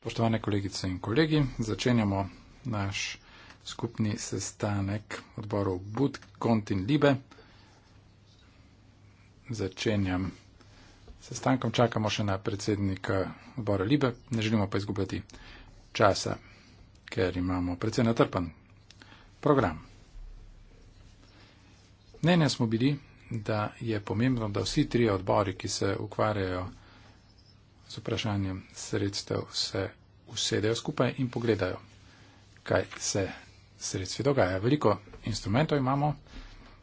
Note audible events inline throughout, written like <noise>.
Spoštovane kolegice in kolegi, začenjamo naš skupni sestanek odborov Bud, Kont in Libe. Začenjam sestankom, čakamo še na predsednika odbora Libe, ne želimo pa izgubljati časa, ker imamo predvsej natrpan program. Mnenja smo bili, da je pomembno, da vsi trije odbori, ki se ukvarjajo z vprašanjem sredstev se usedejo skupaj in pogledajo, kaj se sredstvi dogaja. Veliko instrumentov imamo,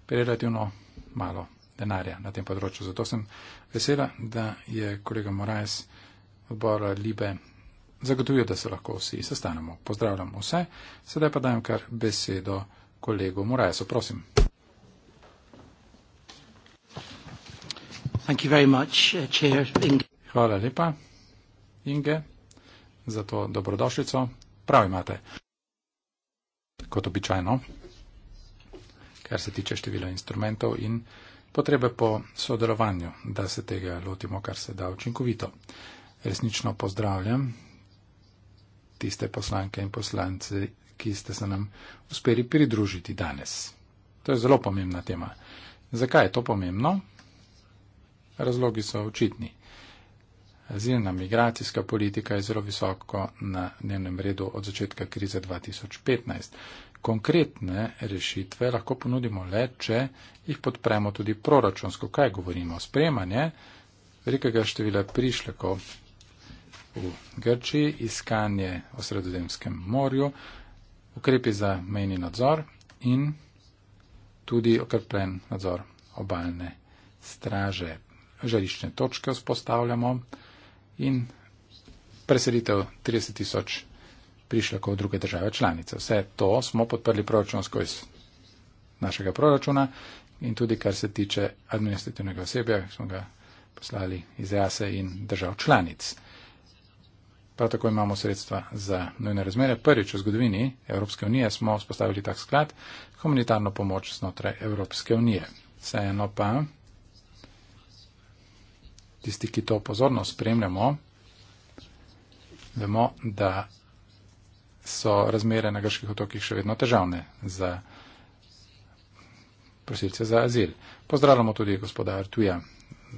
relativno malo denarja na tem področju. Zato sem vesela, da je kolega Morajs odbora Libe zagotovil, da se lahko vsi sestanemo. Pozdravljam vse, sedaj pa dajem kar besedo kolegu Morajsu. Prosim. Thank you very much, uh, Chair. In- Hvala lepa, Inge, za to dobrodošlico. Prav imate, kot običajno, kar se tiče števila instrumentov in potrebe po sodelovanju, da se tega lotimo, kar se da učinkovito. Resnično pozdravljam tiste poslanke in poslance, ki ste se nam uspeli pridružiti danes. To je zelo pomembna tema. Zakaj je to pomembno? Razlogi so očitni. Azilna migracijska politika je zelo visoko na dnevnem redu od začetka krize 2015. Konkretne rešitve lahko ponudimo le, če jih podpremo tudi proračunsko. Kaj govorimo? Spremanje velikega števila prišlekov v Grčiji, iskanje v sredozemskem morju, ukrepi za mejni nadzor in tudi okrepljen nadzor obaljne straže. Žarišne točke vzpostavljamo in preselitev 30 tisoč prišlekov v druge države članice. Vse to smo podprli proračunsko iz našega proračuna in tudi kar se tiče administrativnega osebja, smo ga poslali iz EASE in držav članic. Prav tako imamo sredstva za nujne razmere. Prvič v zgodovini Evropske unije smo spostavili tak sklad, humanitarno pomoč znotraj Evropske unije. Vseeno pa tisti, ki to pozorno spremljamo, vemo, da so razmere na grških otokih še vedno težavne za prosilce za azil. Pozdravljamo tudi gospoda Artuja,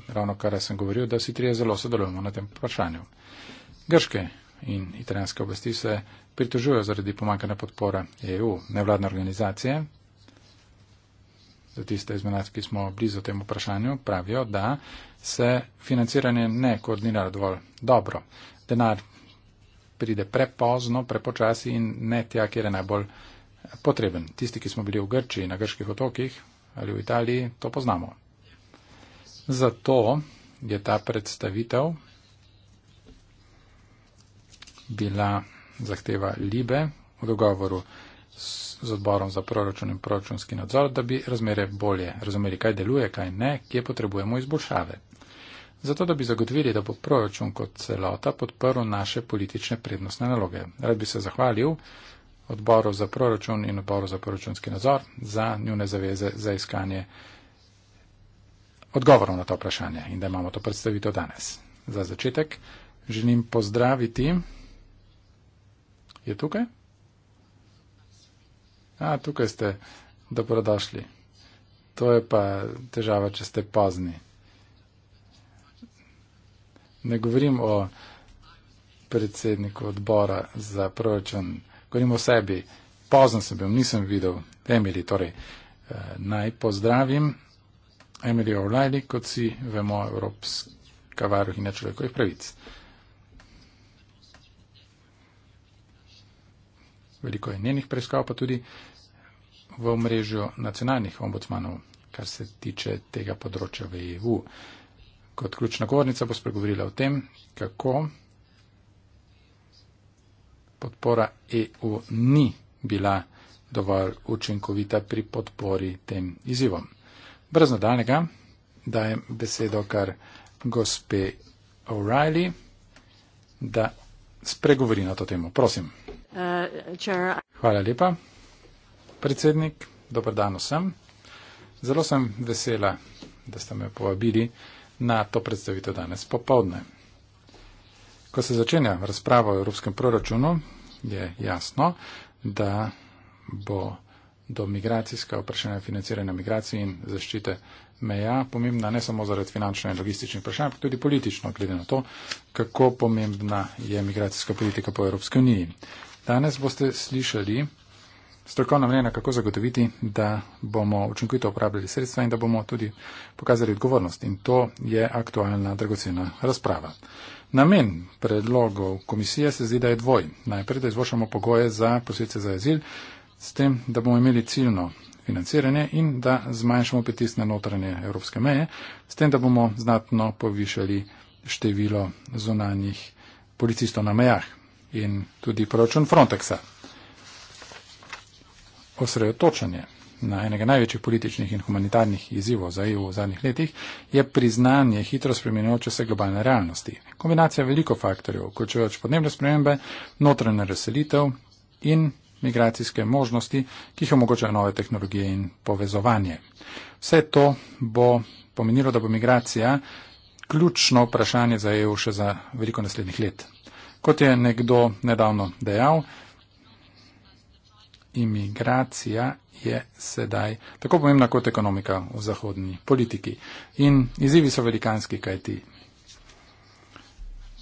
ravno kar sem govoril, da vsi trije zelo sodelujemo na tem vprašanju. Grške in italijanske oblasti se pritožujejo zaradi pomankanja podpora EU, nevladne organizacije, za tiste izmed nas, ki smo blizu temu vprašanju, pravijo, da se financiranje ne koordinira dovolj dobro. Denar pride prepozno, prepočasi in ne tja, kjer je najbolj potreben. Tisti, ki smo bili v Grčiji, na grških otokih ali v Italiji, to poznamo. Zato je ta predstavitev bila zahteva Libe v dogovoru s z odborom za proračun in proračunski nadzor, da bi razmere bolje razumeli, kaj deluje, kaj ne, kje potrebujemo izboljšave. Zato, da bi zagotovili, da bo proračun kot celota podprl naše politične prednostne naloge. Rad bi se zahvalil odboru za proračun in odboru za proračunski nadzor za njune zaveze za iskanje odgovorov na to vprašanje in da imamo to predstavitev danes. Za začetek želim pozdraviti. Je tukaj? A, tukaj ste dobrodošli. To je pa težava, če ste pozni. Ne govorim o predsedniku odbora za proračun, govorim o sebi. Pozno sem bil, nisem videl Emily, torej eh, naj pozdravim Emily O'Reilly, kot si vemo, evropska varuhinja človekovih pravic. veliko je njenih preiskav, pa tudi v mrežo nacionalnih ombudsmanov, kar se tiče tega področja v EU. Kot ključna govornica bo spregovorila o tem, kako podpora EU ni bila dovolj učinkovita pri podpori tem izzivom. Brez nadaljnega dajem besedo kar gospe O'Reilly, da spregovori na to temo. Prosim. Uh, chair. Hvala lepa. Predsednik, dober dan vsem. Zelo sem vesela, da ste me povabili na to predstavitev danes popovdne. Ko se začenja razprava o evropskem proračunu, je jasno, da bo do migracijska vprašanja financiranja migracij in zaščite meja pomembna ne samo zaradi finančne in logistične vprašanja, ampak tudi politično, glede na to, kako pomembna je migracijska politika po Evropske uniji. Danes boste slišali strokovna mnenja, kako zagotoviti, da bomo učinkovito uporabljali sredstva in da bomo tudi pokazali odgovornost. In to je aktualna dragocena razprava. Namen predlogov komisije se zdi, da je dvoj. Najprej, da izboljšamo pogoje za posilce za azil, s tem, da bomo imeli ciljno financiranje in da zmanjšamo pritisk na notranje evropske meje, s tem, da bomo znatno povišali število zunanjih policistov na mejah in tudi proračun Frontexa. Osredotočanje na enega največjih političnih in humanitarnih izzivov za EU v zadnjih letih je priznanje hitro spremenjajoče se globalne realnosti. Kombinacija veliko faktorjev, vključujoč podnebne spremembe, notranje razselitev in migracijske možnosti, ki jih omogočajo nove tehnologije in povezovanje. Vse to bo pomenilo, da bo migracija ključno vprašanje za EU še za veliko naslednjih let. Kot je nekdo nedavno dejal, imigracija je sedaj tako pomembna kot ekonomika v zahodni politiki. In izzivi so velikanski, kaj ti.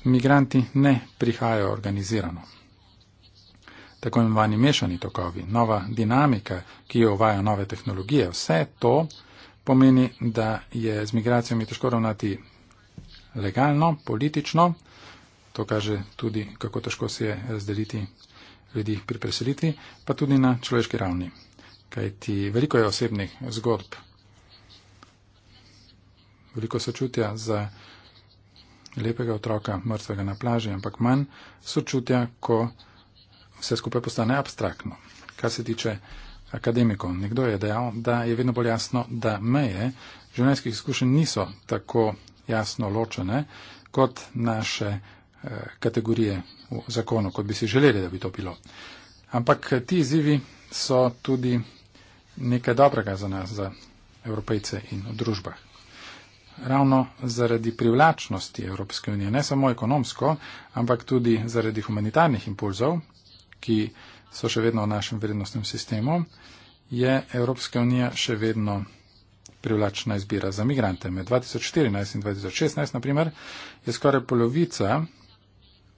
Migranti ne prihajajo organizirano. Tako imenovani mešani tokovi, nova dinamika, ki jo uvaja nove tehnologije, vse to pomeni, da je z migracijami težko ravnati legalno, politično, To kaže tudi, kako težko se je razdeliti eh, ljudi pri preselitvi, pa tudi na človeški ravni. Kaj ti veliko je osebnih zgodb, veliko sočutja za lepega otroka, mrtvega na plaži, ampak manj sočutja, ko vse skupaj postane abstraktno. Kar se tiče akademikov, nekdo je dejal, da je vedno bolj jasno, da meje življenjskih izkušenj niso tako jasno ločene kot naše Eh, kategorije v zakonu, kot bi si želeli, da bi to bilo. Ampak eh, ti izzivi so tudi nekaj dobrega za nas, za evropejce in v družbah. Ravno zaradi privlačnosti Evropske unije, ne samo ekonomsko, ampak tudi zaradi humanitarnih impulzov, ki so še vedno v našem vrednostnem sistemu, je Evropska unija še vedno privlačna izbira za migrante. Med 2014 in 2016, naprimer, je skoraj polovica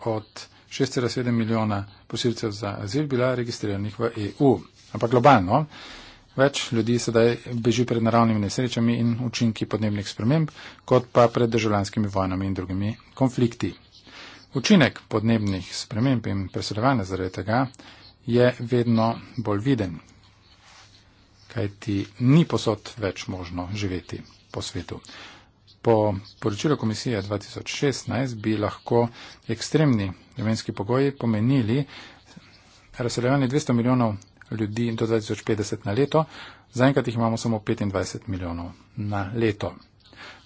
od 6,7 milijona posilcev za azil bila registriranih v EU. Ampak globalno več ljudi sedaj beži pred naravnimi nesrečami in učinki podnebnih sprememb, kot pa pred državljanskimi vojnami in drugimi konflikti. Učinek podnebnih sprememb in preseljevanja zaradi tega je vedno bolj viden, kajti ni posod več možno živeti po svetu. Po poročilu komisije 2016 bi lahko ekstremni vremenski pogoji pomenili razseljevanje 200 milijonov ljudi do 2050 na leto, zaenkrat jih imamo samo 25 milijonov na leto.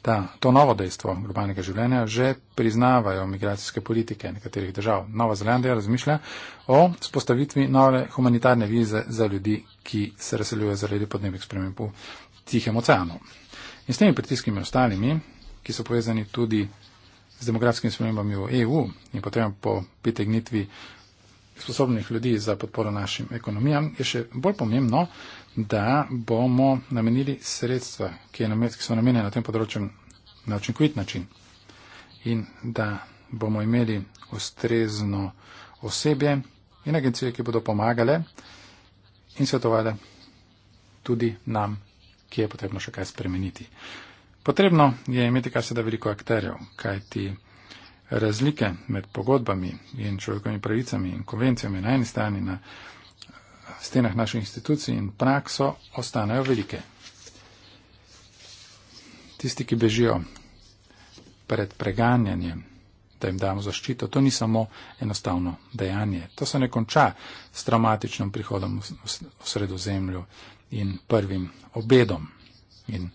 Ta, to novo dejstvo globalnega življenja že priznavajo migracijske politike nekaterih držav. Nova Zelandija razmišlja o spostavitvi nove humanitarne vize za ljudi, ki se razseljujejo zaradi podnebnih sprememb v Tihem oceanu. In s temi pritiski med ostalimi, ki so povezani tudi z demografskimi spremembami v EU in potrebam po pritegnitvi sposobnih ljudi za podporo našim ekonomijam, je še bolj pomembno, da bomo namenili sredstva, ki, je, ki so namenjene na tem področju na učinkovit način in da bomo imeli ustrezno osebje in agencije, ki bodo pomagale in svetovale tudi nam ki je potrebno še kaj spremeniti. Potrebno je imeti kar se da veliko akterjev, kajti razlike med pogodbami in človekovimi pravicami in konvencijami na eni strani na stenah naših institucij in prakso ostanejo velike. Tisti, ki bežijo pred preganjanjem, da jim damo zaščito, to ni samo enostavno dejanje. To se ne konča s traumatičnim prihodom v sredozemlju, in prvim obedom in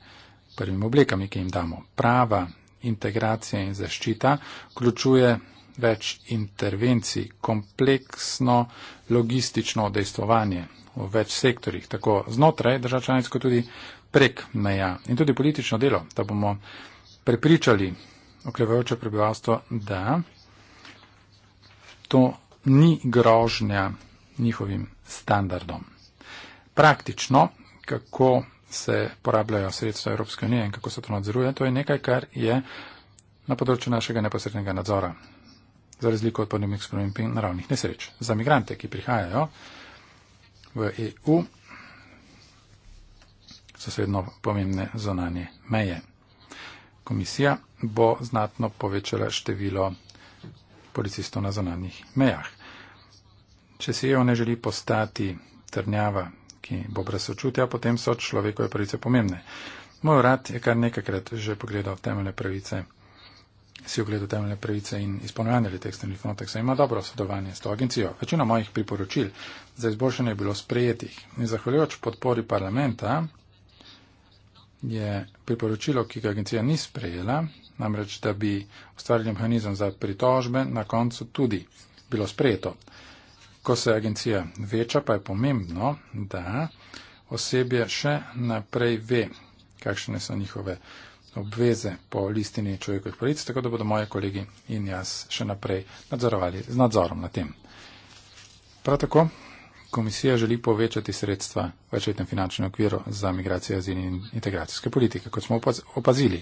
prvim oblikami, ki jim damo. Prava integracija in zaščita vključuje več intervencij, kompleksno logistično dejstvovanje v več sektorjih, tako znotraj držav članic, kot tudi prek meja in tudi politično delo, da bomo prepričali okrevajoče prebivalstvo, da to ni grožnja njihovim standardom praktično, kako se porabljajo sredstva Evropske unije in kako se to nadzoruje, to je nekaj, kar je na področju našega neposrednega nadzora. Za razliko od podnebnih sprememb in naravnih nesreč. Za migrante, ki prihajajo v EU, so sredno pomembne zonanje meje. Komisija bo znatno povečala število policistov na zonanjih mejah. Če si EU ne želi postati trnjava ki bo brez sočutja, potem so človekove pravice pomembne. Moj urad je kar nekajkrat že pogledal temeljne pravice, si ogledal temeljne pravice in izpolnjevanje letek stranih Frontexa ima dobro sodelovanje s to agencijo. Večina mojih priporočil za izboljšanje je bilo sprejetih. In zahvaljujoč podpori parlamenta je priporočilo, ki ga agencija ni sprejela, namreč, da bi ustvarili mehanizem za pritožbe, na koncu tudi bilo sprejeto. Ko se agencija veča, pa je pomembno, da osebje še naprej ve, kakšne so njihove obveze po listini človekovih pravic, tako da bodo moje kolegi in jaz še naprej nadzorovali z nadzorom na tem. Prav tako komisija želi povečati sredstva večletnem finančnem okviru za migracijo, azil in integracijske politike, kot smo opazili.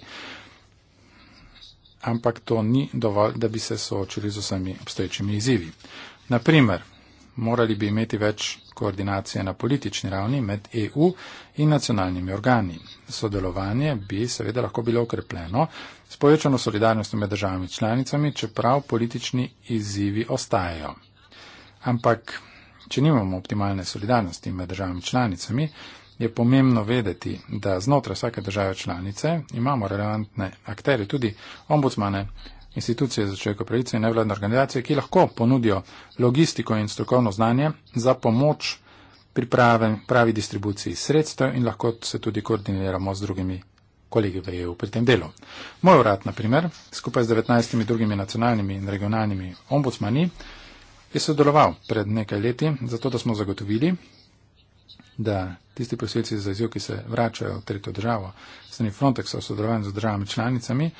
Ampak to ni dovolj, da bi se soočili z vsemi obstoječimi izzivi. Naprimer, morali bi imeti več koordinacije na politični ravni med EU in nacionalnimi organi. Sodelovanje bi seveda lahko bilo okrepljeno s povečano solidarnostjo med državami članicami, čeprav politični izzivi ostajajo. Ampak, če nimamo optimalne solidarnosti med državami članicami, je pomembno vedeti, da znotraj vsake države članice imamo relevantne akterje, tudi ombudsmane, institucije za človekove pravice in nevladne organizacije, ki lahko ponudijo logistiko in strokovno znanje za pomoč pri pravi distribuciji sredstev in lahko se tudi koordiniramo z drugimi kolegi v EU pri tem delu. Moj urad, na primer, skupaj z 19 drugimi nacionalnimi in regionalnimi ombudsmani, je sodeloval pred nekaj leti, zato da smo zagotovili, da tisti posilci za izjiv, ki se vračajo v tretjo državo, strani Frontexa v sodelovanju z državami članicami,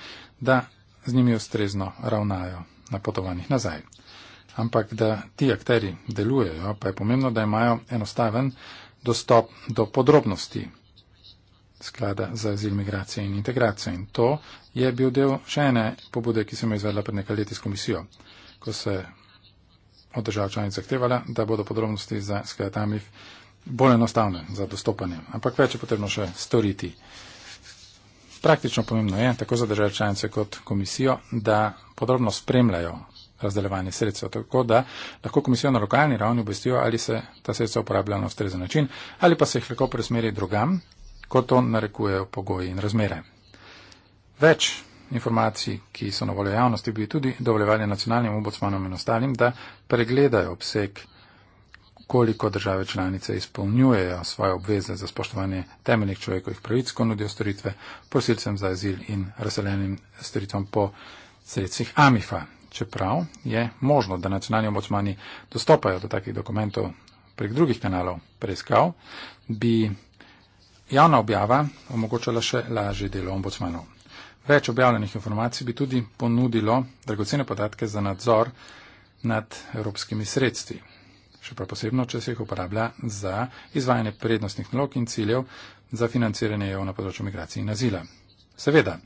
da z njimi ustrezno ravnajo na potovanjih nazaj. Ampak da ti akteri delujejo, pa je pomembno, da imajo enostaven dostop do podrobnosti sklada za azil, migracije in integracije. In to je bil del še ene pobude, ki sem jo izvedla pred nekaj leti s komisijo, ko se od držav članic zahtevala, da bodo podrobnosti za sklad Amif bolj enostavne za dostopanje. Ampak več je potrebno še storiti praktično pomembno je, tako za države članice kot komisijo, da podrobno spremljajo razdeljevanje sredstev, tako da lahko komisijo na lokalni ravni obvestijo, ali se ta sredstva uporabljajo na ustrezen način, ali pa se jih lahko presmeri drugam, kot to narekujejo pogoji in razmere. Več informacij, ki so na voljo javnosti, bi tudi dovoljevali nacionalnim obocmanom in ostalim, da pregledajo obseg koliko države članice izpolnjujejo svoje obveze za spoštovanje temeljnih človekovih pravic, ko nudijo storitve prosilcem za azil in razseljenim storitvam po sredstvih AMIFA. Čeprav je možno, da nacionalni obocmani dostopajo do takih dokumentov prek drugih kanalov preiskav, bi javna objava omogočala še lažje delo obocmanov. Več objavljenih informacij bi tudi ponudilo dragocene podatke za nadzor nad evropskimi sredstvi še prav posebno, če se jih uporablja za izvajanje prednostnih nalog in ciljev za financiranje EU na področju migracij in azila. Seveda,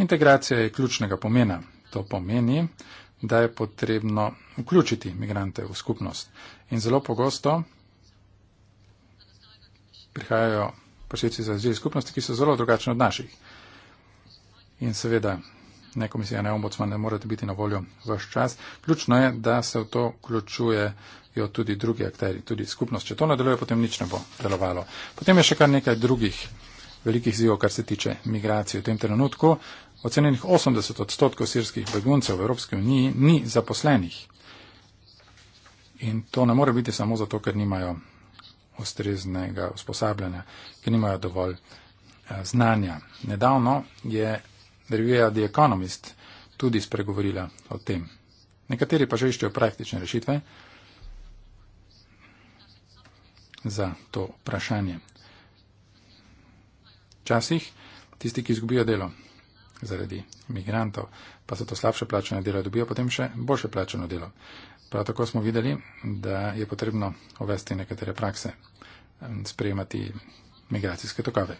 integracija je ključnega pomena. To pomeni, da je potrebno vključiti migrante v skupnost. In zelo pogosto prihajajo prosilci za azil skupnosti, ki so zelo drugačni od naših. In seveda, ne komisija, ne ombudsman, ne morate biti na voljo vaš čas. Ključno je, da se v to vključuje jo tudi drugi akteri, tudi skupnost. Če to nadaljuje, potem nič ne bo delovalo. Potem je še kar nekaj drugih velikih zivov, kar se tiče migracije. V tem trenutku ocenjenih 80 odstotkov sirskih beguncev v Evropski uniji ni zaposlenih. In to ne more biti samo zato, ker nimajo ustreznega usposabljanja, ker nimajo dovolj eh, znanja. Nedavno je revija The Economist tudi spregovorila o tem. Nekateri pa že iščejo praktične rešitve, za to vprašanje. Včasih tisti, ki izgubijo delo zaradi imigrantov, pa so to slabše plačene delo, dobijo potem še boljše plačeno delo. Prav tako smo videli, da je potrebno uvesti nekatere prakse, sprejemati migracijske tokave.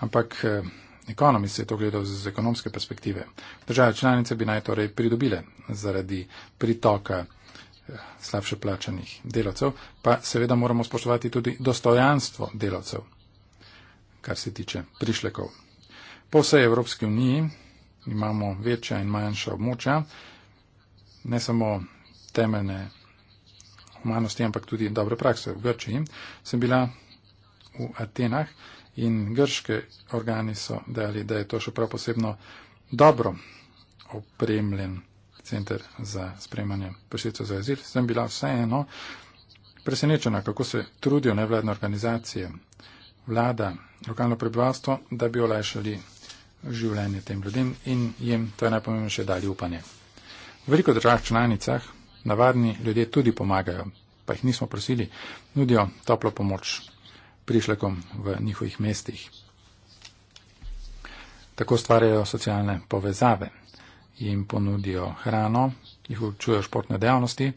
Ampak eh, ekonomist je to gledal z ekonomske perspektive. Države članice bi naj torej pridobile zaradi pritoka slabše plačanih delavcev, pa seveda moramo spoštovati tudi dostojanstvo delavcev, kar se tiče prišlekov. Po vsej Evropski uniji imamo večja in manjša območja, ne samo temene humanosti, ampak tudi dobre prakse. V Grčiji sem bila v Atenah in grške organi so dejali, da je to še prav posebno dobro opremljen center za sprejemanje prosilcev za azil, sem bila vseeno presenečena, kako se trudijo nevladne organizacije, vlada, lokalno prebivalstvo, da bi olajšali življenje tem ljudem in jim, to je najpomembnejše, dali upanje. V veliko državah članicah navadni ljudje tudi pomagajo, pa jih nismo prosili, nudijo toplo pomoč prišlekom v njihovih mestih. Tako stvarjajo socialne povezave jim ponudijo hrano, jih učujo športne dejavnosti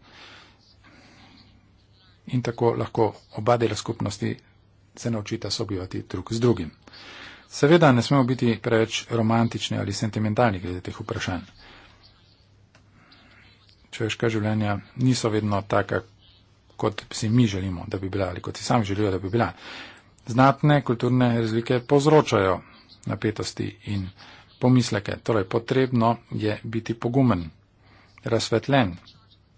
in tako lahko oba dela skupnosti se naučita sobivati drug z drugim. Seveda ne smemo biti preveč romantični ali sentimentalni glede teh vprašanj. Človeška življenja niso vedno taka, kot si mi želimo, da bi bila ali kot si sami želijo, da bi bila. Znatne kulturne razlike povzročajo napetosti in napetosti pomisleke. Torej, potrebno je biti pogumen, razsvetljen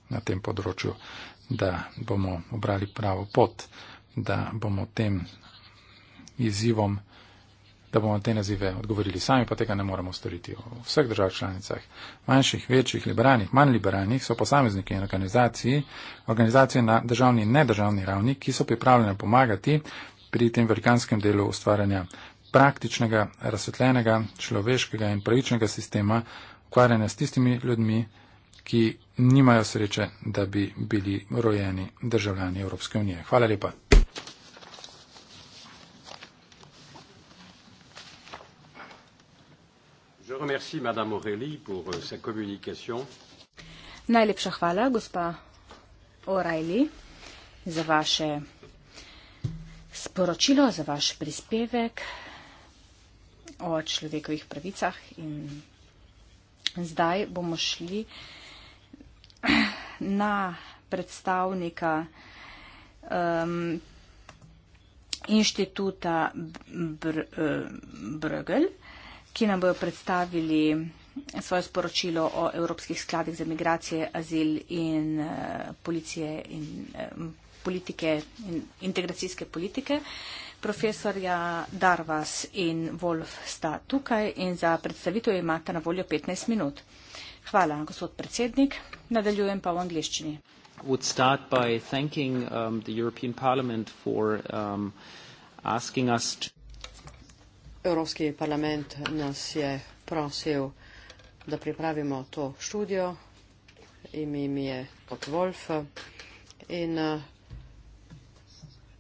na tem področju, da bomo obrali pravo pot, da bomo tem izzivom, da bomo te nazive odgovorili sami, pa tega ne moremo storiti v vseh državah članicah. Manjših, večjih, liberalnih, manj liberalnih so posamezniki in organizacije, organizacije na državni in nedržavni ravni, ki so pripravljene pomagati pri tem velikanskem delu ustvarjanja praktičnega, razsvetljenega, človeškega in pravičnega sistema, ukvarjanja s tistimi ljudmi, ki nimajo sreče, da bi bili rojeni državljani Evropske unije. Hvala lepa. Euh, Najlepša hvala, gospa O'Reilly, za vaše sporočilo, za vaš prispevek o človekovih pravicah. In zdaj bomo šli na predstavnika um, inštituta Br eh, Brgel, ki nam bojo predstavili svoje sporočilo o evropskih skladih za migracije, azil in uh, policije in uh, politike, in integracijske politike. Uh, Profesorja Darvas in Wolf sta tukaj in za predstavitev imate na voljo 15 minut. Hvala, gospod predsednik. Nadaljujem pa v angliščini. Would start by thanking um, the European Parliament for um, asking us. To... Evropski parlament nas je prosil, da pripravimo to študijo. Ime mi je kot Wolf in uh,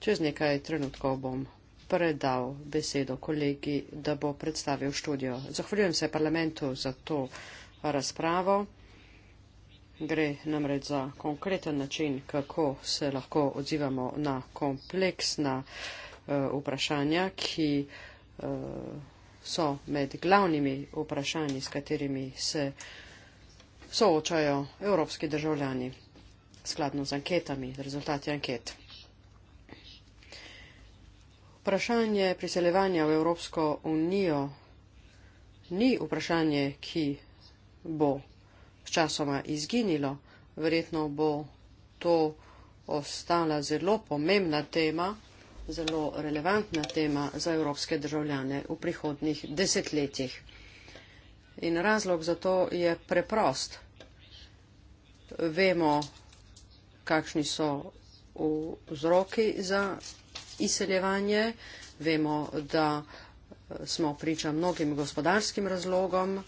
Čez nekaj trenutkov bom predal besedo kolegi, da bo predstavil študijo. Zahvaljujem se parlamentu za to razpravo. Gre namreč za konkreten način, kako se lahko odzivamo na kompleksna uh, vprašanja, ki uh, so med glavnimi vprašanji, s katerimi se soočajo evropski državljani, skladno z anketami, rezultati anket. Vprašanje priseljevanja v Evropsko unijo ni vprašanje, ki bo sčasoma izginilo. Verjetno bo to ostala zelo pomembna tema, zelo relevantna tema za evropske državljane v prihodnih desetletjih. In razlog za to je preprost. Vemo, kakšni so vzroki za izseljevanje, vemo, da eh, smo priča mnogim gospodarskim razlogom,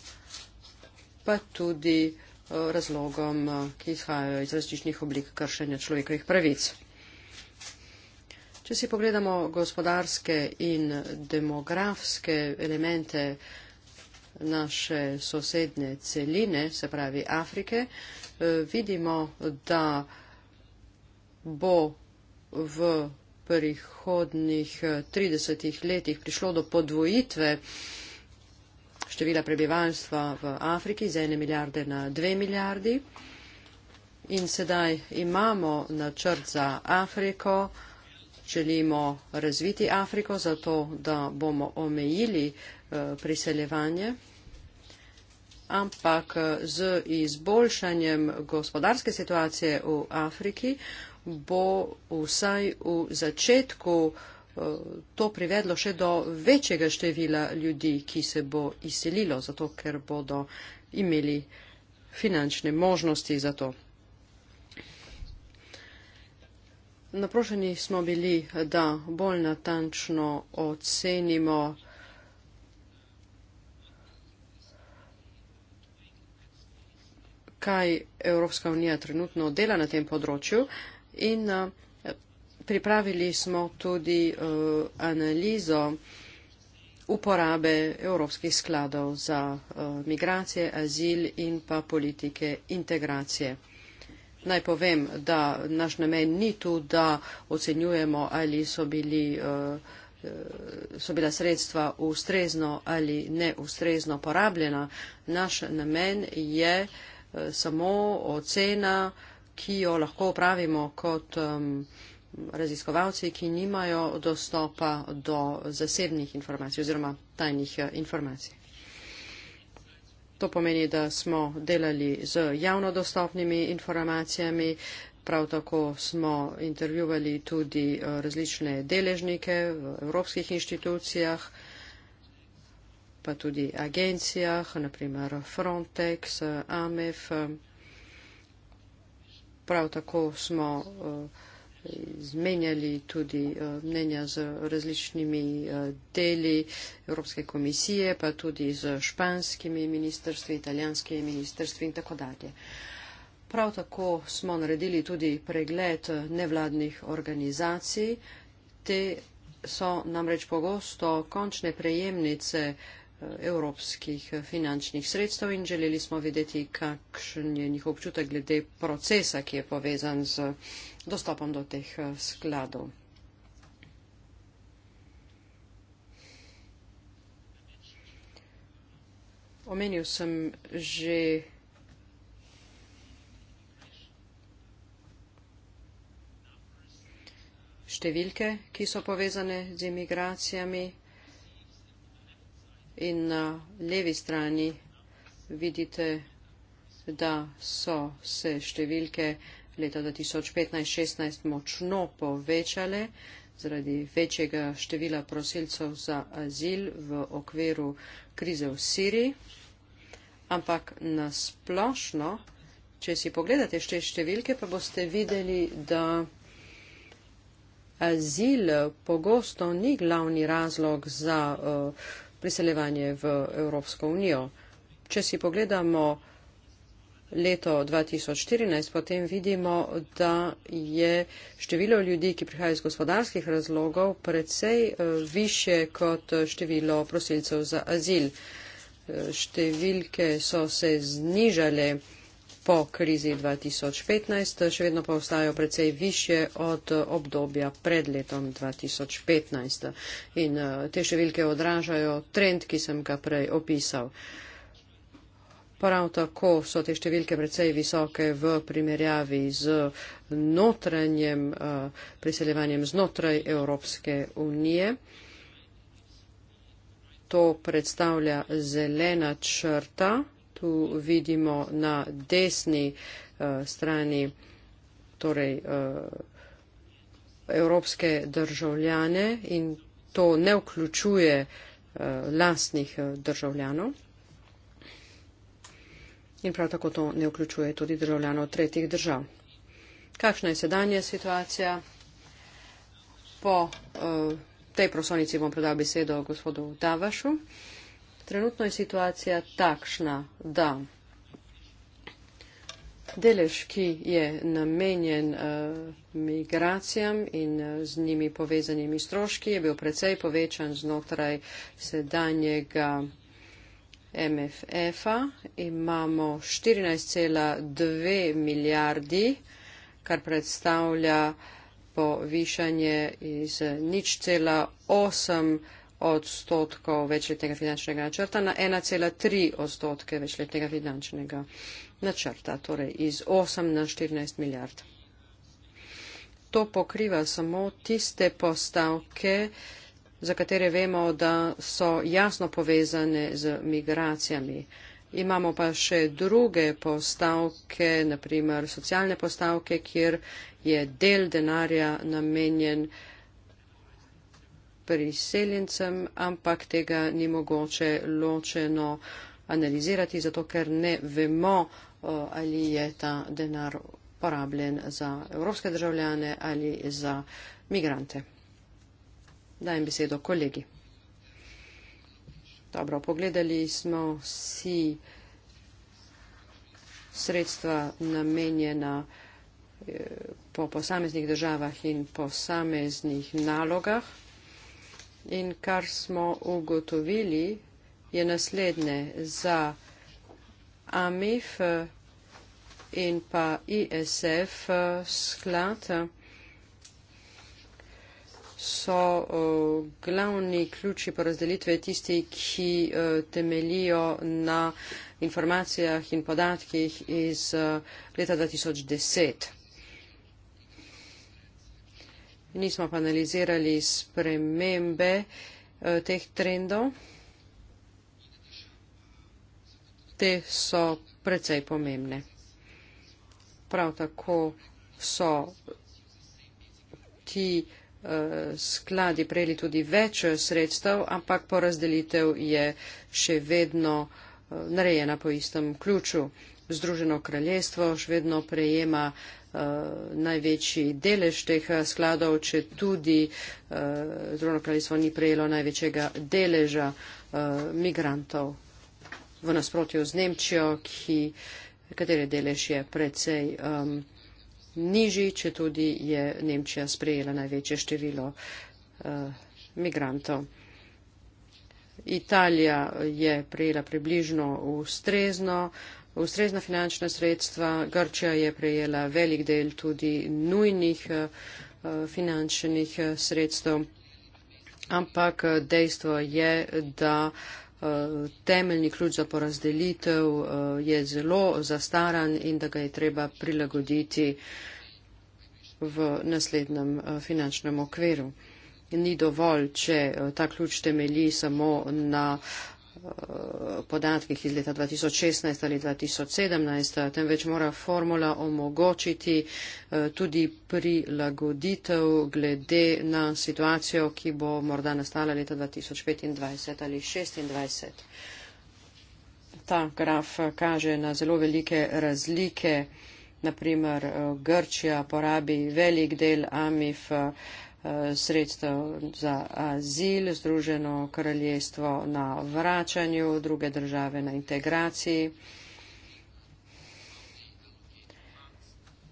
pa tudi eh, razlogom, eh, ki izhajajo iz različnih oblik kršenja človekovih pravic. Če si pogledamo gospodarske in demografske elemente naše sosednje celine, se pravi Afrike, vidimo, da bo v prihodnih 30 eh, letih prišlo do podvojitve števila prebivalstva v Afriki z ene milijarde na dve milijardi. In sedaj imamo načrt za Afriko, želimo razviti Afriko, zato da bomo omejili eh, priseljevanje, ampak eh, z izboljšanjem gospodarske situacije v Afriki bo vsaj v začetku eh, to privedlo še do večjega števila ljudi, ki se bo izselilo, zato ker bodo imeli finančne možnosti za to. Naprošeni smo bili, da bolj natančno ocenimo kaj Evropska unija trenutno dela na tem področju. Uh, In eh, pripravili smo tudi eh, analizo uporabe evropskih skladov za eh, migracije, azil in pa politike integracije. Naj povem, da naš namen ni tu, da ocenjujemo, ali so, bili, so bila sredstva ustrezno ali neustrezno porabljena. Naš namen je samo ocena, ki jo lahko upravimo kot um, raziskovalci, ki nimajo dostopa do zasebnih informacij oziroma tajnih eh, informacij. To pomeni, da smo delali z javno dostopnimi informacijami, prav tako smo intervjuvali tudi eh, različne deležnike v evropskih inštitucijah, pa tudi agencijah, naprimer Frontex, eh, AMEF, Prav tako smo eh, izmenjali tudi eh, mnenja z različnimi eh, deli Evropske komisije, pa tudi z španskimi ministrstvi, italijanskimi ministrstvi in tako dalje. Prav tako smo naredili tudi pregled nevladnih organizacij. Te so namreč pogosto končne prejemnice evropskih finančnih sredstev in želeli smo videti, kakšen je njihov občutek glede procesa, ki je povezan z dostopom do teh eh, skladov. Omenil sem že številke, ki so povezane z imigracijami in na levi strani vidite, da so se številke leta 2015-16 močno povečale zaradi večjega števila prosilcev za azil v okviru krize v Siriji. Ampak nasplošno, če si pogledate še številke, pa boste videli, da azil pogosto ni glavni razlog za uh, priseljevanje v Evropsko unijo. Če si pogledamo leto 2014, potem vidimo, da je število ljudi, ki prihajajo iz gospodarskih razlogov, precej eh, više kot število prosilcev za azil. Eh, številke so se znižale po krizi 2015, še vedno pa ostajajo precej više od obdobja pred letom 2015. In eh, te številke odražajo trend, ki sem ga prej opisal. Prav tako so te številke precej visoke v primerjavi z notranjem eh, priseljevanjem znotraj Evropske unije. To predstavlja zelena črta. Tu vidimo na desni eh, strani torej, eh, evropske državljane in to ne vključuje eh, lastnih državljanov. In prav tako to ne vključuje tudi državljanov tretjih držav. Kakšna je sedanja situacija? Po uh, tej prosonici bom predal besedo gospodu Davašu. Trenutno je situacija takšna, da delež, ki je namenjen uh, migracijam in uh, z njimi povezanimi stroški, je bil precej povečan znotraj sedanjega MFF-a. Imamo 14,2 milijardi, kar predstavlja povišanje iz nič cela 8 milijardi odstotkov večletnega finančnega načrta na 1,3 odstotke večletnega finančnega načrta, torej iz 8 na 14 milijard. To pokriva samo tiste postavke, za katere vemo, da so jasno povezane z migracijami. Imamo pa še druge postavke, naprimer socialne postavke, kjer je del denarja namenjen uh, priseljencem, ampak tega ni mogoče ločeno analizirati, zato ker ne vemo, eh, ali je ta denar porabljen za evropske državljane ali za migrante. Dajem besedo kolegi. Dobro, pogledali smo si sredstva namenjena eh, po posameznih državah in posameznih nalogah. In kar smo ugotovili, je naslednje. Za AMIF e in pa ISF sklad so glavni ključi porazdelitve tisti, ki temelijo na informacijah in podatkih iz leta 2010 nismo pa analizirali spremembe eh, teh trendov. Te so precej pomembne. Prav tako so ti eh, skladi prejeli tudi več eh, sredstev, ampak porazdelitev je še vedno narejena po istem ključu. Združeno kraljestvo še vedno prejema Eh, največji delež teh eh, skladov, če tudi uh, Združeno kraljestvo ni prejelo največjega deleža uh, migrantov v nasprotju z Nemčijo, ki, katere delež je precej um, nižji, če tudi je Nemčija sprejela največje število uh, migrantov. Italija je prejela približno ustrezno uh, ustrezna finančna sredstva. Grčija je prejela velik del tudi nujnih eh, finančnih eh, sredstev, ampak eh, dejstvo je, da temeljni ključ za porazdelitev je zelo zastaran in da ga je treba prilagoditi v naslednjem finančnem okviru. Ni dovolj, če ta ključ temelji samo na uh, podatkih iz leta 2016 ali 2017, temveč mora formula omogočiti eh, tudi prilagoditev glede na situacijo, ki bo morda nastala leta 2025 ali 2026. Ta graf eh, kaže na zelo velike razlike. Naprimer, eh, Grčija porabi velik del AMIF. -a. Eh, sredstev za azil, Združeno kraljestvo na vračanju, druge države na integraciji.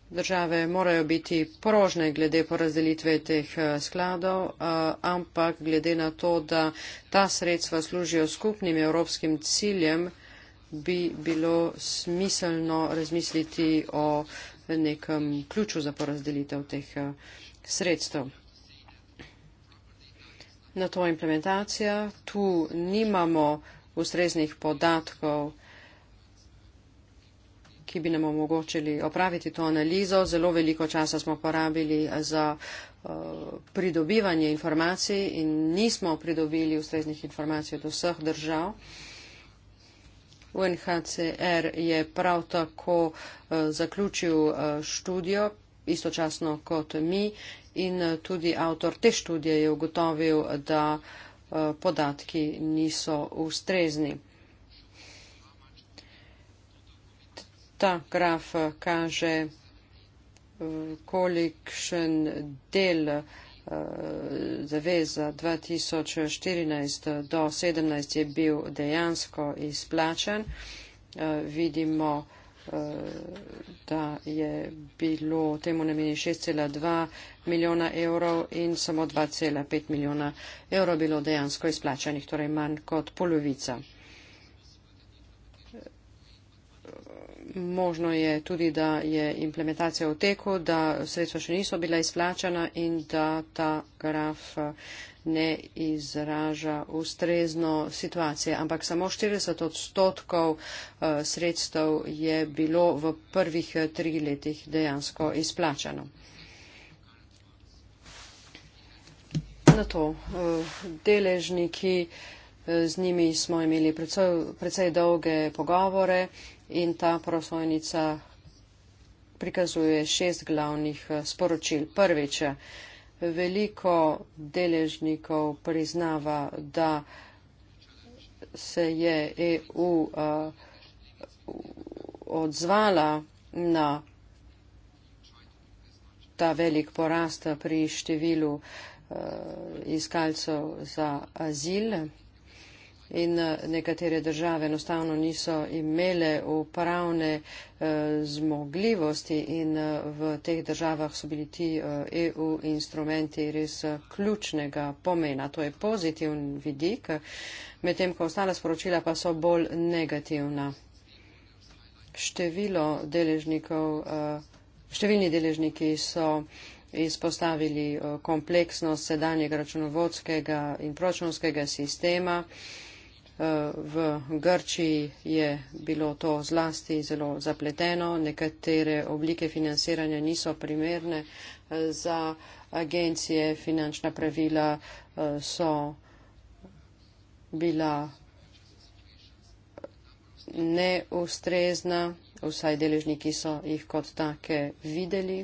Države morajo biti prožne glede porazdelitve teh eh, skladov, eh, ampak glede na to, da ta sredstva služijo skupnim evropskim ciljem, bi bilo smiselno razmisliti o nekem ključu za porazdelitev teh sredstev na to implementacijo. Tu nimamo ustreznih podatkov, ki bi nam omogočili opraviti to analizo. Zelo veliko časa smo porabili za uh, pridobivanje informacij in nismo pridobili ustreznih informacij od vseh držav. UNHCR je prav tako uh, zaključil uh, študijo istočasno kot mi in eh, tudi avtor te študije je ugotovil, da eh, podatki niso ustrezni. Ta graf eh, kaže, kolikšen del zaveza 2014 do 2017 je bil dejansko izplačen. Vidimo, da je bilo temu namenjeno 6,2 milijona evrov in samo 2,5 milijona evrov bilo dejansko izplačanih, torej manj kot polovica. Možno je tudi, da je implementacija v teku, da sredstva še niso bila izplačana in da ta graf ne izraža ustrezno situacije, ampak samo 40 odstotkov eh, sredstev je bilo v prvih eh, tri letih dejansko izplačano. Na to eh, deležniki, z njimi smo imeli precej, precej dolge pogovore in ta prosojnica prikazuje šest glavnih sporočil. Prvič, veliko deležnikov priznava, da se je EU uh, odzvala na ta velik porast pri številu uh, iskalcev za azil in eh, nekatere države enostavno niso imele upravne eh, zmogljivosti in eh, v teh državah so bili ti EU e instrumenti res ključnega pomena. To je pozitiven vidik, medtem ko ostala sporočila pa so bolj negativna. Število deležnikov, številni deležniki so izpostavili kompleksnost sedanjega računovodskega in proračunskega sistema Eh, v Grčiji je bilo to zlasti zelo zapleteno, nekatere oblike financiranja niso primerne eh, za agencije, finančna pravila eh, so bila neustrezna, vsaj deležniki so jih kot take videli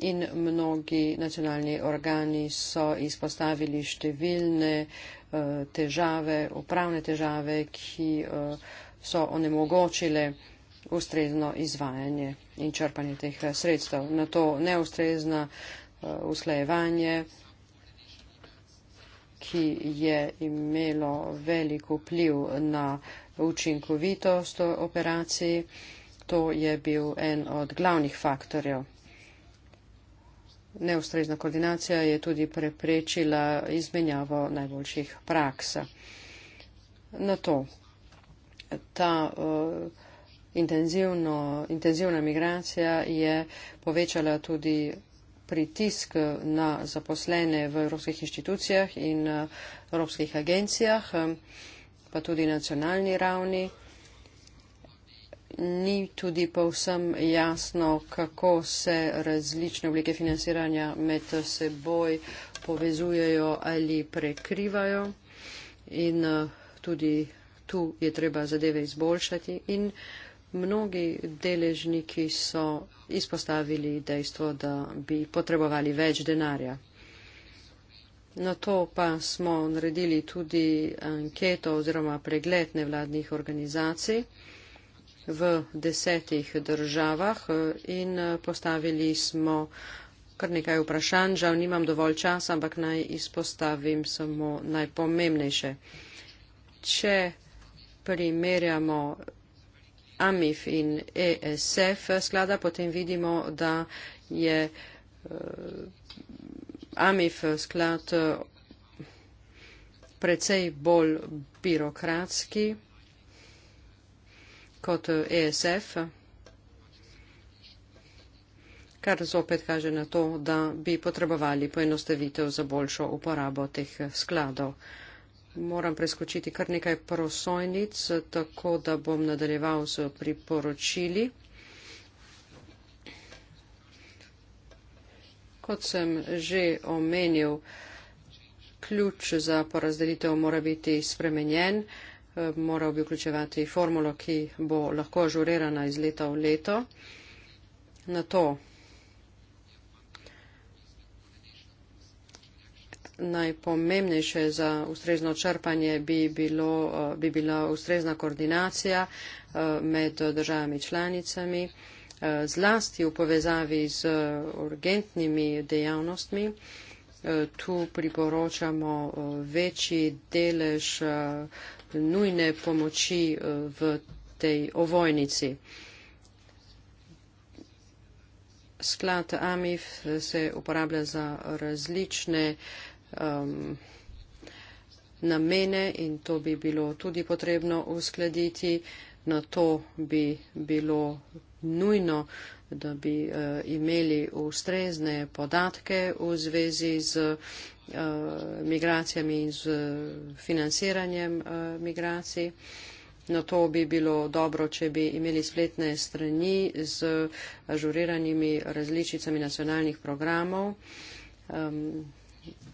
in mnogi nacionalni organi so izpostavili številne eh, težave, upravne težave, ki eh, so onemogočile ustrezno izvajanje in črpanje teh eh, sredstev. Na to neustrezna usklajevanje, ki je imelo veliko vpliv na učinkovitost operacij, to je bil en od glavnih faktorjev neustrezna koordinacija je tudi preprečila izmenjavo najboljših praks. Na to ta uh, intenzivna migracija je povečala tudi pritisk na zaposlene v evropskih inštitucijah in eh, evropskih agencijah, eh, pa tudi nacionalni ravni ni tudi povsem jasno, kako se različne oblike financiranja med seboj povezujejo ali prekrivajo. In eh, tudi tu je treba zadeve izboljšati. In mnogi deležniki so izpostavili dejstvo, da bi potrebovali več denarja. Na to pa smo naredili tudi anketo oziroma pregled nevladnih organizacij v desetih državah eh, in eh, postavili smo kar nekaj vprašanj. Žal nimam dovolj časa, ampak naj izpostavim samo najpomembnejše. Če primerjamo AMIF in ESF sklada, potem vidimo, da je eh, AMIF sklad precej bolj birokratski kot ESF, kar zopet kaže na to, da bi potrebovali poenostavitev za boljšo uporabo teh skladov. Moram preskočiti kar nekaj prosojnic, tako da bom nadaljeval s priporočili. Kot sem že omenil, ključ za porazdelitev mora biti spremenjen. Eh, moral bi vključevati formulo, ki bo lahko ažurirana iz leta v leto. Na to najpomembnejše za ustrezno črpanje bi, bilo, eh, bi bila ustrezna koordinacija eh, med državami članicami, zlasti v povezavi z urgentnimi dejavnostmi. Tu priporočamo večji delež nujne pomoči eh, v tej ovojnici. Sklad AMIF se uporablja za različne um, namene in to bi bilo tudi potrebno uskladiti. Na to bi bilo nujno uh, da bi uh, imeli ustrezne podatke v zvezi z uh, migracijami in z eh, financiranjem uh, migracij. Na to bi bilo dobro, če bi imeli spletne strani z ažuriranimi različicami nacionalnih programov. Um,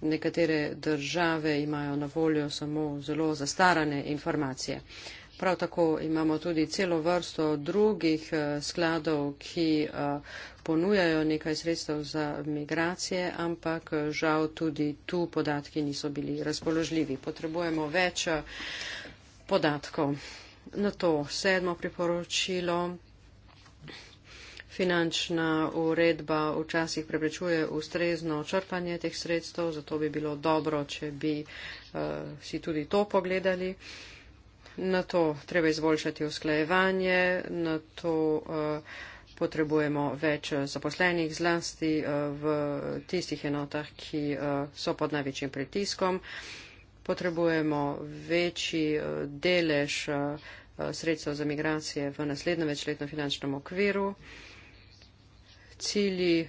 nekatere države imajo na voljo samo zelo zastarane informacije. Uh, Prav tako imamo tudi celo vrsto drugih eh, skladov, ki eh, ponujajo nekaj sredstev za migracije, ampak eh, žal tudi tu podatki niso bili razpoložljivi. Potrebujemo več podatkov. Na to sedmo priporočilo. Finančna uredba včasih preprečuje ustrezno črpanje teh sredstev, zato bi bilo dobro, če bi uh, si tudi to pogledali. Uh, na to treba izboljšati usklajevanje, na to uh, potrebujemo več eh, zaposlenih zlasti uh, v tistih enotah, ki uh, so pod največjim pritiskom. Potrebujemo večji uh, delež uh, sredstev za migracije v naslednjem večletnem finančnem okviru. Cili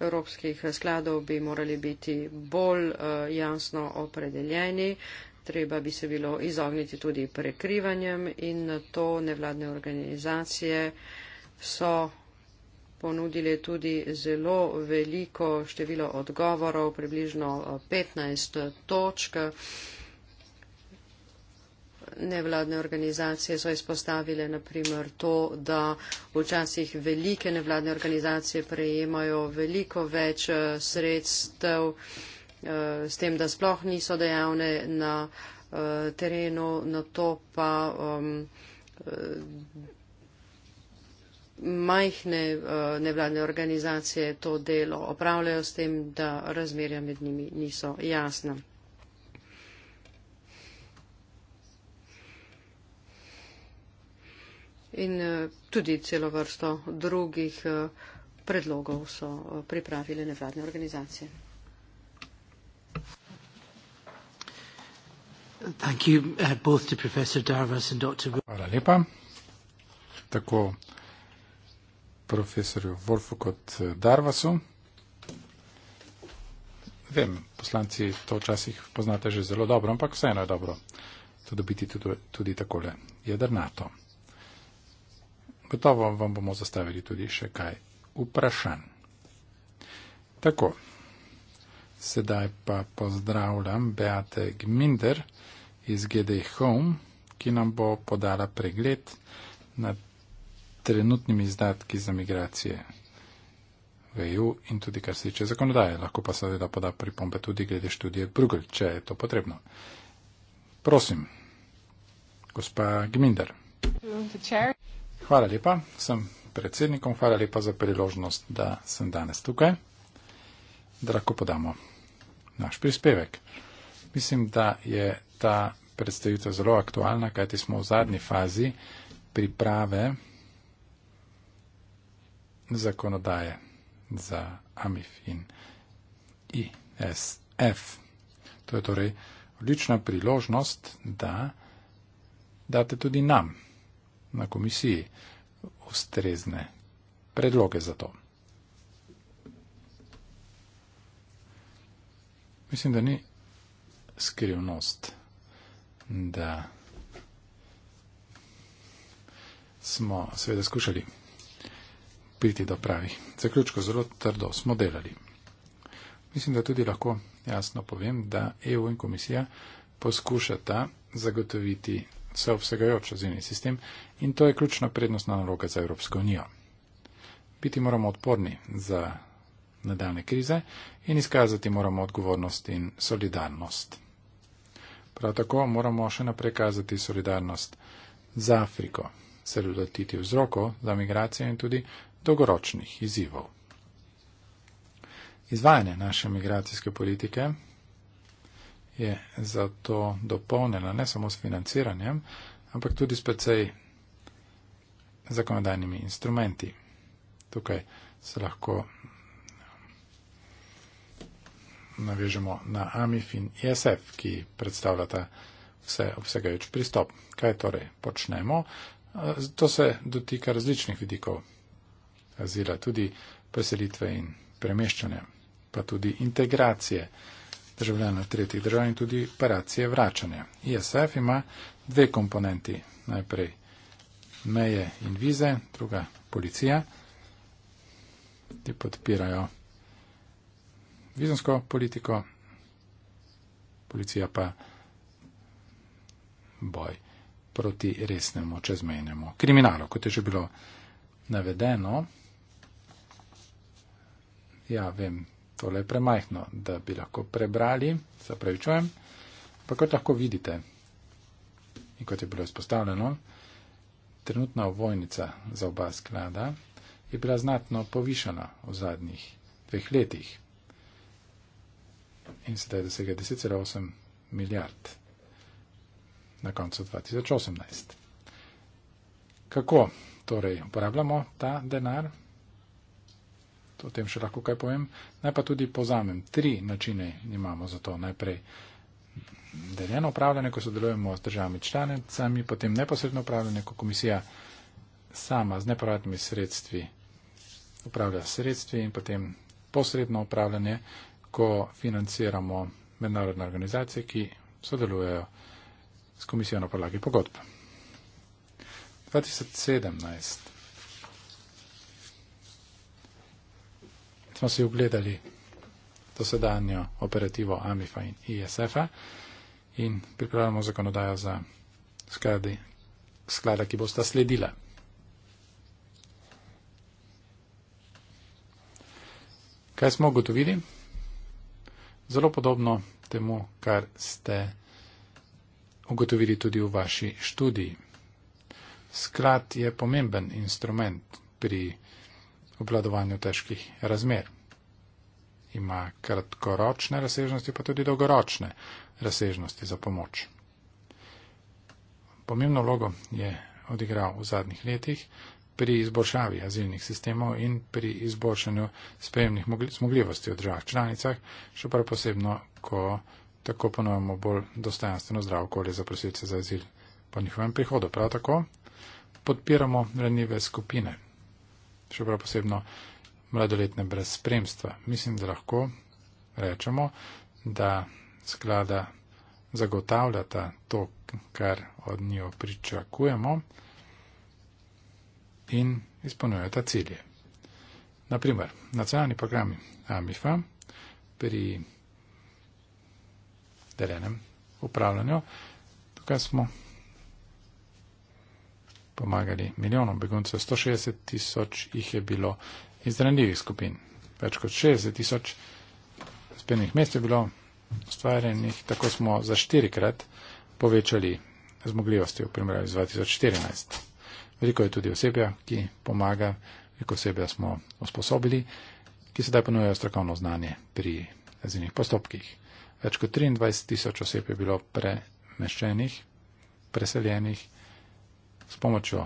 evropskih skladov bi morali biti bolj uh, jasno opredeljeni. Uh, Treba bi se bilo izogniti tudi prekrivanjem in na to nevladne organizacije so ponudile tudi zelo veliko število odgovorov, približno 15 točk. Nevladne organizacije so izpostavile naprimer to, da včasih velike nevladne organizacije prejemajo veliko več eh, sredstev Eh, s tem, da sploh niso dejavne na eh, terenu, na to pa um, eh, majhne nevladne organizacije to delo opravljajo s tem, da razmerja med njimi niso jasna. In tudi celo vrsto drugih predlogov so pripravile nevladne organizacije. Uh, Hvala lepa. Tako profesorju Wolfu kot eh, Darvasu. Vem, poslanci to včasih poznate že zelo dobro, ampak vseeno je dobro to dobiti tudi, tudi takole. Jedr NATO. Gotovo vam bomo zastavili tudi še kaj vprašanj. Tako. Sedaj pa pozdravljam Beate Gminder iz GD Home, ki nam bo podala pregled nad trenutnimi izdatki za migracije v EU in tudi kar se tiče zakonodaje. Lahko pa seveda poda pripombe tudi glede študije Bruegel, če je to potrebno. Prosim, gospa Gminder. Hvala lepa, sem predsednikom, hvala lepa za priložnost, da sem danes tukaj, da lahko podamo naš prispevek. Mislim, da je ta predstavitev zelo aktualna, kajti smo v zadnji fazi priprave zakonodaje za AMIF in ISF. To je torej odlična priložnost, da date tudi nam na komisiji ustrezne predloge za to. Mislim, da ni skrivnost, da smo seveda skušali priti do pravih zaključkov, zelo trdo smo delali. Mislim, da tudi lahko jasno povem, da EU in komisija poskušata zagotoviti vseobsegajoč azilni sistem in to je ključna prednostna naloga za Evropsko unijo. Biti moramo odporni za nadaljne krize in izkazati moramo odgovornost in solidarnost. Prav tako moramo še naprej kazati solidarnost z Afriko, se ljudotiti vzrokov za migracijo in tudi dolgoročnih izzivov. Izvajanje naše migracijske politike je zato dopolnjeno ne samo s financiranjem, ampak tudi s precej zakonodajnimi instrumenti. Tukaj se lahko navežemo na AMIF in ISF, e ki predstavljata vse obsegajoč pristop. Kaj torej počnemo? To se dotika različnih vidikov azila, tudi preselitve in premeščanja, pa tudi integracije državljanov tretjih držav in tudi operacije vračanja. ISF e ima dve komponenti. Najprej meje in vize, druga policija, ki podpirajo vizonsko politiko, policija pa boj proti resnemu čezmejnemu kriminalu, kot je že bilo navedeno. Ja, vem, tole je premajhno, da bi lahko prebrali, se pravi čujem, pa kot lahko vidite in kot je bilo izpostavljeno, trenutna vojnica za oba sklada je bila znatno povišana v zadnjih dveh letih in sedaj dosega 10,8 milijard na koncu 2018. Kako torej uporabljamo ta denar? O tem še lahko kaj povem. Naj pa tudi pozamem. Tri načine imamo za to. Najprej deljeno upravljanje, ko sodelujemo z državami članicami, potem neposredno upravljanje, ko komisija sama z nepovratnimi sredstvi upravlja sredstvi in potem posredno upravljanje, lahko financiramo mednarodne organizacije, ki sodelujejo s komisijo na podlagi pogodb. 2017 smo si ogledali dosedanjo operativo AMIFA in ISF-a in pripravljamo zakonodajo za skladi, sklada, ki bosta sledila. Kaj smo ugotovili? zelo podobno temu, kar ste ugotovili tudi v vaši študiji. Sklad je pomemben instrument pri obladovanju težkih razmer. Ima kratkoročne razsežnosti, pa tudi dolgoročne razsežnosti za pomoč. Pomembno vlogo je odigral v zadnjih letih, pri izboljšavi azilnih sistemov in pri izboljšanju sprejemnih zmogljivosti v državah članicah, še prav posebno, ko tako ponovimo bolj dostojanstveno zdrav okolje za prosilce za azil po njihovem prihodu. Prav tako podpiramo ranjive skupine, še prav posebno mladoletne brez spremstva. Mislim, da lahko rečemo, da sklada zagotavljata to, kar od njo pričakujemo in izpolnjujeta cilje. Naprimer, nacionalni program AMIFA pri delenem upravljanju, tukaj smo pomagali milijonom beguncev, 160 tisoč jih je bilo iz ranljivih skupin, več kot 60 tisoč spenih mest je bilo ustvarjenih, tako smo za štirikrat povečali zmogljivosti v primerjavi z 2014. Veliko je tudi osebja, ki pomaga, veliko osebja smo osposobili, ki sedaj ponujajo strokovno znanje pri zimnih postopkih. Več kot 23 tisoč oseb je bilo premeščenih, preseljenih s pomočjo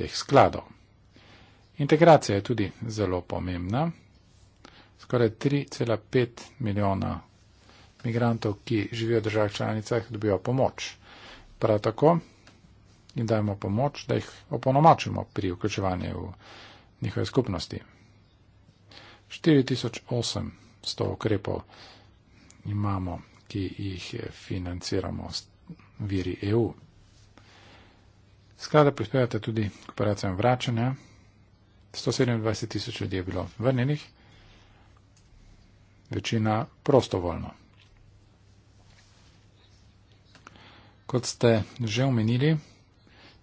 teh skladov. Integracija je tudi zelo pomembna. Skoraj 3,5 milijona migrantov, ki živijo v državah članicah, dobijo pomoč. Prav tako in dajmo pomoč, da jih oponomačimo pri vključevanju v njihove skupnosti. 4800 ukrepov imamo, ki jih financiramo s viri EU. Sklada prispevate tudi k operacijam vračanja. 127 tisoč ljudi je bilo vrnjenih, večina prostovoljno. Kot ste že omenili,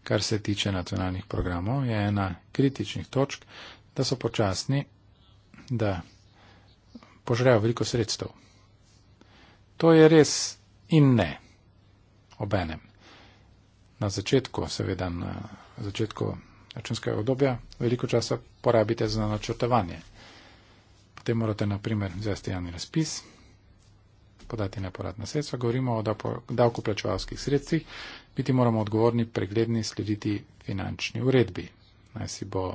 kar se tiče nacionalnih programov, je ena kritičnih točk, da so počasni, da požrejo veliko sredstev. To je res in ne. Obenem. Na začetku, seveda na začetku računskega obdobja, veliko časa porabite za načrtovanje. Potem morate, naprimer, zvesti javni razpis, podati neporadna sredstva, govorimo o davkoplačevalskih sredstvih, biti moramo odgovorni, pregledni, slediti finančni uredbi, naj si bo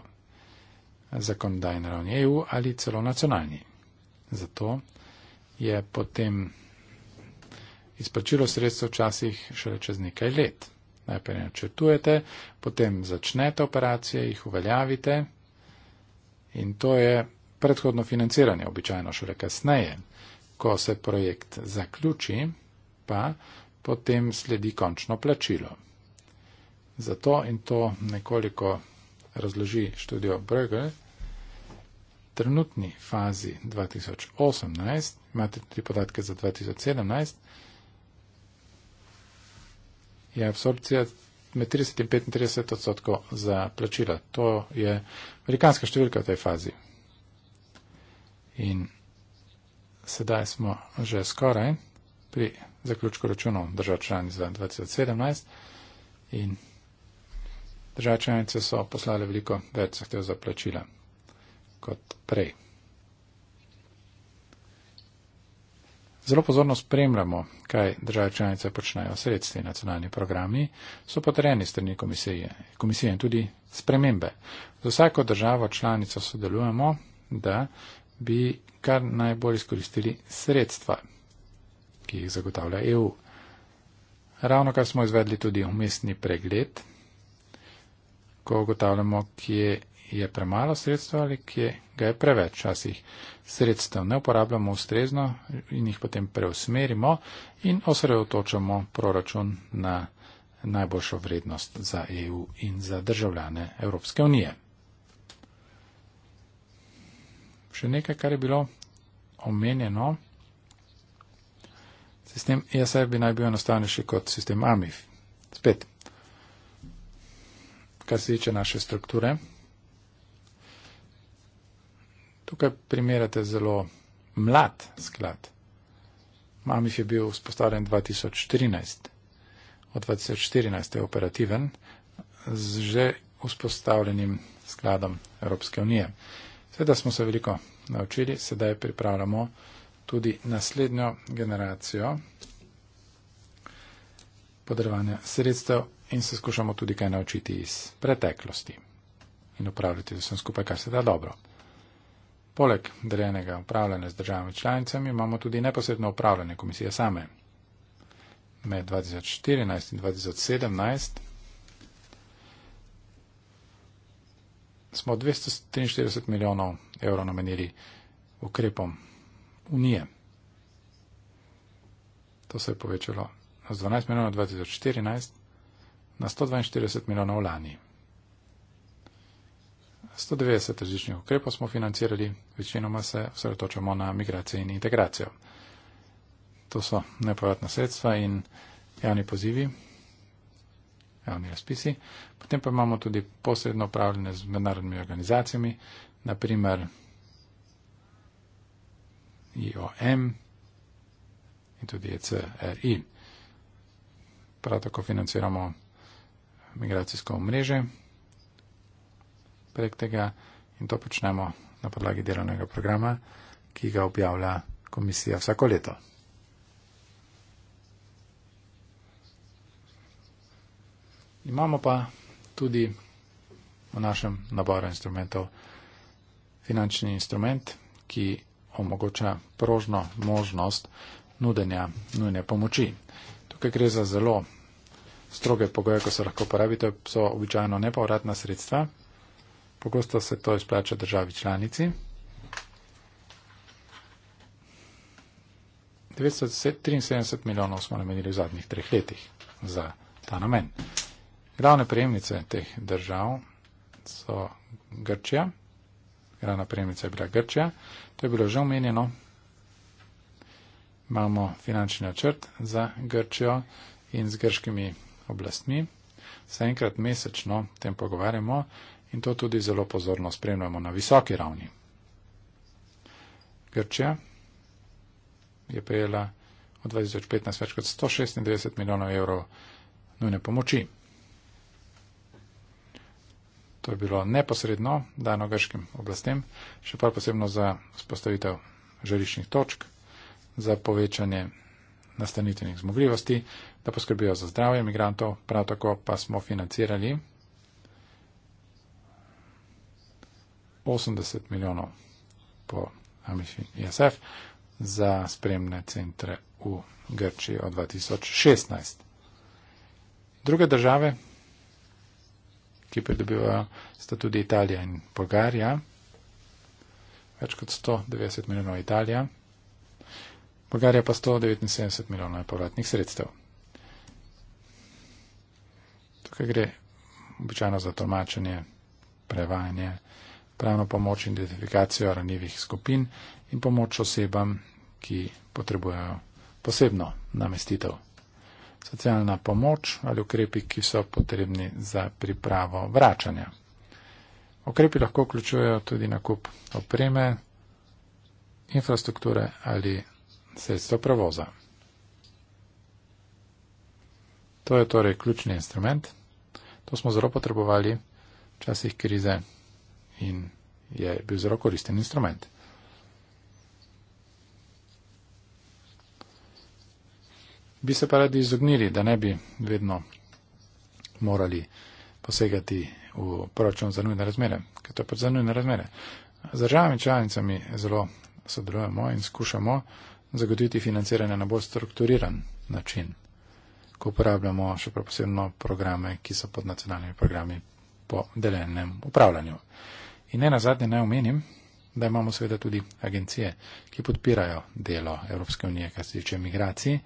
zakonodaj na ravni EU ali celo nacionalni. Zato je potem izplačilo sredstva včasih šele čez nekaj let. Najprej načrtujete, potem začnete operacije, jih uveljavite in to je predhodno financiranje, običajno šele kasneje, Ko se projekt zaključi, pa potem sledi končno plačilo. Zato in to nekoliko razloži študijo Bruegel, trenutni fazi 2018, imate tudi podatke za 2017, je absorpcija med 30 in 35 odstotkov za plačila. To je velikanska številka v tej fazi. In sedaj smo že skoraj pri zaključku računov držav članic za 2017 in držav članice so poslale veliko več zahtev za plačila kot prej. Zelo pozorno spremljamo, kaj države članice počnejo. Sredstvi nacionalni programi so potrjeni strani komisije, komisije in tudi spremembe. Z vsako državo članico sodelujemo, da bi kar najbolj izkoristili sredstva, ki jih zagotavlja EU. Ravno kar smo izvedli tudi umestni pregled, ko ugotavljamo, kje je premalo sredstva ali kje ga je preveč. Včasih sredstev ne uporabljamo ustrezno in jih potem preusmerimo in osredotočamo proračun na najboljšo vrednost za EU in za državljane Evropske unije še nekaj, kar je bilo omenjeno. Sistem ESR bi naj bil enostavnejši kot sistem AMIF. Spet, kar se tiče naše strukture. Tukaj primerjate zelo mlad sklad. MAMIF je bil vzpostavljen 2014. Od 2014 je operativen z že vzpostavljenim skladom Evropske unije. Sveda smo se veliko naučili, sedaj pripravljamo tudi naslednjo generacijo podarovanja sredstev in se skušamo tudi kaj naučiti iz preteklosti in upravljati vsem skupaj, kar se da dobro. Poleg deljenega upravljanja z državami članicami imamo tudi neposredno upravljanje komisije same. Med 2014 in 2017 smo 243 milijonov evrov namenili ukrepom Unije. To se je povečalo z 12 milijonov 2014 na 142 milijonov lani. 190 različnih ukrepov smo financirali, večinoma se osredotočamo na migracijo in integracijo. To so nepovratna sredstva in javni pozivi, javni razpisi. Potem pa imamo tudi posredno upravljanje z mednarodnimi organizacijami, naprimer IOM in tudi ECRI. Prav tako financiramo migracijsko mreže prek tega in to počnemo na podlagi delovnega programa, ki ga objavlja komisija vsako leto. Imamo pa tudi v našem naboru instrumentov finančni instrument, ki omogoča prožno možnost nudenja nujne pomoči. Tukaj gre za zelo stroge pogoje, ko se lahko uporabite, so običajno nepovratna sredstva. Pogosto se to izplača državi članici. 973 milijonov smo namenili v zadnjih treh letih za ta namen. Glavne prejemnice teh držav so Grčija. Glavna prejemnica je bila Grčija. To je bilo že omenjeno. Imamo finančni načrt za Grčijo in z grškimi oblastmi. Se enkrat mesečno tem pogovarjamo in to tudi zelo pozorno spremljamo na visoki ravni. Grčija je prejela v 2015 več kot 196 milijonov evrov nujne pomoči. To je bilo neposredno dano grškim oblastem, še pa posebno za spostavitev žariščnih točk, za povečanje nastanitvenih zmogljivosti, da poskrbijo za zdravje imigrantov, prav tako pa smo financirali 80 milijonov po Amifin ISF e za spremne centre v Grčiji od 2016. Druge države ki pridobivajo, sta tudi Italija in Bolgarija. Več kot 190 milijonov Italija. Bolgarija pa 179 milijonov povratnih sredstev. Tukaj gre običajno za tolmačenje, prevajanje, pravno pomoč in identifikacijo ranjivih skupin in pomoč osebam, ki potrebujejo posebno namestitev socialna pomoč ali ukrepi, ki so potrebni za pripravo vračanja. Okrepi lahko vključujejo tudi nakup opreme, infrastrukture ali sredstvo prevoza. To je torej ključni instrument. To smo zelo potrebovali v časih krize in je bil zelo koristen instrument. bi se pa radi izognili, da ne bi vedno morali posegati v proračun za nujne razmere, ker to je pa za nujne razmere. Z državami članicami zelo sodelujemo in skušamo zagotoviti financiranje na bolj strukturiran način, ko uporabljamo še posebno programe, ki so pod nacionalnimi programi po delenem upravljanju. In ne na zadnje naj omenim, da imamo seveda tudi agencije, ki podpirajo delo Evropske unije, kar se tiče migracij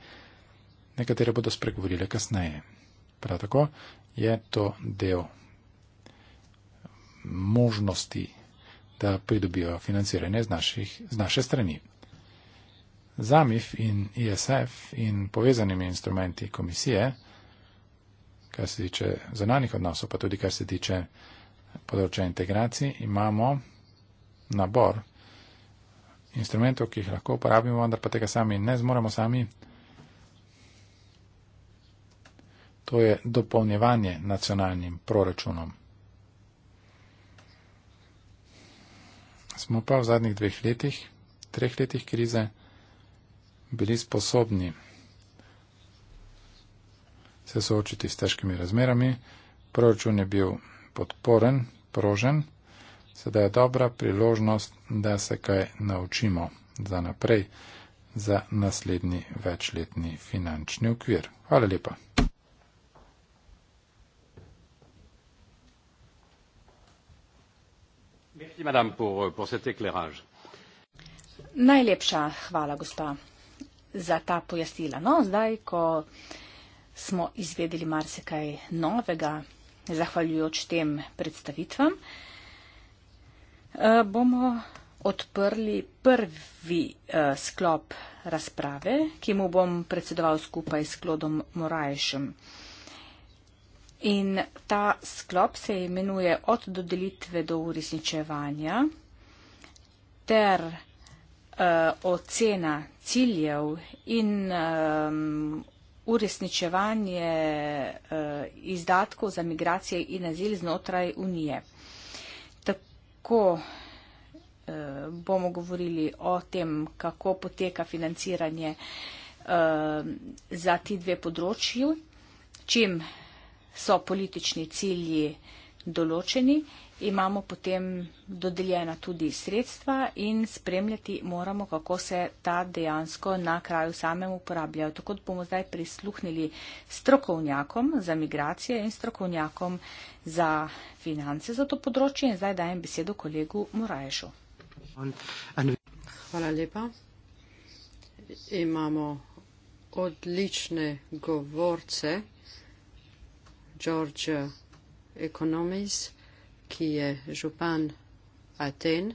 nekatere bodo spregovorile kasneje. Prav tako je to del možnosti, da pridobijo financiranje z, naših, z naše strani. ZAMIF in ISF in povezanimi instrumenti komisije, kar se tiče zonalnih odnosov, pa tudi kar se tiče področja integracij, imamo nabor instrumentov, ki jih lahko uporabimo, vendar pa tega sami ne zmoremo sami. To je dopolnjevanje nacionalnim proračunom. Smo pa v zadnjih dveh letih, treh letih krize, bili sposobni se soočiti s težkimi razmerami. Proračun je bil podporen, prožen. Sedaj je dobra priložnost, da se kaj naučimo za naprej, za naslednji večletni finančni okvir. Hvala lepa. Euh, Najlepša hvala, gospa, za ta pojasnila. No, zdaj, ko smo izvedeli marsikaj novega, zahvaljujoč tem predstavitvam, eh, bomo odprli prvi eh, sklop razprave, ki mu bom predsedoval skupaj s Klodom Morajšem. In ta sklop se imenuje od dodelitve do uresničevanja ter uh, ocena ciljev in um, uresničevanje uh, izdatkov za migracije in nazil znotraj Unije. Tako uh, bomo govorili o tem, kako poteka financiranje uh, za ti dve področji, čim uh, so politični cilji določeni, imamo potem dodeljena tudi sredstva in spremljati moramo, kako se ta dejansko na kraju samem uporabljajo. Tako bomo zdaj prisluhnili strokovnjakom za migracije in strokovnjakom za finance za to področje in zdaj dajem besedo kolegu Morajšu. Hvala lepa. Imamo odlične govorce. George Economis, ki je župan Aten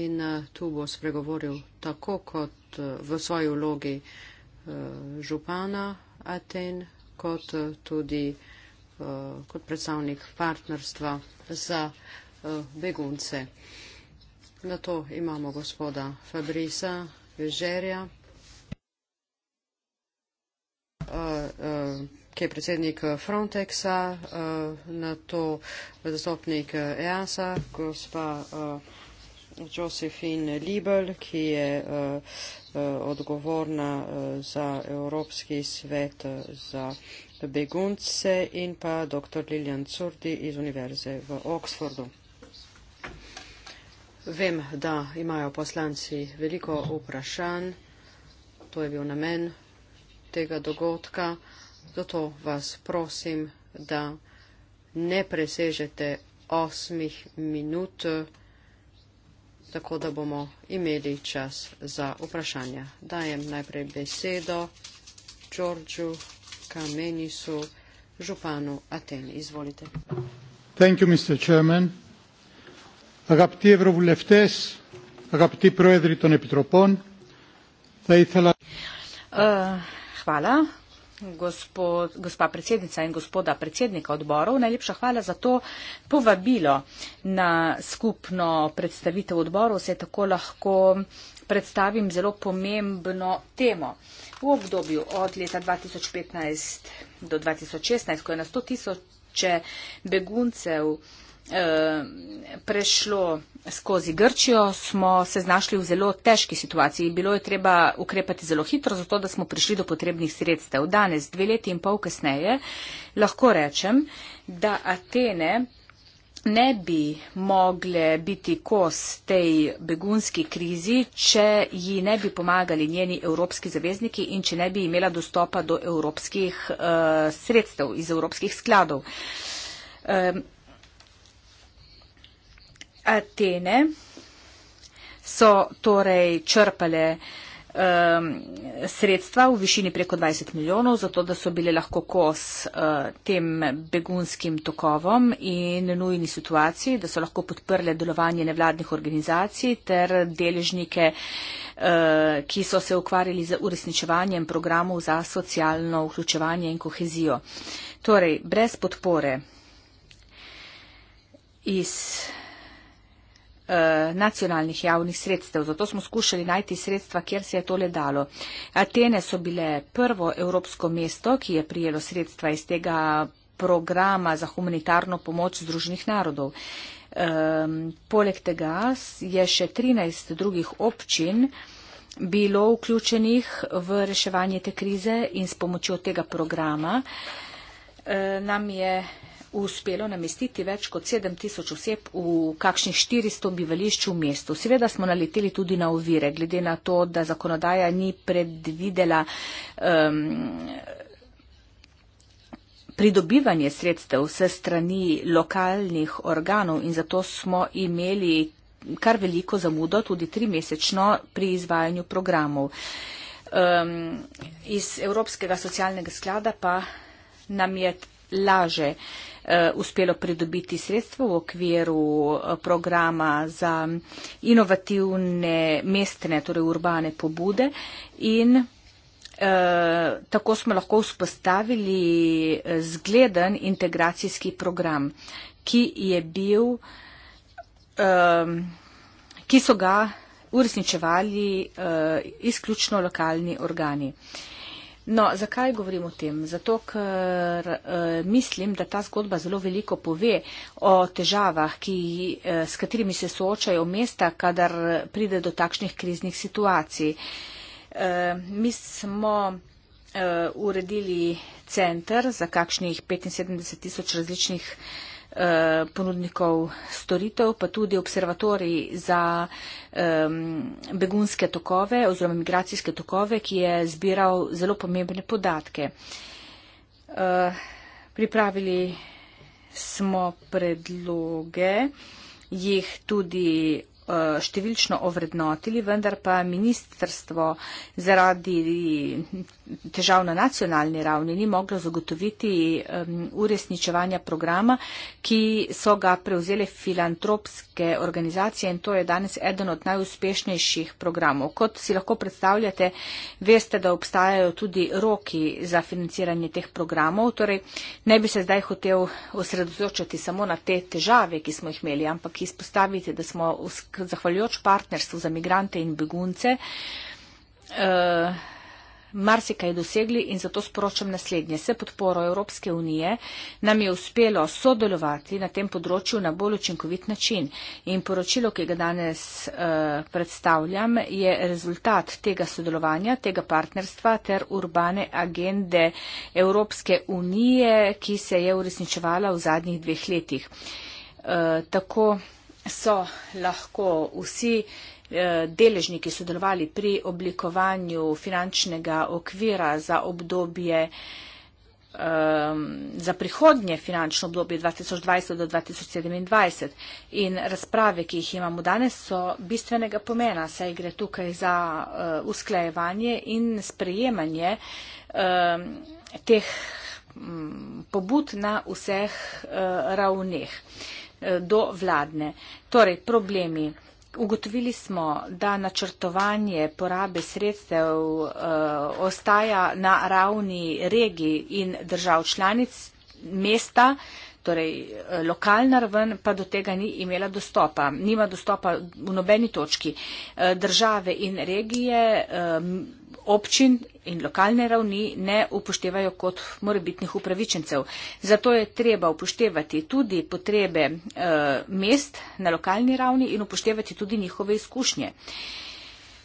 in eh, tu bo spregovoril tako kot eh, v svoji vlogi eh, župana Aten, kot tudi kot predstavnik partnerstva za begunce. Na to imamo gospoda Fabrisa Vežerja ki je predsednik eh, Frontexa, eh, na to zastopnik EASA, eh, e gospa Josephine Liebel, ki je odgovorna za Evropski svet za begunce in pa dr. Lilian Curdi iz Univerze v Oxfordu. Vem, da imajo poslanci veliko vprašanj. To je bil namen tega dogodka. Zato vas prosim, da ne presežete osmih minut, tako da bomo imeli čas za vprašanja. Dajem najprej besedo Đorđu Kamenisu, županu Aten. Izvolite. Thank you, Mr. Chairman. Αγαπητοί ευρωβουλευτέ, αγαπητοί πρόεδροι των Επιτροπών, θα ήθελα. Uh, Gospod, gospa predsednica in gospoda predsednika odborov, najlepša hvala za to povabilo na skupno predstavitev odborov. Se tako lahko predstavim zelo pomembno temo. V obdobju od leta 2015 do 2016, ko je na 100 tisoče beguncev eh, prešlo skozi Grčijo, smo se znašli v zelo težki situaciji. Bilo je treba ukrepati zelo hitro, zato da smo prišli do potrebnih sredstev. Danes, dve leti in pol kasneje, lahko rečem, da Atene ne bi mogle biti kos tej begunski krizi, če ji ne bi pomagali njeni evropski zavezniki in če ne bi imela dostopa do evropskih uh, sredstev iz evropskih skladov. Um, Atene so torej črpale um, sredstva v višini preko 20 milijonov, zato da so bile lahko kos uh, tem begunskim tokovom in nujni situaciji, da so lahko podprle delovanje nevladnih organizacij ter deležnike, uh, ki so se ukvarjali z uresničevanjem programov za socialno vključevanje in kohezijo. Torej, brez podpore iz Eh, nacionalnih javnih sredstev. Zato smo skušali najti sredstva, kjer se je to le dalo. Atene so bile prvo evropsko mesto, ki je prijelo sredstva iz tega programa za humanitarno pomoč Združenih narodov. Um, poleg tega je še 13 drugih občin bilo vključenih v reševanje te krize in s pomočjo tega programa uh, nam je uh, uspelo namestiti več kot 7 tisoč oseb v kakšnih 400 bivališč v mestu. Seveda smo naleteli tudi na ovire, glede na to, da zakonodaja ni predvidela um, pridobivanje sredstev se strani lokalnih organov in zato smo imeli kar veliko zamudo, tudi tri mesečno pri izvajanju programov. Um, iz Evropskega socialnega sklada pa nam je laže. Uh, Eh, uspelo pridobiti sredstvo v okviru eh, programa za inovativne mestne, torej urbane pobude in E, tako smo lahko vzpostavili zgleden integracijski program, ki je bil, e, ki so ga uresničevali e, izključno lokalni organi. E, No, zakaj govorim o tem? Zato, ker eh, mislim, da ta zgodba zelo veliko pove o težavah, ki, eh, s katerimi se soočajo mesta, kadar pride do takšnih kriznih situacij. Eh, mi smo eh, uredili centr za kakšnih 75 tisoč različnih eh, Eh, ponudnikov storitev, pa tudi observatorij za begunske tokove oziroma migracijske tokove, ki je zbiral zelo pomembne podatke. Eh, pripravili smo predloge, jih tudi Eh, številčno ovrednotili, vendar pa ministrstvo zaradi težav na nacionalni ravni ni moglo zagotoviti uresničevanja programa, ki so ga prevzele filantropske organizacije in to je danes eden od najuspešnejših programov. Kot si lahko predstavljate, veste, da obstajajo tudi roki za financiranje teh programov, torej ne bi se zdaj hotel osredotočati samo na te težave, ki smo jih imeli, ampak izpostaviti, da smo v zahvaljujoč partnerstvu za migrante in begunce, eh, marsikaj dosegli in zato sporočam naslednje. Se podporo Evropske unije nam je uspelo sodelovati na tem področju na bolj učinkovit način in poročilo, ki ga danes eh, predstavljam, je rezultat tega sodelovanja, tega partnerstva ter urbane agende Evropske unije, ki se je uresničevala v zadnjih dveh letih. Eh, tako so lahko vsi eh, deležniki sodelovali pri oblikovanju finančnega okvira za obdobje ehm, za prihodnje finančno obdobje 2020 do 2027. In razprave, ki jih imamo danes, so bistvenega pomena, saj gre tukaj za eh, usklajevanje in sprejemanje ehm, teh mm, pobud na vseh eh, ravneh. Eh, do vladne. Torej, problemi. Ugotovili smo, da načrtovanje porabe sredstev uh, ostaja na ravni regij in držav članic mesta, torej eh, lokalna raven pa do tega ni imela dostopa, nima dostopa v nobeni točki. Države in regije, občin in lokalne ravni ne upoštevajo kot morebitnih upravičencev. Zato je treba upoštevati tudi potrebe eh, mest na lokalni ravni in upoštevati tudi njihove izkušnje.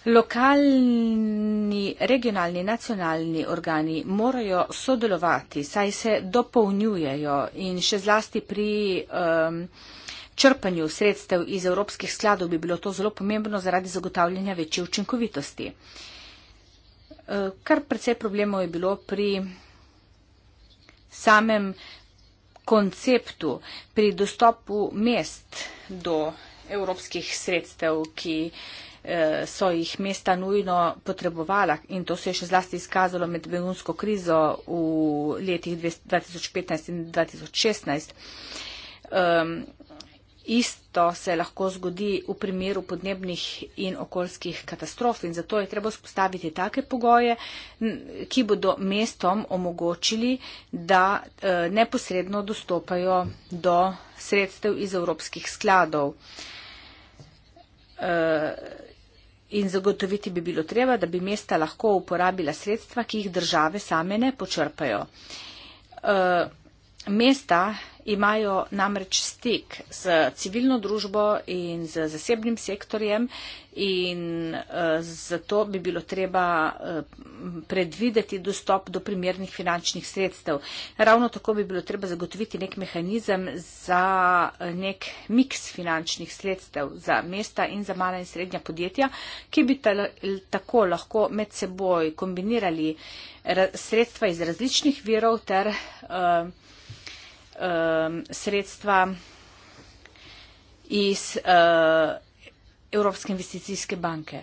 Lokalni, regionalni, nacionalni organi morajo sodelovati, saj se dopolnjujejo in še zlasti pri um, črpanju sredstev iz evropskih skladov bi bilo to zelo pomembno zaradi zagotavljanja večje učinkovitosti. Uh, Kar precej problemov je bilo pri samem konceptu, pri dostopu mest do evropskih sredstev, ki eh, so jih mesta nujno potrebovala in to se je še zlasti izkazalo med begunsko krizo v letih 2015 in 2016. Isto se lahko zgodi v primeru podnebnih in okoljskih katastrof in zato je treba spostaviti take pogoje, ki bodo mestom omogočili, da e, neposredno dostopajo do sredstev iz evropskih skladov. E, in zagotoviti bi bilo treba, da bi mesta lahko uporabila sredstva, ki jih države same ne počrpajo. E, mesta imajo namreč stik z civilno družbo in z zasebnim sektorjem in eh, zato bi bilo treba eh, predvideti dostop do primernih finančnih sredstev. Ravno tako bi bilo treba zagotoviti nek mehanizem za eh, nek miks finančnih sredstev za mesta in za mala in srednja podjetja, ki bi tako lahko med seboj kombinirali sredstva iz različnih virov ter um, sredstva iz uh, Evropske investicijske banke.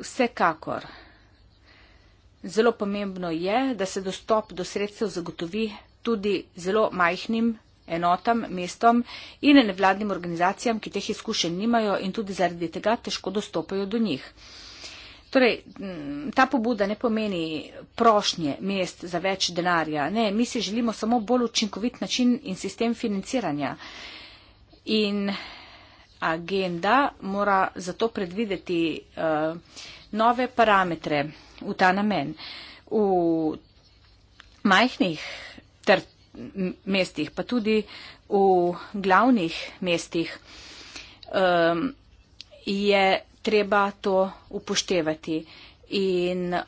Vsekakor zelo pomembno je, da se dostop do sredstev zagotovi tudi zelo majhnim enotam, mestom in nevladnim organizacijam, ki teh izkušenj nimajo in tudi zaradi tega težko dostopajo do njih. Torej, ta pobuda ne pomeni prošnje mest za več denarja. Ne, mi si želimo samo bolj učinkovit način in sistem financiranja. In agenda mora zato predvideti uh, nove parametre v ta namen. V majhnih mestih, pa tudi v glavnih mestih, um, je treba to upoštevati. In uh,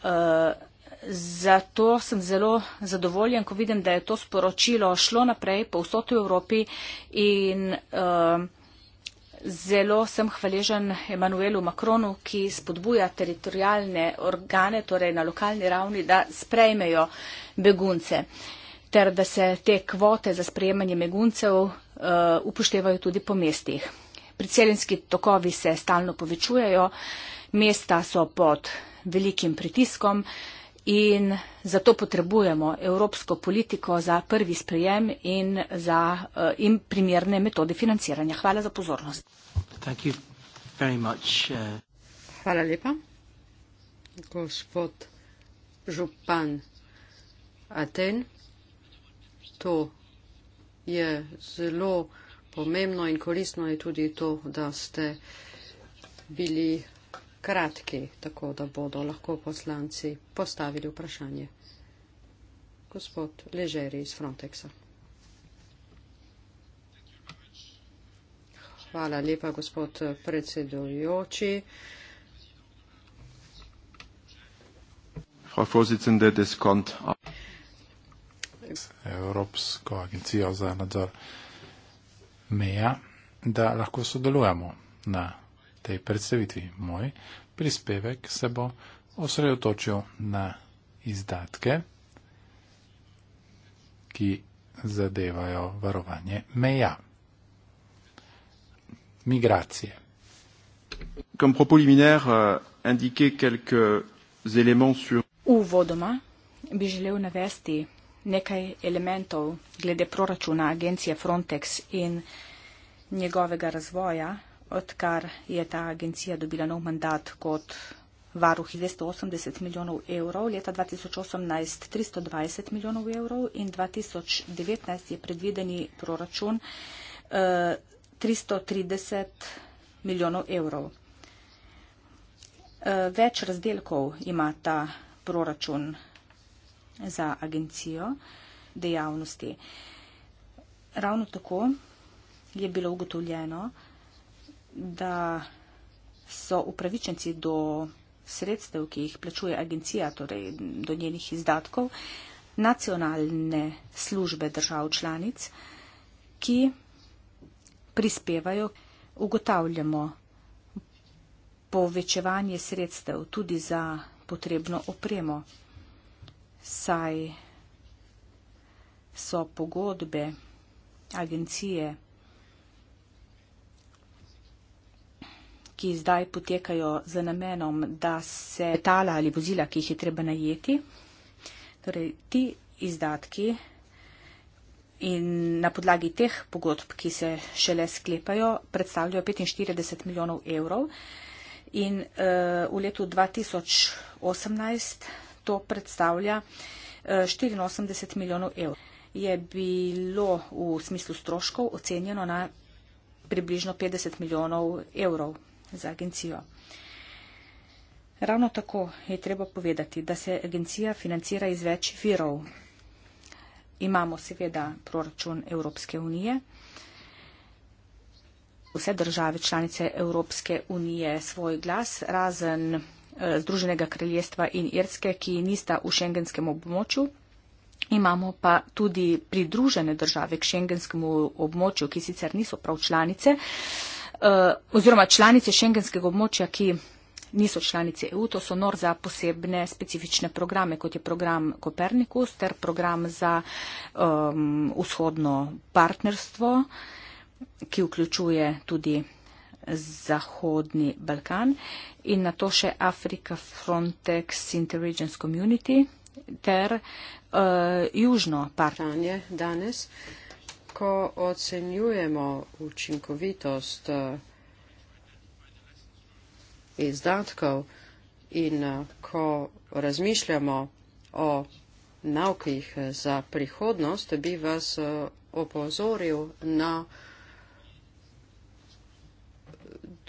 zato sem zelo zadovoljen, ko vidim, da je to sporočilo šlo naprej po vsoti Evropi in uh, zelo sem hvaležen Emanuelu Makronu, ki spodbuja teritorijalne organe, torej na lokalni ravni, da sprejmejo begunce ter da se te kvote za sprejemanje beguncev uh, upoštevajo tudi po mestih priseljenski tokovi se stalno povečujejo, mesta so pod velikim pritiskom in zato potrebujemo evropsko politiko za prvi sprejem in, za, eh, in primerne metode financiranja. Hvala za pozornost. Much, uh... Hvala lepa. Gospod župan Aten, to je zelo pomembno in koristno je tudi to, da ste bili kratki, tako da bodo lahko poslanci postavili vprašanje. Gospod Ležeri iz Frontexa. Hvala lepa, gospod predsedujoči. Evropsko agencijo za nadzor meja, da lahko sodelujemo na tej predstavitvi. Moj prispevek se bo osredotočil na izdatke, ki zadevajo varovanje meja. Migracije. Comme propos liminaire, euh, indiquer quelques éléments sur. Uvodoma bi želel navesti nekaj elementov glede proračuna agencije Frontex in njegovega razvoja, odkar je ta agencija dobila nov mandat kot varuh 280 milijonov evrov, leta 2018 320 milijonov evrov in 2019 je predvideni proračun eh, 330 milijonov evrov. Eh, več razdelkov ima ta proračun za agencijo dejavnosti. Ravno tako je bilo ugotovljeno, da so upravičenci do sredstev, ki jih plačuje agencija, torej do njenih izdatkov, nacionalne službe držav članic, ki prispevajo, ugotavljamo povečevanje sredstev tudi za potrebno opremo saj so pogodbe agencije, ki zdaj potekajo z namenom, da se letala ali vozila, ki jih je treba najeti, torej ti izdatki in na podlagi teh pogodb, ki se šele sklepajo, predstavljajo 45 milijonov evrov. In uh, v letu 2018 to predstavlja 84 eh, milijonov evrov. Je bilo v smislu stroškov ocenjeno na približno 50 milijonov evrov za agencijo. Ravno tako je treba povedati, da se agencija financira iz več virov. Imamo seveda proračun Evropske unije. Vse države članice Evropske unije svoj glas, razen Eh, Združenega kraljestva in Irske, ki nista v šengenskem območju. Imamo pa tudi pridružene države k šengenskemu območju, ki sicer niso prav članice, eh, oziroma članice šengenskega območja, ki niso članice EU, to so NOR za posebne specifične programe, kot je program Kopernikus ter program za um, vzhodno partnerstvo, ki vključuje tudi Zahodni Balkan in na to še Afrika Frontex Intelligence Community ter uh, Južno partnerstvo. Danes, ko ocenjujemo učinkovitost uh, izdatkov in uh, ko razmišljamo o naukih za prihodnost, bi vas uh, opozoril na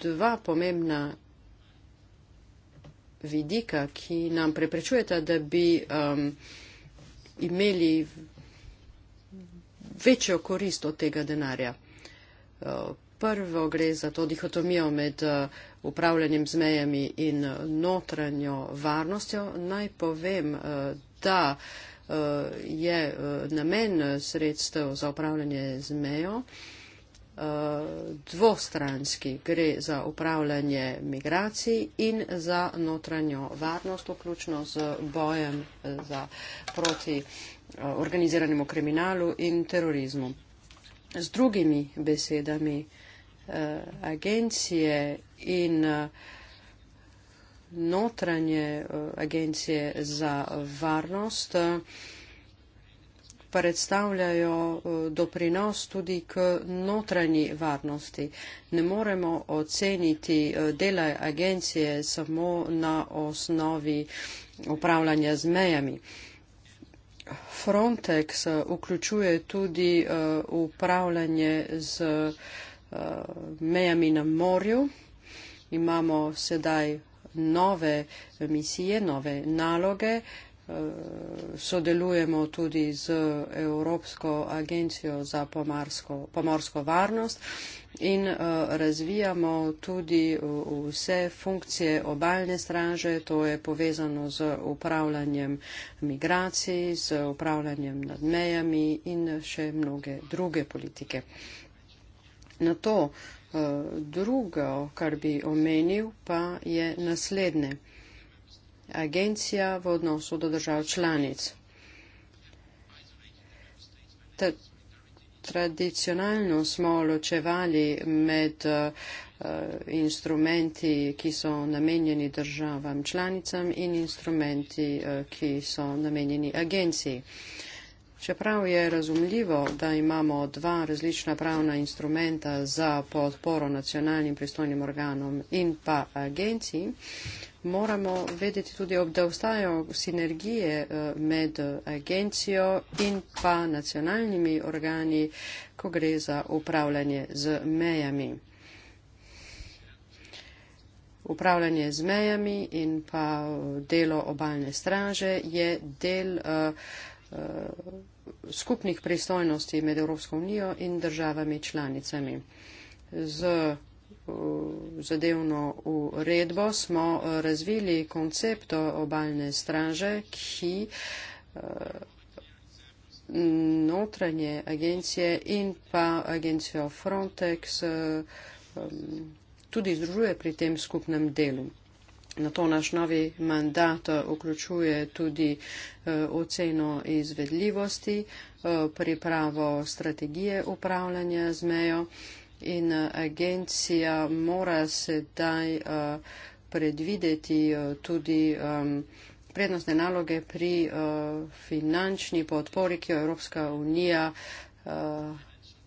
dva pomembna vidika, ki nam preprečujeta, da bi um, imeli večjo korist od tega denarja. Uh, prvo gre za to dihotomijo med uh, upravljanjem z mejami in uh, notranjo varnostjo. Naj povem, da je namen sredstev za upravljanje z mejo Eh, dvostranski, gre za upravljanje migracij in za notranjo varnost, vključno z bojem eh, za proti eh, organiziranemu kriminalu in terorizmu. Z drugimi besedami agencije in notranje agencije za varnost predstavljajo eh, doprinos tudi k notranji varnosti. Ne moremo oceniti eh, dela agencije samo na osnovi upravljanja z mejami. Frontex eh, vključuje tudi upravljanje z mejami na morju. Imamo sedaj nove misije, nove naloge, sodelujemo tudi z Evropsko agencijo za pomarsko, pomorsko varnost in eh, razvijamo tudi eh, vse funkcije obaljne straže, to je povezano z upravljanjem migracij, z upravljanjem nad mejami in še mnoge druge politike. Na to eh, drugo, kar bi omenil, pa je naslednje agencija v odnosu do držav članic. Ta, tradicionalno smo ločevali med eh, instrumenti, ki so namenjeni državam članicam in instrumenti, eh, ki so namenjeni agenciji. Čeprav je razumljivo, da imamo dva različna pravna instrumenta za podporo nacionalnim pristojnim organom in pa agenciji, moramo vedeti tudi, da obstajajo sinergije eh, med eh, agencijo in pa nacionalnimi organi, ko gre za upravljanje z mejami. Upravljanje z mejami in pa eh, delo obaljne straže je del skupnih pristojnosti med Evropsko unijo in državami članicami. Z zadevno uredbo, smo eh, razvili koncept obaljne straže, ki eh, notranje agencije in pa agencijo Frontex eh, tudi združuje pri tem skupnem delu. Na to naš novi mandat vključuje tudi oceno izvedljivosti, pripravo strategije upravljanja z mejo in eh, agencija mora sedaj eh, predvideti eh, tudi ehm, prednostne naloge pri finančni podpori, ki jo Evropska unija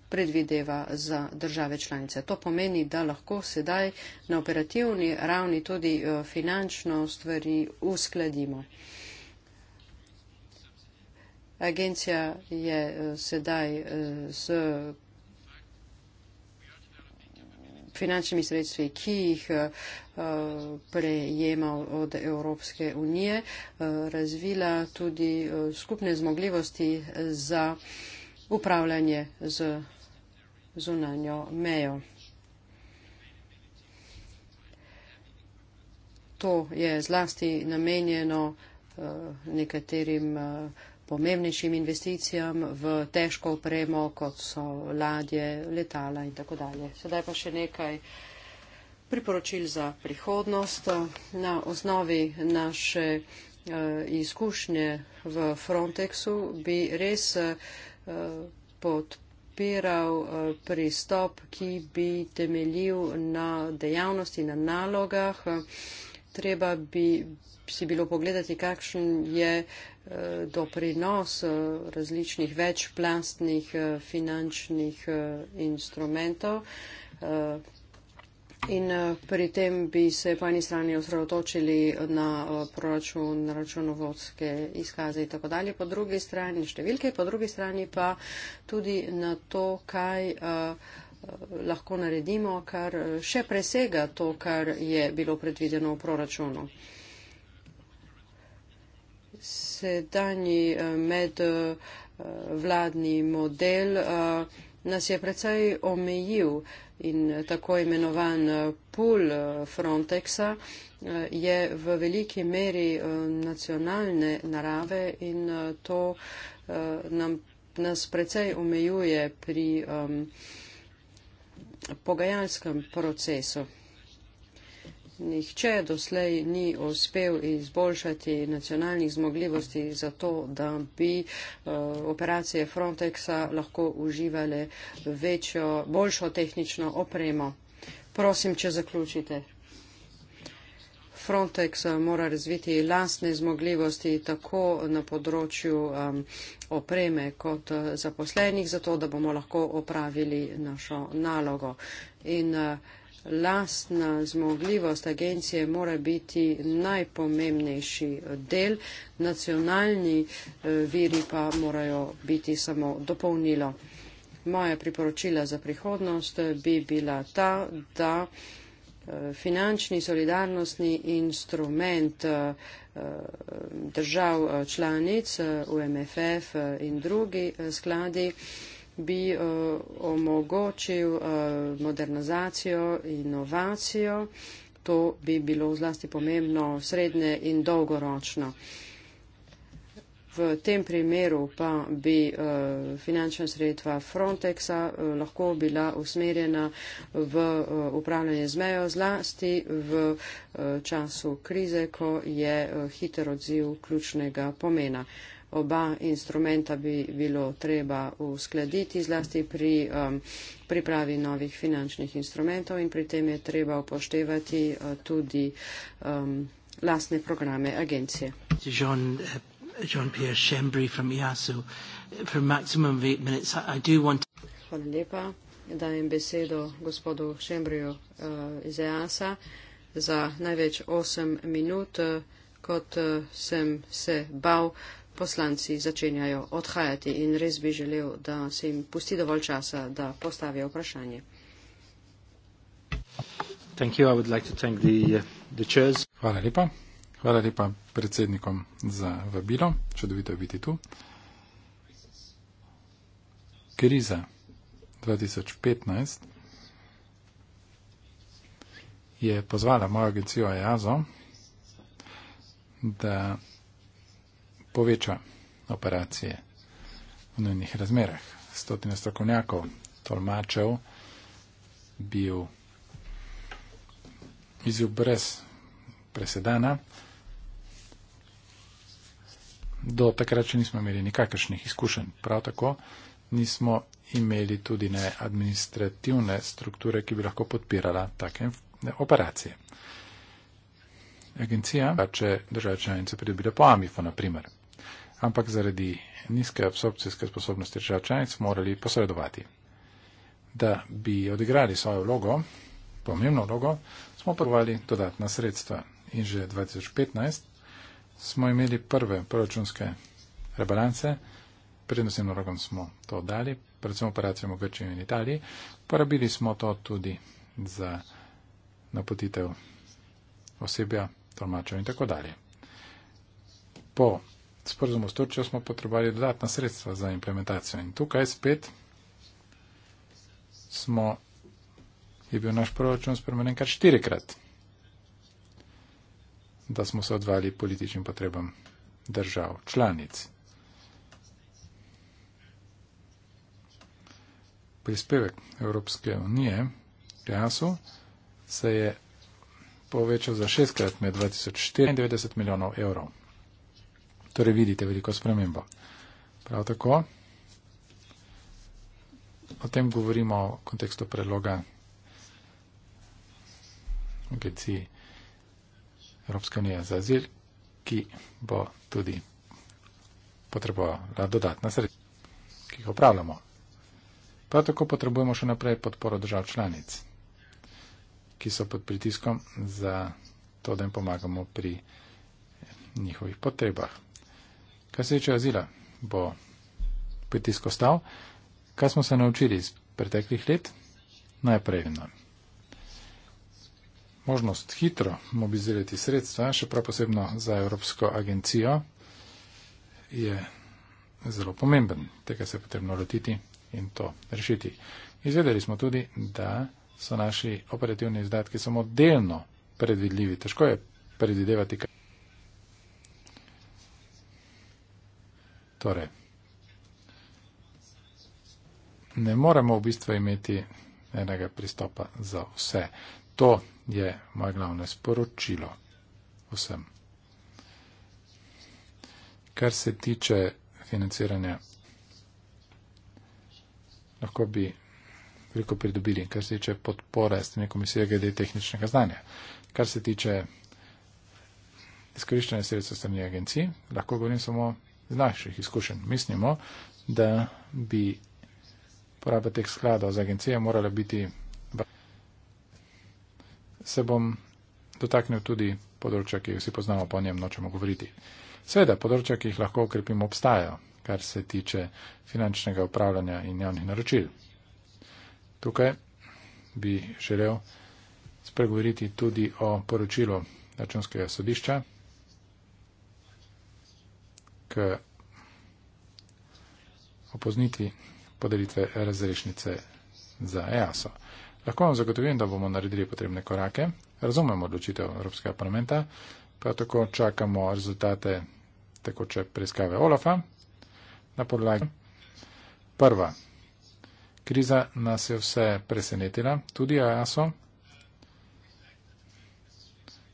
predvideva za države članice. To pomeni, da lahko sedaj na operativni ravni tudi finančno stvari uskladimo. Agencija je sedaj z finančnimi sredstvi, ki jih eh, prejemal od Evropske unije, eh, razvila tudi eh, skupne zmogljivosti za upravljanje z zunanjo mejo. To je zlasti namenjeno nekaterim pomembnejšim investicijam v težko opremo, kot so ladje, letala in tako dalje. Sedaj pa še nekaj priporočil za prihodnost. Na osnovi naše eh, izkušnje v Frontexu bi res eh, podpiral eh, pristop, ki bi temeljil na dejavnosti, na nalogah. Treba bi si bilo pogledati, kakšen je uh, doprinos eh, različnih večplastnih eh, finančnih eh, instrumentov. In pri tem bi se po eni strani osredotočili na proračun, na računovodske izkaze in tako dalje, po drugi strani številke, po drugi strani pa tudi na to, kaj lahko naredimo, kar še presega to, kar je bilo predvideno v proračunu sedanji eh, medvladni model eh, nas je precej omejil in tako imenovan eh, pool Frontexa je v veliki meri nacionalne narave in to nam, nas precej omejuje pri um, pogajalskem procesu nihče doslej ni uspel izboljšati nacionalnih zmogljivosti za to, da bi eh, operacije Frontexa lahko uživale večjo, boljšo tehnično opremo. Prosim, če zaključite. Frontex eh, mora razviti lastne zmogljivosti tako na področju um, opreme kot eh, zaposlenih, zato da bomo lahko opravili našo nalogo. In, uh, lastna zmogljivost agencije mora biti najpomembnejši del, nacionalni eh, viri pa morajo biti samo dopolnilo. Moja priporočila za prihodnost eh, bi bila ta, da eh, finančni solidarnostni instrument držav članic, UMFF in drugi skladi, bi uh, omogočil uh, modernizacijo, inovacijo. To bi bilo zlasti pomembno srednje in dolgoročno. V tem primeru pa bi uh, finančna sredstva Frontexa uh, lahko bila usmerjena v uh, upravljanje z mejo zlasti v uh, času krize, ko je uh, hiter odziv ključnega pomena. Uh, oba instrumenta bi bilo treba uskladiti, zlasti pri um, pripravi novih finančnih instrumentov in pri tem je treba upoštevati uh, tudi um, lastne programe agencije. Jean, uh, Jean e Hvala lepa. Dajem besedo gospodu Šembriju uh, iz EASA za največ 8 minut, uh, kot uh, sem se bal. Uh, poslanci začenjajo odhajati in res bi želel, da se jim pusti dovolj časa, da postavijo vprašanje. Uh, Hvala lepa. Hvala lepa predsednikom za vabilo. Čudovito je biti tu. Kriza 2015 je pozvala mojo agencijo EASO, da poveča operacije v nujnih razmerah. Stotine strokovnjakov, tolmačev, bil izjub brez presedana. Do takrat še nismo imeli nikakršnih izkušenj. Prav tako nismo imeli tudi ne administrativne strukture, ki bi lahko podpirala take operacije. Agencija, če država članica pridobila po AMIF-u, na primer, ampak zaradi nizke absorpcijske sposobnosti držav članic morali posredovati. Da bi odigrali svojo vlogo, pomembno vlogo, smo prvali dodatna sredstva in že 2015 smo imeli prve proračunske rebalance, prednostnim vlogom smo to dali, predvsem operacijam v Grčiji in Italiji, porabili smo to tudi za napotitev osebja, tolmačev in tako dalje. Po sporozumu s Turčijo smo potrebovali dodatna sredstva za implementacijo. In tukaj spet smo, je bil naš proračun spremenjen kar štirikrat, da smo se odvali političnim potrebam držav, članic. Prispevek Evropske unije v času se je povečal za šestkrat med 2094 milijonov evrov. Torej vidite veliko spremembo. Prav tako o tem govorimo v kontekstu predloga agencije Evropske unije za azil, ki bo tudi potrebovala dodatna sredstva, ki jih upravljamo. Prav tako potrebujemo še naprej podporo držav članic, ki so pod pritiskom za to, da jim pomagamo pri njihovih potrebah. Kaj se tiče azila, bo pritisk ostal. Kaj smo se naučili iz preteklih let? Najprej eno. Možnost hitro mobilizirati sredstva, še prav posebno za Evropsko agencijo, je zelo pomemben. Tega se je potrebno lotiti in to rešiti. Izvedeli smo tudi, da so naši operativni izdatki samo delno predvidljivi. Težko je predvidevati, kaj. Torej, ne moremo v bistvu imeti enega pristopa za vse. To je moje glavno sporočilo vsem. Kar se tiče financiranja, lahko bi veliko pridobili, kar se tiče podpore strani komisije glede tehničnega znanja. Kar se tiče izkoriščanja sredstva strani agencij, lahko govorim samo iz naših izkušenj mislimo, da bi poraba teh skladov za agencije morala biti. Se bom dotaknil tudi področja, ki jih vsi poznamo, pa o njem nočemo govoriti. Sveda, področja, ki jih lahko okrepimo, obstajajo, kar se tiče finančnega upravljanja in javnih naročil. Tukaj bi želel spregovoriti tudi o poročilu računskega sodišča k opoznitvi podelitve razrešnice za EASO. Lahko vam zagotovim, da bomo naredili potrebne korake, razumemo odločitev Evropskega parlamenta, pa tako čakamo rezultate tekoče preiskave OLAFA na podlagi. Prva. Kriza nas je vse presenetila, tudi EASO.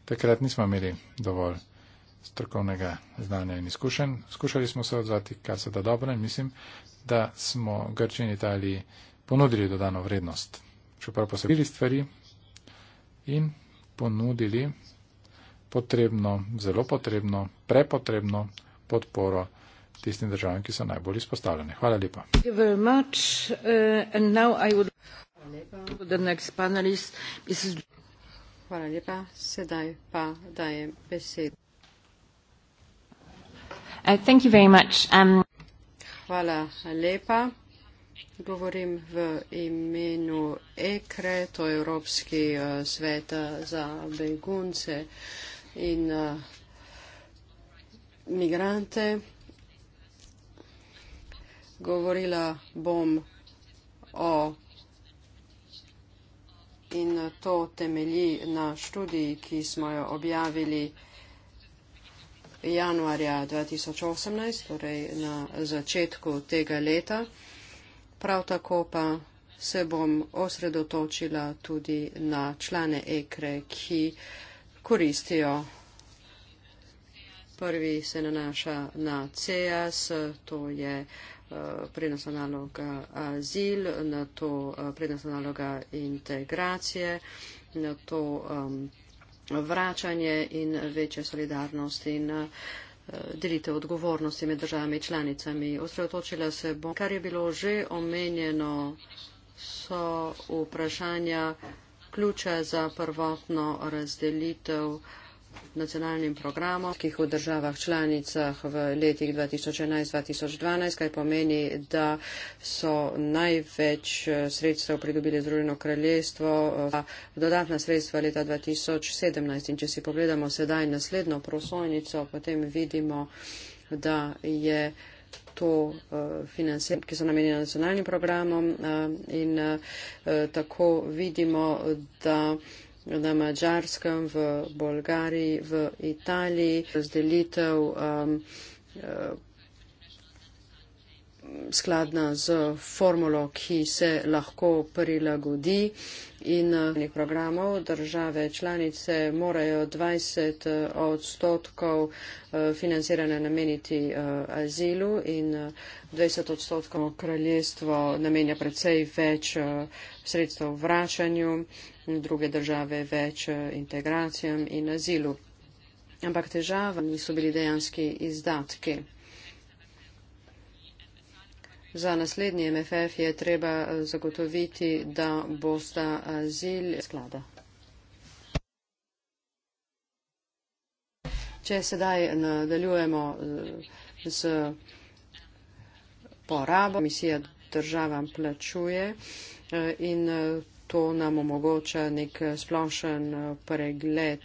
Takrat nismo imeli dovolj strokovnega znanja in izkušenj. Skušali smo se odzvati, kar se da dobro in mislim, da smo Grči in Italiji ponudili dodano vrednost. Čeprav posebili stvari in ponudili potrebno, zelo potrebno, prepotrebno podporo tistim državam, ki so najbolj izpostavljene. Hvala lepa. Uh, Hvala lepa. Sedaj pa dajem besedo. Uh, thank you very much. Um... Hvala lepa. Govorim v imenu EKRE, to je Evropski uh, svet uh, za begunce in uh, migrante. Govorila bom o in to temelji na študiji, ki smo jo objavili januarja 2018, torej na začetku tega leta. Prav tako pa se bom osredotočila tudi na člane EKRE, ki koristijo. Prvi se nanaša na CS, to je eh, prednasonaloga azil, na to eh, prednasonaloga integracije, na to um, vračanje in večja solidarnost in eh, delitev odgovornosti med državami članicami. Osredotočila se bom, kar je bilo že omenjeno, so vprašanja ključe za prvotno razdelitev nacionalnim programom, ki jih v državah članicah v letih 2011-2012, kaj pomeni, da so največ eh, sredstev pridobili Združeno kraljestvo, eh, dodatna sredstva leta 2017. In če si pogledamo sedaj naslednjo prosojnico, potem vidimo, da je to eh, financiranje, ki so namenjene nacionalnim programom in tako vidimo, da na Mačarskem, v Bolgariji, v Italiji, razdelitev um, uh, skladna z formulo, ki se lahko prilagodi in uh, programov države članice morajo 20 uh, odstotkov uh, financiranja nameniti uh, azilu in uh, 20 odstotkov kraljestvo namenja precej več uh, sredstev vračanju. Uh, druge države več eh, integracijam in azilu. Ampak težava niso bili dejanski izdatki. Za naslednji MFF je treba eh, zagotoviti, da bosta azil sklada. Če sedaj nadaljujemo eh, z porabo, komisija državam plačuje in to nam omogoča nek eh, splošen eh, pregled.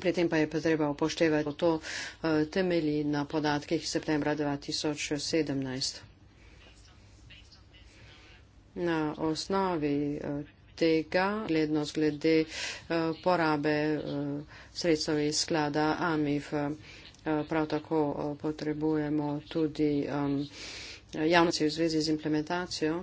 Pri tem pa je potreba upoštevati, da to eh, temelji na podatkih iz septembra 2017. Na osnovi tega glednost glede porabe sredstev iz sklada AMIF prav tako potrebujemo tudi javnosti v zvezi z implementacijo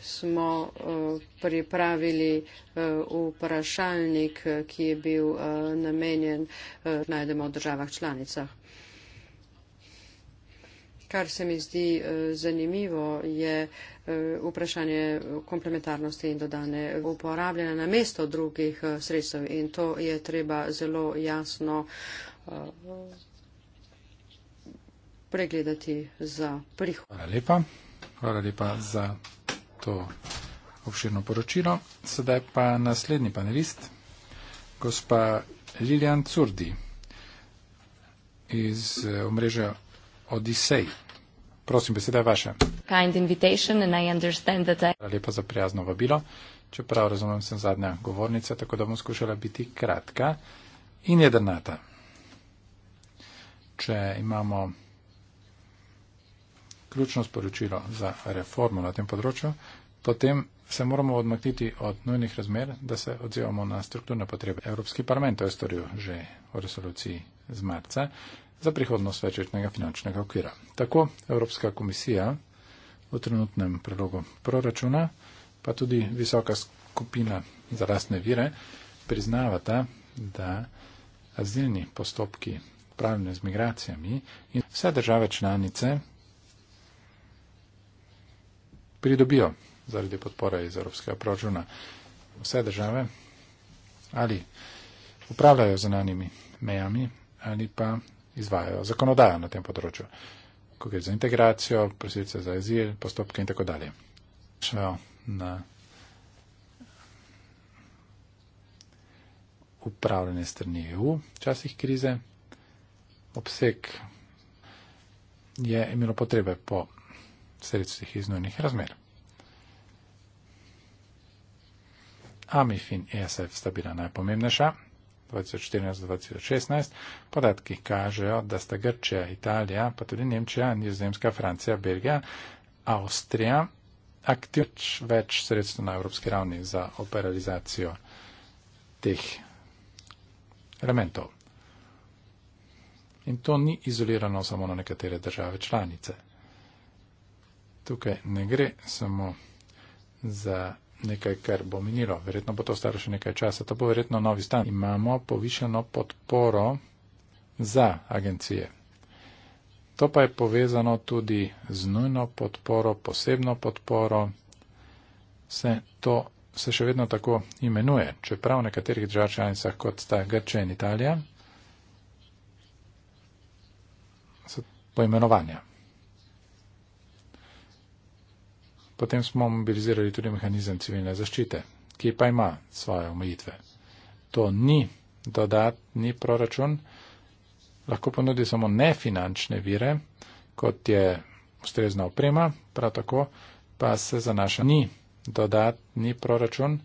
smo eh, pripravili eh, vprašalnik, eh, ki je bil namenjen, najdemo v državah članicah. Kar se mi zdi zanimivo, je vprašanje komplementarnosti in dodane uporabljene na mesto drugih sredstev in to je treba zelo jasno pregledati za prihod. Hvala lepa. Hvala lepa za to obširno poročilo. Sedaj pa naslednji panelist, gospa Lilian Curdi iz eh, omrežja Odisej. Prosim, beseda je vaša. Kind invitation and I understand that I... Lepa za prijazno vabilo. Čeprav razumem, sem zadnja govornica, tako da bom skušala biti kratka in jedrnata. Če imamo ključno sporočilo za reformo na tem področju, potem se moramo odmakniti od nujnih razmer, da se odzivamo na strukturne potrebe. Evropski parlament to je storil že v resoluciji z marca za prihodnost večletnega finančnega okvira. Tako Evropska komisija v trenutnem predlogu proračuna, pa tudi visoka skupina za rastne vire priznavata, da azilni postopki upravljanja z migracijami in vse države članice pridobijo zaradi podpore iz Evropskega proračuna. Vse države ali upravljajo z enanimi mejami ali pa izvajajo zakonodajo na tem področju, ko gre za integracijo, prosilce za azil, postopke in tako dalje. Šlo na upravljanje strani EU včasih krize. Obsek je imelo potrebe po sredstvih iznojnih razmer. AMIF in ESF sta bila najpomembnejša, 2014-2016. Podatki kažejo, da sta Grčija, Italija, pa tudi Nemčija, Nizozemska, Francija, Belgija, Avstrija aktivč več sredstv na evropski ravni za operalizacijo teh elementov. In to ni izolirano samo na nekatere države članice tukaj ne gre samo za nekaj, kar bo minilo. Verjetno bo to staro še nekaj časa. To bo verjetno novi stan. Imamo povišeno podporo za agencije. To pa je povezano tudi z nujno podporo, posebno podporo. Se to se še vedno tako imenuje, čeprav v nekaterih držav članicah, kot sta Grče in Italija, so poimenovanja. Potem smo mobilizirali tudi mehanizem civilne zaščite, ki pa ima svoje omejitve. To ni dodatni proračun, lahko ponudi samo nefinančne vire, kot je ustrezna oprema, prav tako pa se zanaša ni dodatni proračun,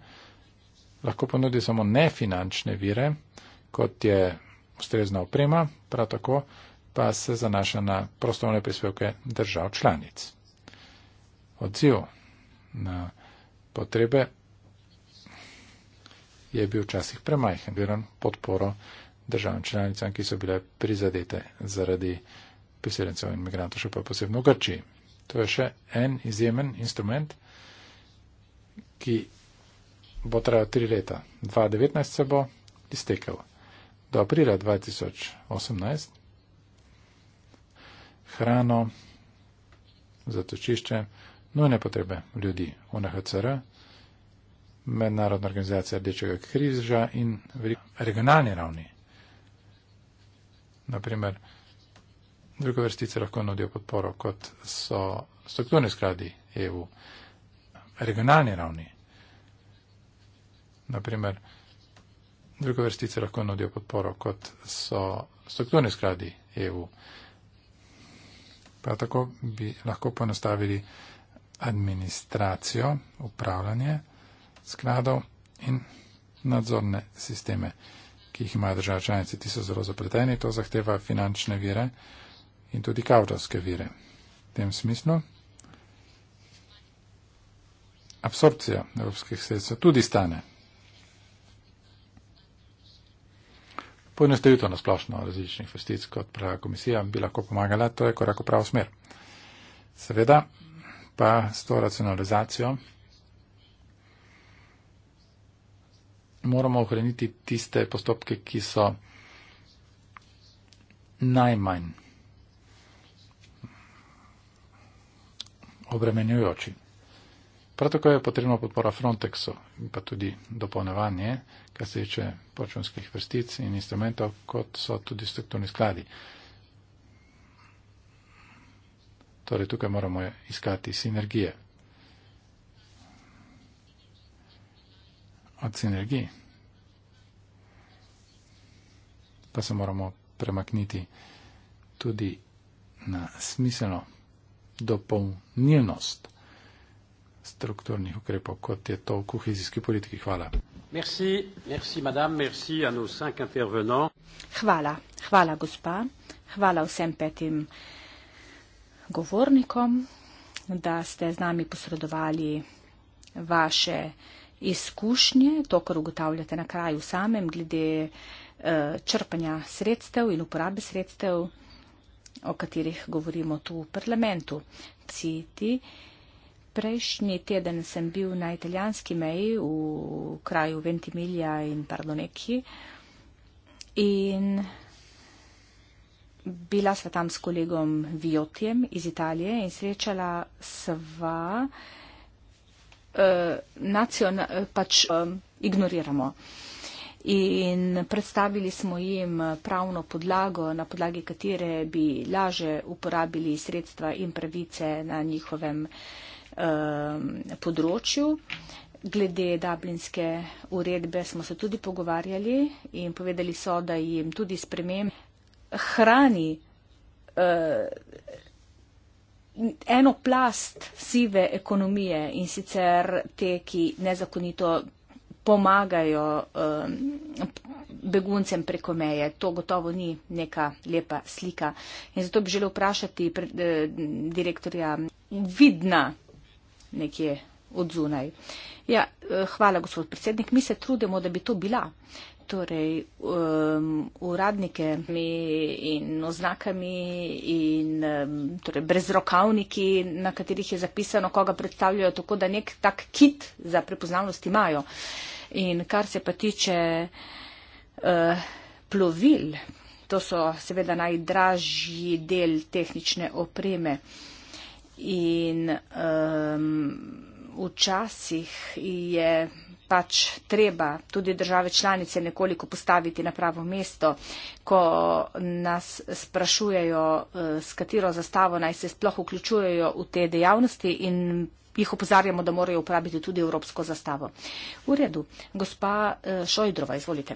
lahko ponudi samo nefinančne vire, kot je ustrezna oprema, prav tako pa se zanaša na prostovne prispevke držav članic odziv na potrebe je bil včasih premajhen, gledam podporo državam članicam, ki so bile prizadete zaradi priseljencev in imigrantov, še pa posebno v Grčiji. To je še en izjemen instrument, ki bo trajal tri leta. 2019 se bo iztekel. Do aprila 2018 hrano, zatočišče, nujne potrebe ljudi UNHCR, Mednarodna organizacija Rdečega križa in regionalni ravni. Naprimer, druge vrstice lahko nudijo podporo, kot so strukturni skladi EU. Regionalni ravni. Naprimer, druge vrstice lahko nudijo podporo, kot so strukturni skladi EU. Prav tako bi lahko ponastavili administracijo, upravljanje skladov in nadzorne sisteme, ki jih imajo države članice. Ti so zelo zapleteni, to zahteva finančne vire in tudi kavdovske vire. V tem smislu absorpcija evropskih sredstev tudi stane. Poenostavitev na splošno različnih investic, kot prava komisija, bi lahko pomagala, to je korak v pravo smer. Seveda, pa s to racionalizacijo moramo ohraniti tiste postopke, ki so najmanj obremenjujoči. Prav tako je potrebno podpora Frontexu in pa tudi dopolnevanje, kar se tiče počonskih vrstic in instrumentov, kot so tudi strukturni skladi. Torej, tukaj moramo iskati sinergije. Od sinergij pa se moramo premakniti tudi na smiselno dopolnilnost strukturnih ukrepov, kot je to v kohezijski politiki. Hvala. Merci, merci, madame, merci a nos cinq intervenants. Hvala, hvala, gospa, hvala vsem petim govornikom, da ste z nami posredovali vaše izkušnje, to, kar ugotavljate na kraju samem, glede eh, črpanja sredstev in uporabe sredstev, o katerih govorimo tu v parlamentu. Citi. Prejšnji teden sem bil na italijanski meji v kraju Ventimilija in Pardoneki in bila sva tam s kolegom Viotjem iz Italije in srečala sva eh, nacion, eh, pač eh, ignoriramo. In predstavili smo jim pravno podlago, na podlagi katere bi laže uporabili sredstva in pravice na njihovem eh, področju. Glede dublinske uredbe smo se tudi pogovarjali in povedali so, da jim tudi spremem hrani uh, eno plast sive ekonomije in sicer te, ki nezakonito pomagajo um, beguncem preko meje. To gotovo ni neka lepa slika. In zato bi želel vprašati pre, de, eh, direktorja vidna nekje odzunaj. Ja, hvala, gospod predsednik. Mi se trudimo, da bi to bila torej um, uradnike in oznakami in um, torej brez rokavniki, na katerih je zapisano, koga predstavljajo, tako da nek tak kit za prepoznavnost imajo. In kar se pa tiče uh, plovil, to so seveda najdražji del tehnične opreme. In um, včasih je pač treba tudi države članice nekoliko postaviti na pravo mesto, ko nas sprašujejo, eh, s katero zastavo naj se sploh vključujejo v te dejavnosti in jih opozarjamo, da morajo uporabiti tudi evropsko zastavo. V redu. Gospa eh, Šojdrova, izvolite.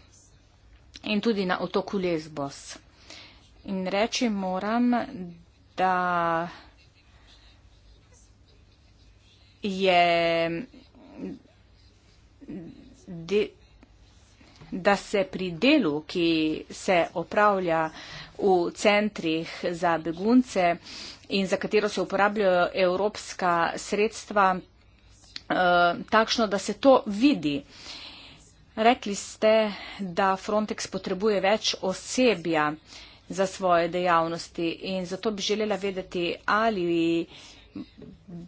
in tudi na otoku Lesbos. In reči moram, da je de, da se pri delu, ki se opravlja v centrih za begunce in za katero se uporabljajo evropska sredstva, eh, takšno, da se to vidi. Eh, Rekli ste, da Frontex potrebuje več osebja za svoje dejavnosti in zato bi želela vedeti, ali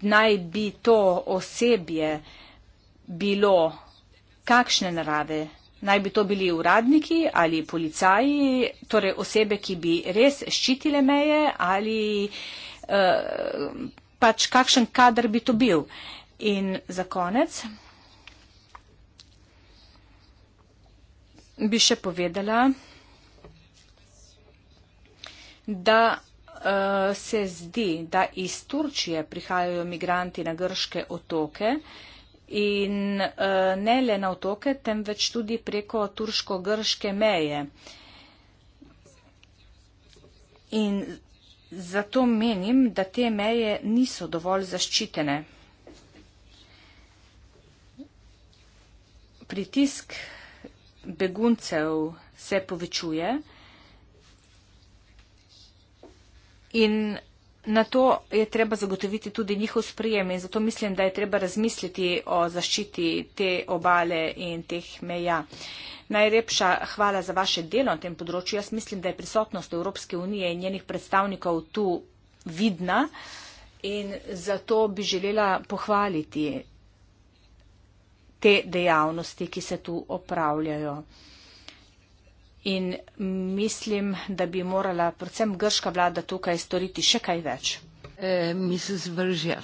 naj bi to osebje bilo kakšne narave. Naj bi to bili uradniki ali policaji, torej osebe, ki bi res ščitile meje ali eh, pač kakšen kadr bi to bil. In za konec. bi še povedala, da uh, se zdi, da iz Turčije prihajajo migranti na grške otoke in uh, ne le na otoke, temveč tudi preko turško-grške meje. In zato menim, da te meje niso dovolj zaščitene. Pritisk beguncev se povečuje in na to je treba zagotoviti tudi njihov sprijem in zato mislim, da je treba razmisliti o zaščiti te obale in teh meja. Najlepša hvala za vaše delo na tem področju. Jaz mislim, da je prisotnost Evropske unije in njenih predstavnikov tu vidna in zato bi želela pohvaliti te dejavnosti, ki se tu opravljajo. In mislim, da bi morala predvsem grška vlada tukaj storiti še kaj več. E, Mrs. Vržja,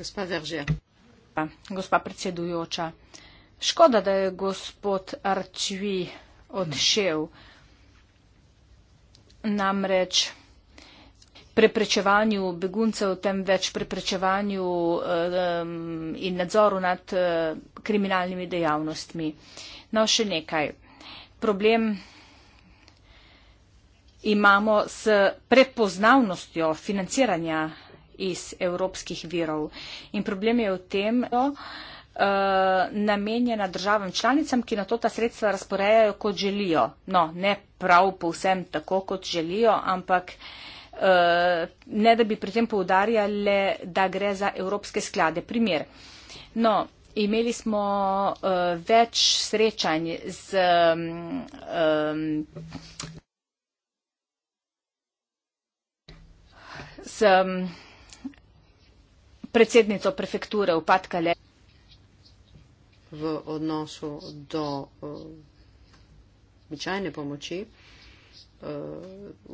gospa Vržja. Gospa predsedujoča, škoda, da je gospod Arčvi odšel. Hm. Namreč preprečevanju beguncev, temveč preprečevanju um, in nadzoru nad uh, kriminalnimi dejavnostmi. No, še nekaj. Problem imamo s prepoznavnostjo financiranja iz evropskih virov. In problem je v tem, da je uh, namenjena državam članicam, ki na to ta sredstva razporejajo, kot želijo. No, ne prav povsem tako, kot želijo, ampak ne da bi pri tem poudarjali, da gre za evropske sklade. Primer. No, imeli smo uh, več srečanj z. Um, s, um, predsednico prefekture v Patkale. V odnosu do eh, običajne uh, pomoči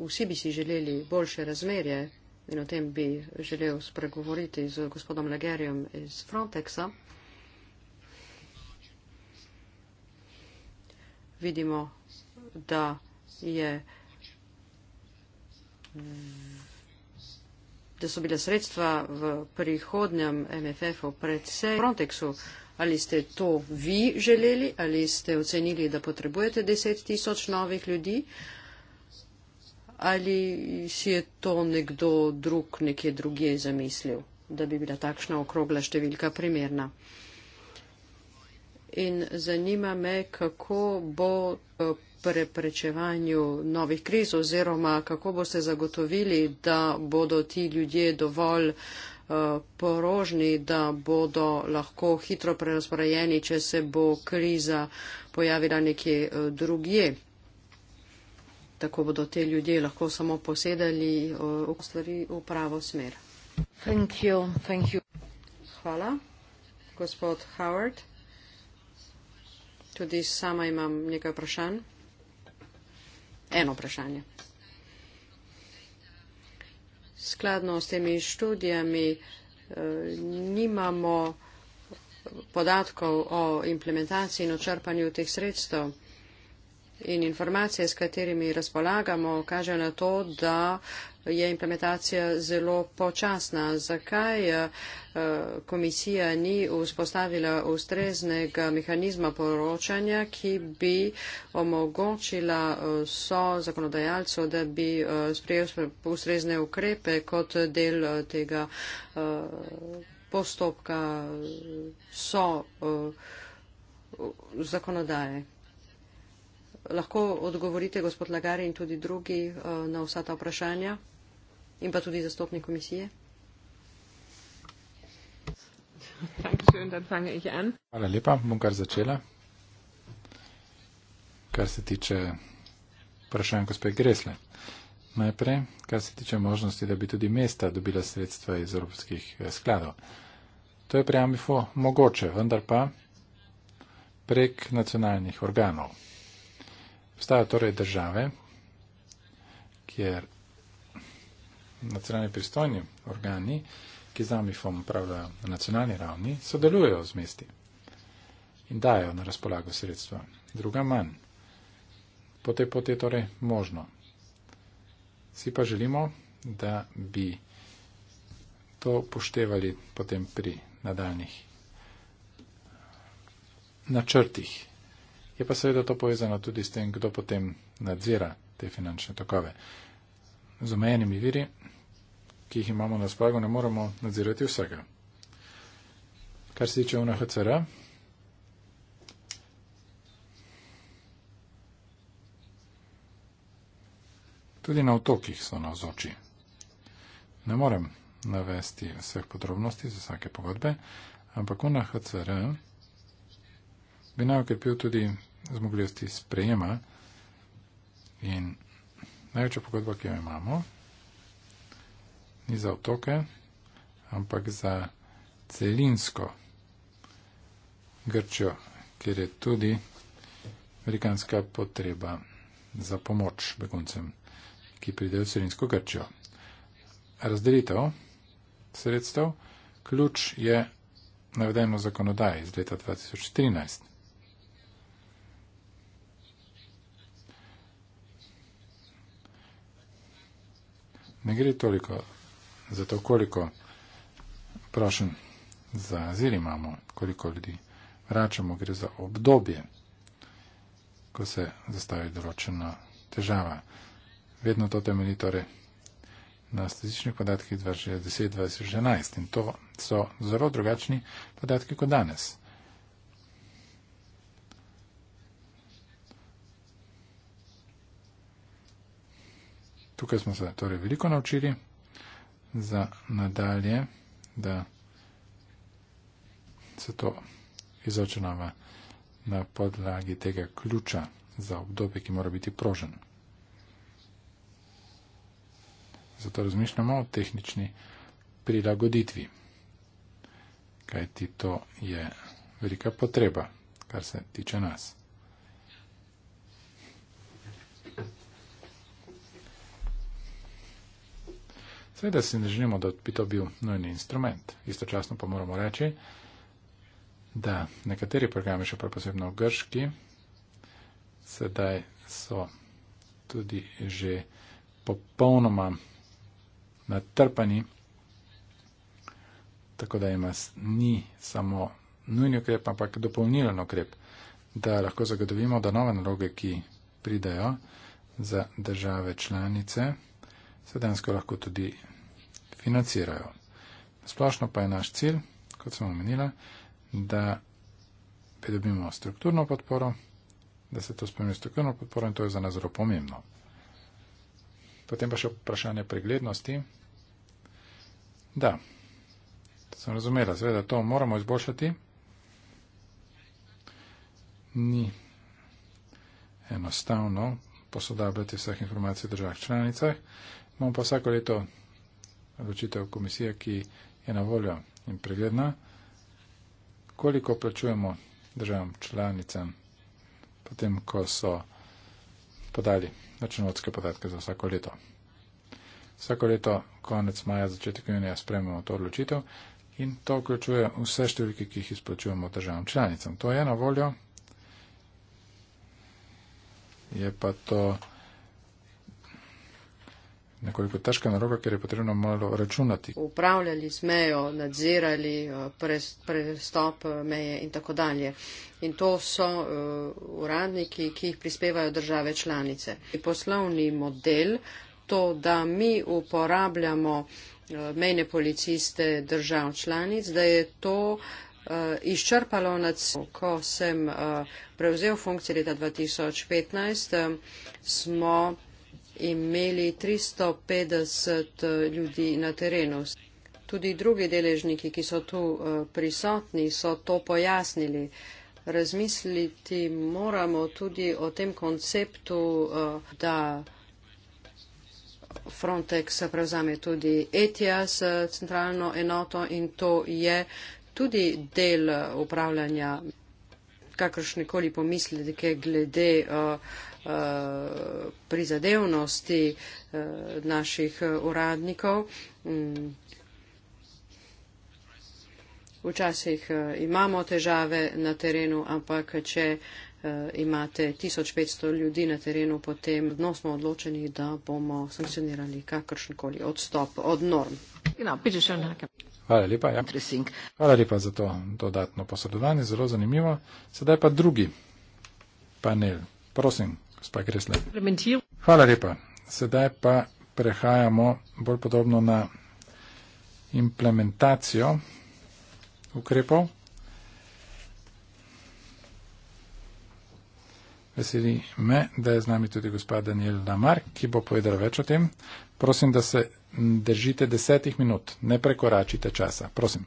vsi bi si želeli boljše razmerje in o tem bi želel spregovoriti z gospodom Legerjem iz Frontexa. Vidimo, da je da so bile sredstva v prihodnjem MFF-u predvsej Frontexu. Ali ste to vi želeli, ali ste ocenili, da potrebujete 10 tisoč novih ljudi, uh, ali si je to nekdo drug nekje drugje zamislil, da bi bila takšna okrogla številka primerna. In zanima me, kako bo preprečevanju novih kriz oziroma kako boste zagotovili, da bodo ti ljudje dovolj eh, porožni, da bodo lahko hitro prerasporejeni, če se bo kriza pojavila nekje eh, drugje tako bodo te ljudje lahko samo posedali eh, v stvari v pravo smer. Thank you, thank you. Hvala, gospod Howard. Tudi sama imam nekaj vprašanj. Eno vprašanje. Skladno s temi študijami eh, nimamo podatkov o implementaciji in očrpanju teh sredstev in informacije, s katerimi razpolagamo, kaže na to, da je implementacija zelo počasna. Zakaj eh, komisija ni vzpostavila ustreznega mehanizma poročanja, ki bi omogočila eh, so zakonodajalcu, da bi eh, sprejel ustrezne ukrepe kot del tega postopka so zakonodaje? lahko odgovorite, gospod Lagari in tudi drugi, eh, na vsa ta vprašanja in pa tudi zastopni komisije. Hvala lepa, bom kar začela. Kar se tiče vprašanja gospe Gresle. Najprej, kar se tiče možnosti, da bi tudi mesta dobila sredstva iz evropskih eh, skladov. To je pri Amifo mogoče, vendar pa prek nacionalnih organov. Obstaja torej države, kjer nacionalni pristojni organi, ki z AMIF-om pravijo na nacionalni ravni, sodelujejo z mesti in dajo na razpolago sredstva. Druga manj. Po tej poti je torej možno. Vsi pa želimo, da bi to poštevali potem pri nadaljnih načrtih Je pa seveda to povezano tudi s tem, kdo potem nadzira te finančne tokove. Z omejenimi viri, ki jih imamo na spago, ne moremo nadzirati vsega. Kar se tiče UNHCR, tudi na otokih so na ozoči. Ne morem navesti vseh podrobnosti za vsake pogodbe, ampak UNHCR bi naj okrepil tudi zmogljivosti sprejema in največja pogodba, ki jo imamo, ni za otoke, ampak za celinsko Grčjo, kjer je tudi amerikanska potreba za pomoč beguncem, ki pridejo v celinsko Grčjo. Razdelitev sredstev, ključ je navedeno zakonodaj iz leta 2014. ne gre toliko za to, koliko prošen za azil imamo, koliko ljudi vračamo, gre za obdobje, ko se zastavi določena težava. Vedno to temelji torej na statističnih podatkih 2010, 2011 in to so zelo drugačni podatki kot danes. Tukaj smo se torej veliko naučili za nadalje, da se to izračunava na podlagi tega ključa za obdobje, ki mora biti prožen. Zato razmišljamo o tehnični prilagoditvi, kajti to je velika potreba, kar se tiče nas. Seveda si ne želimo, da bi to bil nujni instrument. Istočasno pa moramo reči, da nekateri programi, še prav posebno grški, sedaj so tudi že popolnoma natrpani, tako da ima ni samo nujni ukrep, ampak dopolnilen ukrep, da lahko zagotovimo, da nove naloge, ki pridejo za države članice, se dejansko lahko tudi financirajo. Splošno pa je naš cilj, kot sem omenila, da pridobimo strukturno podporo, da se to spremeni strukturno podporo in to je za nas zelo pomembno. Potem pa še vprašanje preglednosti. Da, to sem razumela, seveda to moramo izboljšati. Ni enostavno posodabljati vseh informacij v državah članicah, Imamo pa vsako leto odločitev komisije, ki je na voljo in pregledna, koliko plačujemo državam članicam, potem ko so podali računovodske podatke za vsako leto. Vsako leto, konec maja, začetek junija, sprememo to odločitev in to vključuje vse številke, ki jih izplačujemo državam članicam. To je na voljo, je pa to nekoliko težka naroga, ker je potrebno malo računati. Upravljali z mejo, nadzirali eh, prestop eh, meje in tako dalje. In to so uh, uradniki, ki jih prispevajo države članice. Poslovni model, to, da mi uporabljamo uh, mejne policiste držav članic, da je to uh, izčrpalo nad svojo. Ko sem uh, prevzel funkcijo leta 2015, um, smo imeli 350 eh, ljudi na terenu. Tudi drugi deležniki, ki so tu eh, prisotni, so to pojasnili. Razmisliti moramo tudi o tem konceptu, eh, da Frontex prevzame tudi ETIAS, centralno enoto, in to je tudi del upravljanja kakršnekoli pomisleke glede uh, Eh, prizadevnosti eh, naših eh, uradnikov. Mm. Včasih imamo težave na terenu, ampak če imate 1500 ljudi na terenu, potem no, smo odločeni, da bomo sankcionirali kakršenkoli odstop od norm. No, Hvala lepa, ja. Hvala lepa za to dodatno posredovanje, zelo zanimivo. Sedaj pa drugi panel. Prosim gospa Kresle. Hvala lepa. Sedaj pa prehajamo bolj podobno na implementacijo ukrepov. Veseli me, da je z nami tudi gospod Daniel Lamar, ki bo povedal več o tem. Prosim, da se držite desetih minut, ne prekoračite časa. Prosim.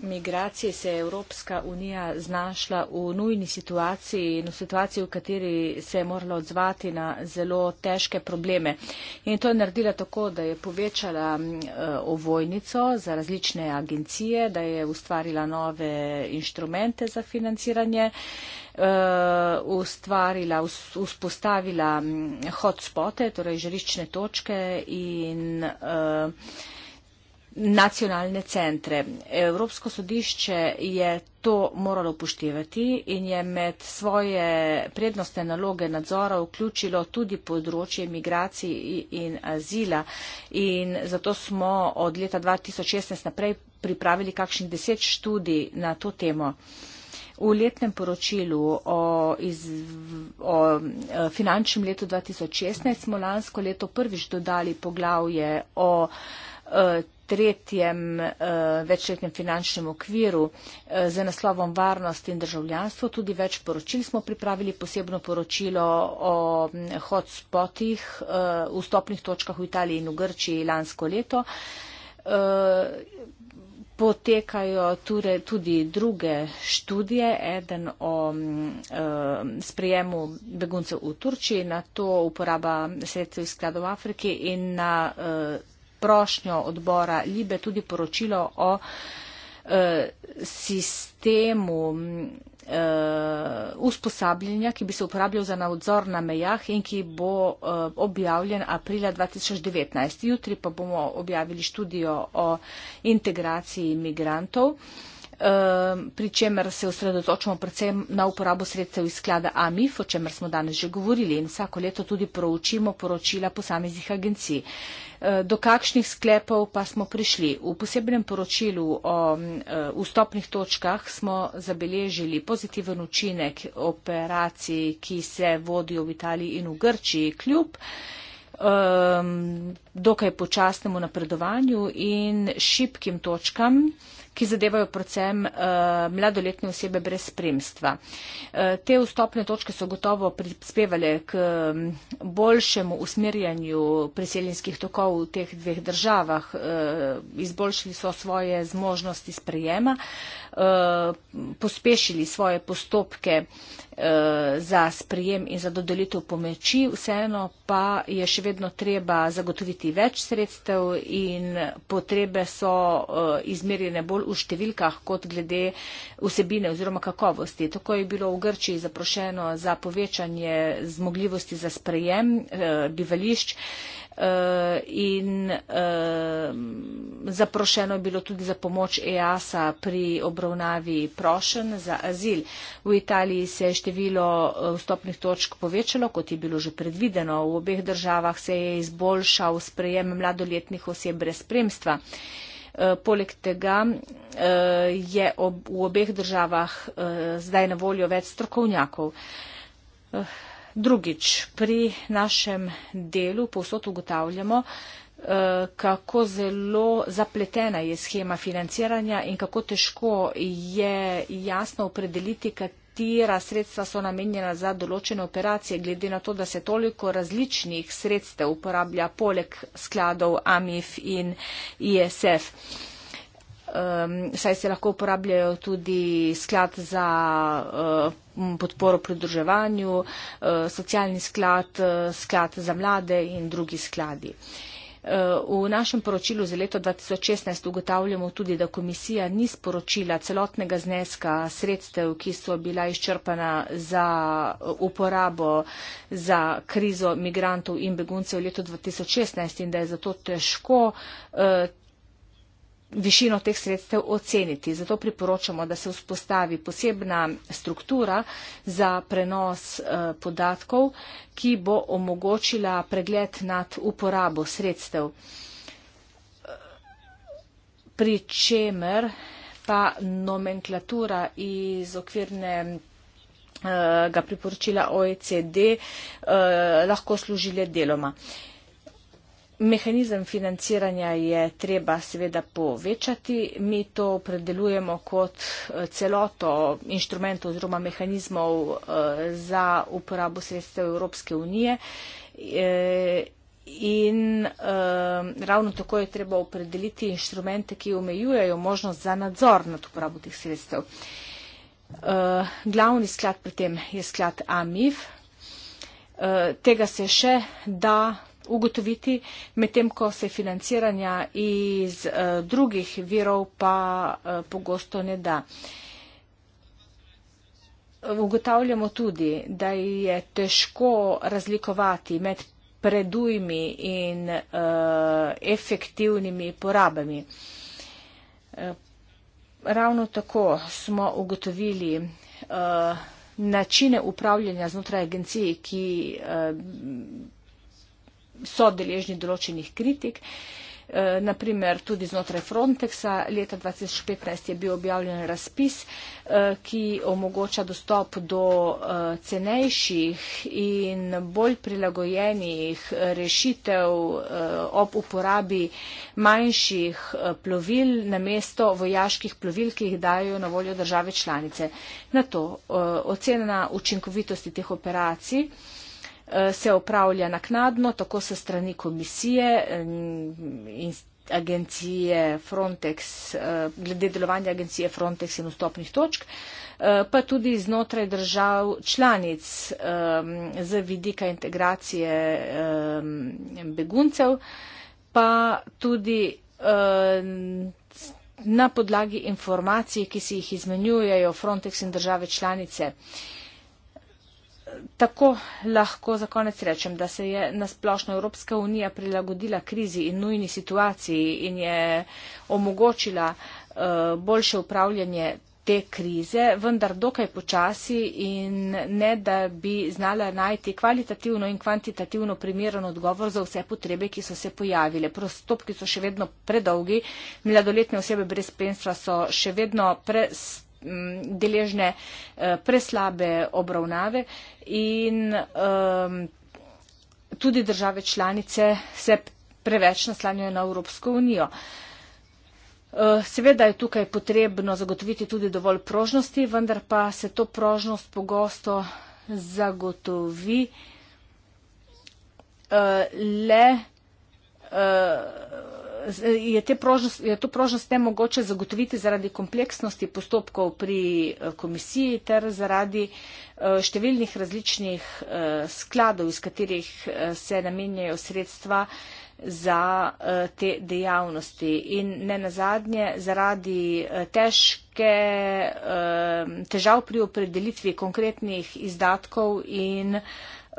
migracij se je Evropska unija znašla v nujni situaciji in v situaciji, v kateri se je morala odzvati na zelo težke probleme. In to je naredila tako, da je povečala eh, ovojnico za različne agencije, da je ustvarila nove inštrumente za financiranje, eh, ustvarila, vzpostavila hotspote, torej žarične točke in uh, nacionalne centre. Evropsko sodišče je to moralo upoštevati in je med svoje prednostne naloge nadzora vključilo tudi področje migracij in azila. In zato smo od leta 2016 naprej pripravili kakšen deset študij na to temo. V letnem poročilu o, iz, o finančnem letu 2016 smo lansko leto prvič dodali poglavje o tretjem eh, večletnem finančnem okviru eh, za naslovom varnost in državljanstvo. Tudi več poročil smo pripravili, posebno poročilo o mm, hotspotih, eh, vstopnih točkah v Italiji in v Grčiji lansko leto. Potekajo tudi druge študije, eden o mm, sprejemu beguncev v Turčiji, na to uporaba sredstev iz skladov Afrike in na prošnjo odbora Libe tudi poročilo o e, sistemu e, usposabljanja, ki bi se uporabljal za nadzor na mejah in ki bo e, objavljen aprila 2019. Jutri pa bomo objavili študijo o integraciji imigrantov pri čemer se osredotočamo predvsem na uporabo sredstev iz sklada AMIF, o čemer smo danes že govorili in vsako leto tudi proučimo poročila posameznih agencij. Do kakšnih sklepov pa smo prišli? V posebnem poročilu o vstopnih točkah smo zabeležili pozitiven učinek operacij, ki se vodijo v Italiji in v Grčiji, kljub dokaj počasnemu napredovanju in šipkim točkam ki zadevajo predvsem uh, mladoletne osebe brez spremstva. Uh, te vstopne točke so gotovo prispevale k mm, boljšemu usmerjanju priseljenskih tokov v teh dveh državah. Uh, izboljšali so svoje zmožnosti sprejema, uh, pospešili svoje postopke uh, za sprejem in za dodelitev pomoči, vseeno pa je še vedno treba zagotoviti več sredstev in potrebe so uh, izmerjene bolj v številkah kot glede vsebine oziroma kakovosti. Tako je bilo v Grčiji zaprošeno za povečanje zmogljivosti za sprejem eh, bivališč eh, in eh, zaprošeno je bilo tudi za pomoč EASA pri obravnavi prošen za azil. V Italiji se je število vstopnih točk povečalo, kot je bilo že predvideno. V obeh državah se je izboljšal sprejem mladoletnih oseb brez spremstva. Eh, poleg tega eh, je v obeh državah eh, zdaj na voljo več strokovnjakov. Drugič, pri našem delu povsod ugotavljamo, kako zelo zapletena je schema financiranja in kako težko je jasno opredeliti, katera sredstva so namenjena za določene operacije, glede na to, da se toliko različnih sredstev uporablja poleg skladov AMIF in ISF. Um, ehm, saj se lahko uporabljajo tudi sklad za uh, podporo pridruževanju, uh, socialni sklad, uh, sklad za mlade in drugi skladi. Uh, Eh, v našem poročilu za leto 2016 ugotavljamo tudi, da komisija ni sporočila celotnega zneska sredstev, ki so bila izčrpana za eh, uporabo za krizo migrantov in beguncev v letu 2016 in da je zato težko eh, višino teh sredstev oceniti. Zato priporočamo, da se vzpostavi posebna struktura za prenos eh, podatkov, ki bo omogočila pregled nad uporabo sredstev. Pri čemer pa nomenklatura iz okvirne eh, ga priporočila OECD eh, lahko služile deloma. Eh, Mehanizem financiranja je treba seveda povečati. Mi to predelujemo kot eh, celoto inštrumentov oziroma mehanizmov eh, za uporabo sredstev Evropske unije. Eh, in ravno tako je treba opredeliti inštrumente, ki omejujejo možnost za nadzor nad uporabo teh sredstev. Glavni sklad pri tem je sklad AMIF. Tega se še da ugotoviti, medtem ko se financiranja iz eh, drugih virov pa eh, pogosto ne da. Ugotavljamo tudi, da je težko razlikovati med predujmi in uh, efektivnimi porabami. Ravno tako smo ugotovili uh, načine upravljanja znotraj agencije, ki uh, so deležni določenih kritik. E, Naprimer, tudi znotraj Frontexa leta 2015 je bil objavljen razpis, e, ki omogoča dostop do e, cenejših in bolj prilagojenih rešitev ob uporabi manjših plovil na mesto vojaških plovil, ki jih dajo na voljo države članice. Na to ocena učinkovitosti teh operacij Eh, se opravlja naknadno, tako se strani komisije in agencije Frontex, eh, glede delovanja agencije Frontex in vstopnih točk, eh, pa tudi znotraj držav članic z vidika integracije beguncev, pa tudi na podlagi informacij, ki si jih izmenjujejo Frontex in države članice tako lahko za konec rečem, da se je nasplošno Evropska unija prilagodila krizi in nujni situaciji in je omogočila eh, boljše upravljanje te krize, vendar dokaj počasi in ne, da bi znala najti kvalitativno in kvantitativno primeren odgovor za vse potrebe, ki so se pojavile. Prostopki so še vedno predolgi, mladoletne osebe brez penstva so še vedno prestopki Mm, deležne eh, preslabe obravnave in tudi države članice se preveč naslanjajo na Evropsko unijo. Eh, seveda je tukaj potrebno zagotoviti tudi dovolj prožnosti, vendar pa se to prožnost pogosto zagotovi eh, le je, te prožnost, je to prožnost ne mogoče zagotoviti zaradi kompleksnosti postopkov pri eh, komisiji ter zaradi eh, številnih različnih eh, skladov, iz katerih se namenjajo sredstva za te dejavnosti. In ne nazadnje, zaradi težke težav pri opredelitvi konkretnih izdatkov in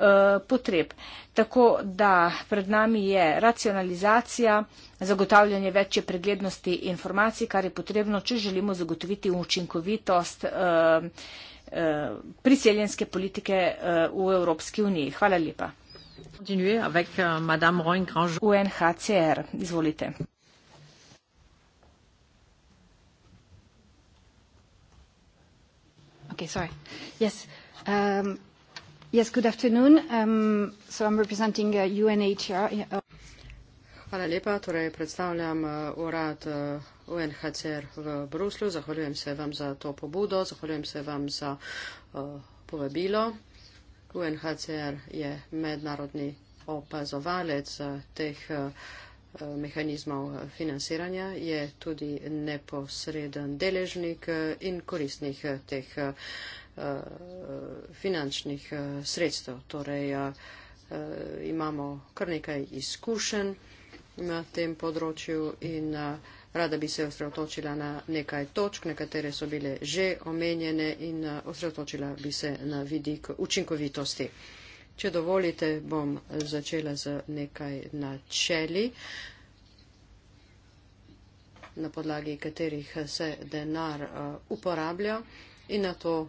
Eh, potreb. Tako da pred nami je racionalizacija, zagotavljanje večje preglednosti informacij, kar je potrebno, če želimo zagotoviti učinkovitost eh, eh, priseljenske politike v Evropski uniji. Hvala lepa. UNHCR, euh, izvolite. Okay, sorry. Yes. Um, Yes, good afternoon. Um, so I'm representing uh, UNHCR. Hvala lepa, torej predstavljam uh, urad uh, UNHCR v Bruslju. Zahvaljujem se vam za to pobudo, zahvaljujem se vam za uh, povabilo. UNHCR je mednarodni opazovalec uh, teh uh, mehanizmov uh, financiranja, je tudi neposreden deležnik uh, in koristnih uh, teh uh, Eh, finančnih eh, sredstev. Torej eh, imamo kar nekaj izkušenj na tem področju in rada bi se osredotočila na nekaj točk, nekatere so bile že omenjene in osredotočila bi se na vidik učinkovitosti. Če dovolite, bom začela z nekaj načeli na podlagi katerih se denar uporablja in na to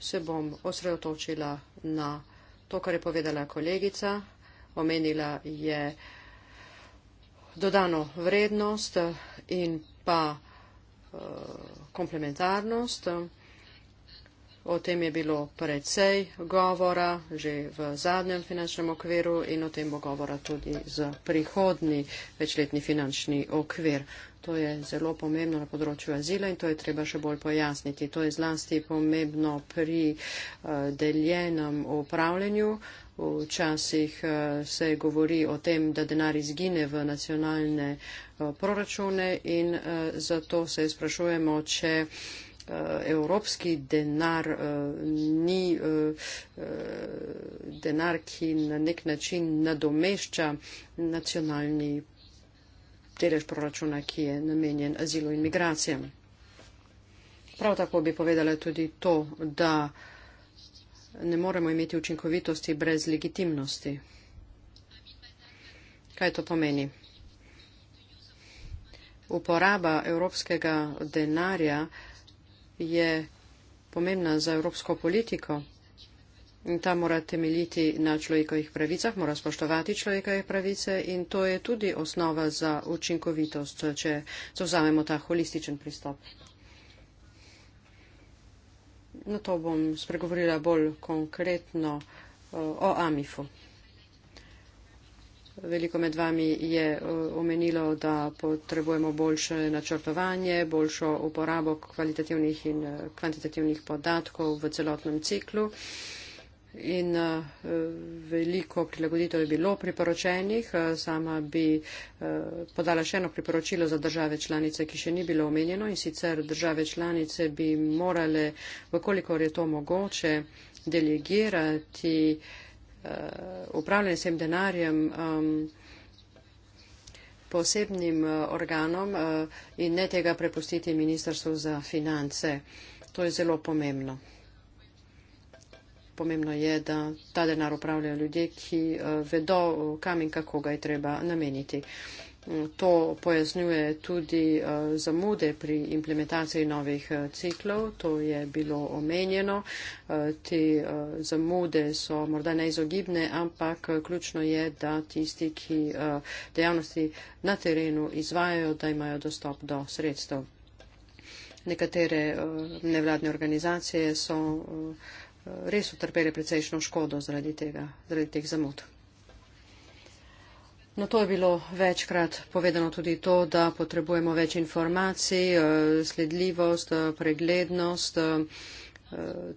se bom osredotočila na to, kar je povedala kolegica. Omenila je dodano vrednost in pa eh, komplementarnost. O tem je bilo precej govora že v zadnjem finančnem okviru in o tem bo govora tudi za prihodni večletni finančni okvir. To je zelo pomembno na področju azila in to je treba še bolj pojasniti. To je zlasti pomembno pri eh, deljenem upravljanju. Včasih eh, se govori o tem, da denar izgine v nacionalne eh, proračune in zato se sprašujemo, če evropski denar ni denar, ki na nek način nadomešča nacionalni proračun delež proračuna, ki je namenjen azilu in migracijam. Prav tako bi povedala tudi to, da ne moremo imeti učinkovitosti brez legitimnosti. Kaj to pomeni? Uporaba evropskega denarja je pomembna za evropsko politiko In ta mora temeljiti na človekovih pravicah, mora spoštovati človekove pravice in to je tudi osnova za učinkovitost, če zauzamemo ta holističen pristop. Na to bom spregovorila bolj konkretno eh, o Amifu. Veliko med vami je eh, omenilo, da potrebujemo boljše načrtovanje, boljšo uporabo kvalitativnih in eh, kvantitativnih podatkov v celotnem ciklu. In eh, veliko prilagoditev je bilo priporočenih. Eh, sama bi eh, podala še eno priporočilo za države članice, ki še ni bilo omenjeno. In sicer države članice bi morale, vkolikor je to mogoče, delegirati upravljanje s tem denarjem posebnim organom in ne tega prepustiti Ministrstvu za finance. To je zelo pomembno pomembno je, da ta denar upravljajo ljudje, ki eh, vedo, kam in kako ga je treba nameniti. Mm, to pojasnjuje tudi eh, zamude pri implementaciji novih eh, ciklov, to je bilo omenjeno. Te zamude so morda neizogibne, ampak ključno je, da tisti, ki dejavnosti na terenu izvajajo, da imajo dostop do sredstev. Nekatere nevladne organizacije so res utrpeli precejšno škodo zaradi tega, zaradi teh zamud. No to je bilo večkrat povedano tudi to, da potrebujemo več informacij, eh, sledljivost, eh, preglednost. Eh,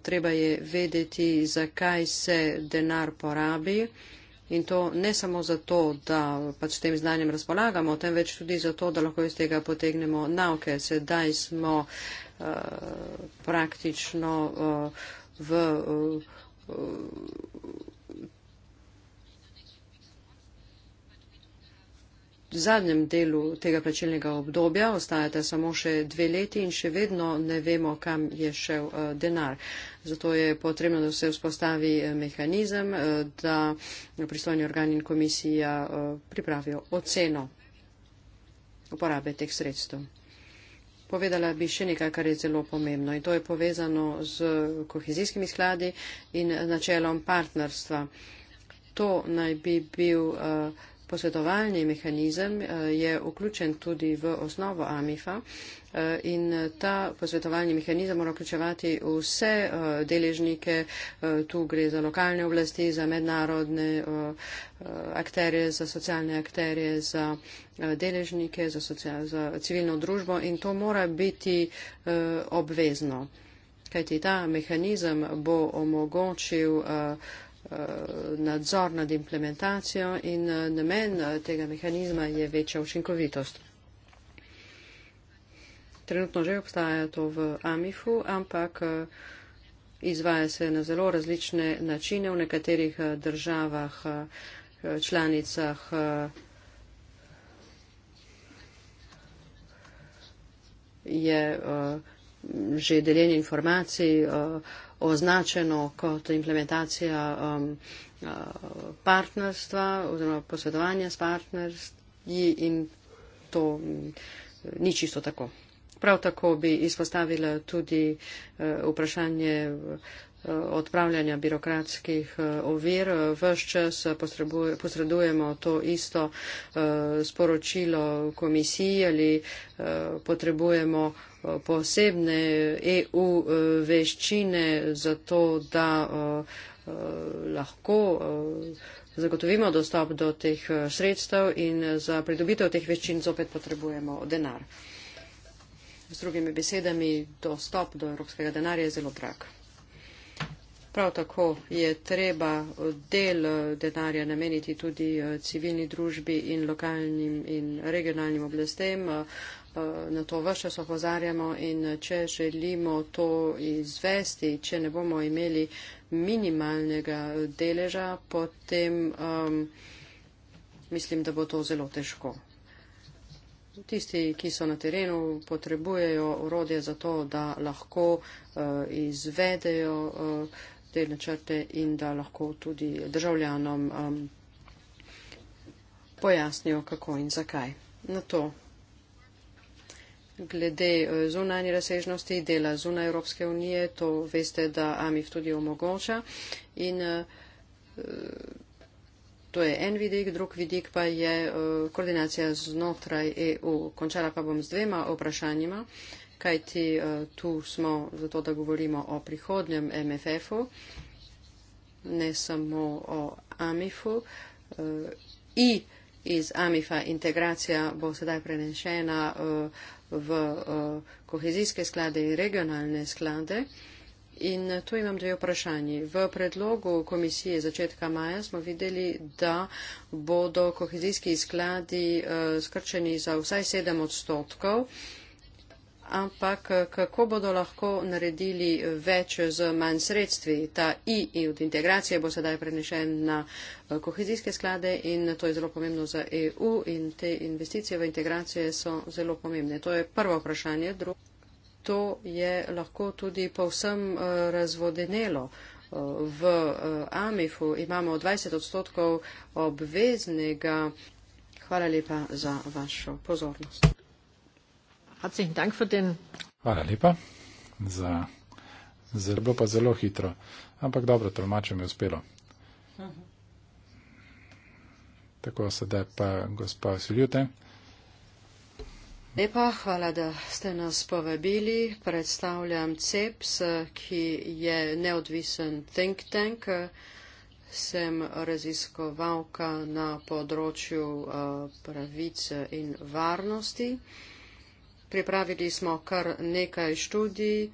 treba je vedeti, zakaj se denar porabi. In to ne samo zato, da pač s tem znanjem razpolagamo, temveč tudi zato, da lahko iz tega potegnemo nauke. Sedaj smo uh, praktično. Uh, v V eh, eh, zadnjem delu tega plačilnega obdobja ostajate samo še dve leti in še vedno ne vemo, kam je šel eh, denar. Zato je potrebno, da se vzpostavi mehanizem, da pristojni organ in komisija pripravijo oceno uporabe teh sredstev. Povedala bi še nekaj, kar je zelo pomembno in to je povezano z kohezijskimi skladi in načelom partnerstva. To naj bi bil. Uh, posvetovalni mehanizem eh, je vključen tudi v osnovo AMIFA eh, in ta posvetovalni mehanizem mora vključevati vse eh, deležnike, tu gre za lokalne oblasti, za mednarodne akterje, za socialne akterje, za deležnike, za, za civilno družbo in to mora biti obvezno. Kajti ta mehanizem bo omogočil uh, Eh, nadzor nad implementacijo in eh, namen eh, tega mehanizma je večja učinkovitost. Trenutno že obstaja to v AMIF-u, ampak izvaja se na zelo različne načine v nekaterih državah, članicah. Je uh, že deljenje informacij uh, označeno kot implementacija um, uh, partnerstva oziroma posvetovanja s partnerji in to mm, ni čisto tako. Prav tako bi izpostavila tudi uh, vprašanje uh, odpravljanja birokratskih ovir. Vš čas posredujemo to isto sporočilo komisiji ali potrebujemo posebne EU e, veščine za to, da e, e, lahko zagotovimo dostop do teh sredstev in za pridobitev teh veščin zopet potrebujemo denar. Z drugimi besedami, dostop do evropskega denarja je zelo drag. Prav tako je treba del denarja nameniti tudi civilni družbi in lokalnim in regionalnim oblastem. Eh, na to vse opozarjamo in če želimo to izvesti, če ne bomo imeli minimalnega deleža, potem um, mislim, da bo to zelo težko. Tisti, ki so na terenu, potrebujejo urodje za to, da lahko uh, izvedejo uh, te načrte in da lahko tudi državljanom um, pojasnijo, kako in zakaj. Na to Glede eh, zunanje razsežnosti dela zunaj Evropske unije, to veste, da AMIF tudi omogoča. In eh, eh, to je en vidik, drug vidik pa je koordinacija znotraj EU. Končala pa bom z dvema vprašanjima, kajti tu smo zato, da govorimo o prihodnjem MFF-u, ne samo o AMIF-u. In iz AMIF-a integracija bo sedaj prenešena v eh, kohezijske sklade in regionalne sklade. In tu imam dve vprašanji. V predlogu komisije začetka maja smo videli, da bodo kohezijski skladi eh, skrčeni za vsaj sedem odstotkov ampak eh, kako bodo lahko naredili eh, več z manj sredstvi. Ta I od integracije bo sedaj prenešen na eh, kohezijske sklade in to je zelo pomembno za EU in te investicije v integracije so zelo pomembne. To je prvo vprašanje. Drugo, to je lahko tudi povsem razvodenelo. V AMIF-u imamo 20 odstotkov obveznega. Hvala lepa za vašo pozornost. Herzlichen Dank für den. Hvala lepa za zelo, pa zelo hitro. Ampak dobro, tolmačem je uspelo. Tako sedaj pa gospa Siljute. Lepa, hvala, da ste nas povabili. Predstavljam CEPS, ki je neodvisen think tank. Sem raziskovalka na področju eh, pravice in varnosti. Pripravili smo kar nekaj študij,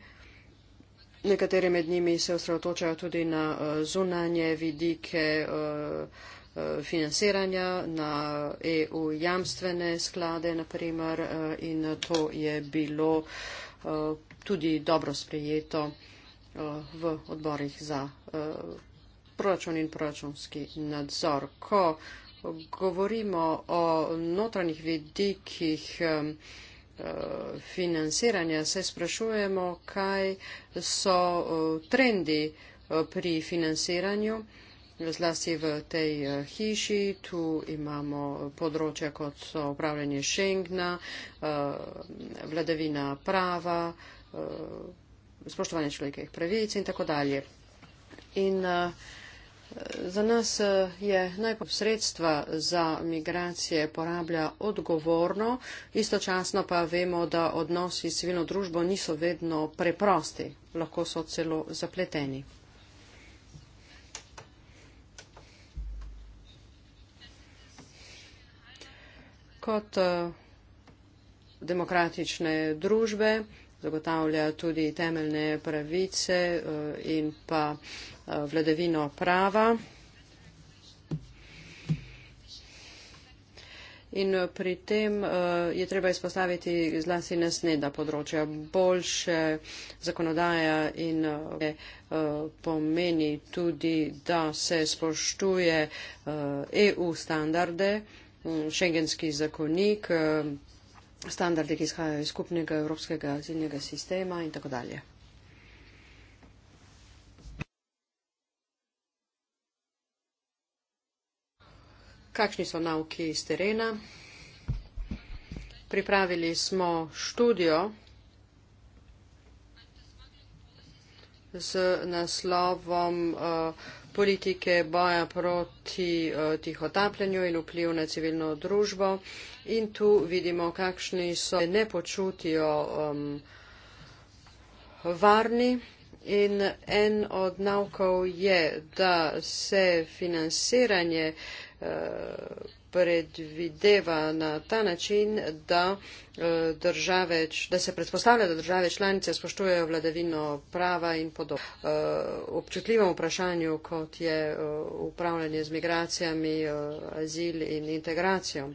nekateri med njimi se osredotočajo tudi na eh, zunanje vidike eh, eh, financiranja, na EU jamstvene sklade, naprimer, in to je bilo tudi dobro sprejeto v odborih za proračun in proračunski nadzor. Ko govorimo o notranjih vidikih, financiranja, se sprašujemo, kaj so e, trendi e, pri financiranju, zlasti v tej e, hiši, tu imamo področja, kot so upravljanje Schengna, vladavina prava, spoštovanje človekovih pravic in tako dalje. In uh, Za nas eh, je najpomembnejše sredstva za migracije porablja odgovorno, istočasno pa vemo, da odnosi s civilno družbo niso vedno preprosti, lahko so celo zapleteni. Kot eh, demokratične družbe zagotavlja tudi temeljne pravice eh, in pa Eh, vladavino prava. In eh, pri tem uh, je treba izpostaviti zlasti nasneda področja. Boljše zakonodaja in uh, pomeni tudi, da se spoštuje uh, EU standarde, šengenski mm, zakonik, uh, standarde, ki izhajajo iz skupnega evropskega zilnega sistema in tako dalje. kakšni so nauki iz terena. Pripravili smo študijo z naslovom uh, politike boja proti uh, eh, tihotapljanju in vpliv na civilno družbo. In tu vidimo, kakšni so ne počutijo um, varni. In en od naukov je, da se financiranje uh, predvideva na ta način, da, eh, države, da se predpostavlja, da države članice spoštujejo vladavino prava in podobno. Eh, Občutljivem vprašanju, kot je eh, upravljanje z migracijami, azil in integracijo.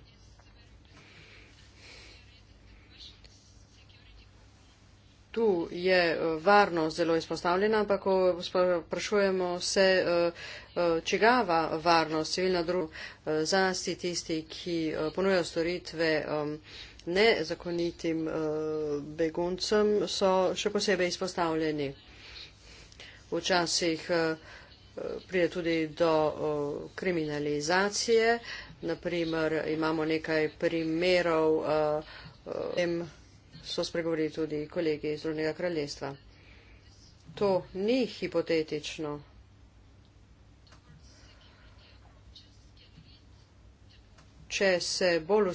tu je eh, varnost zelo izpostavljena, ampak ko sprašujemo se, eh, eh, čigava varnost civilna druga, zlasti tisti, ki ponujajo storitve nezakonitim beguncem, so še posebej izpostavljeni. Včasih pride tudi do kriminalizacije. Naprimer, imamo nekaj primerov. Uh, uh, so spregovorili tudi kolegi iz Rudnega kraljestva. To ni hipotetično. Če se bolj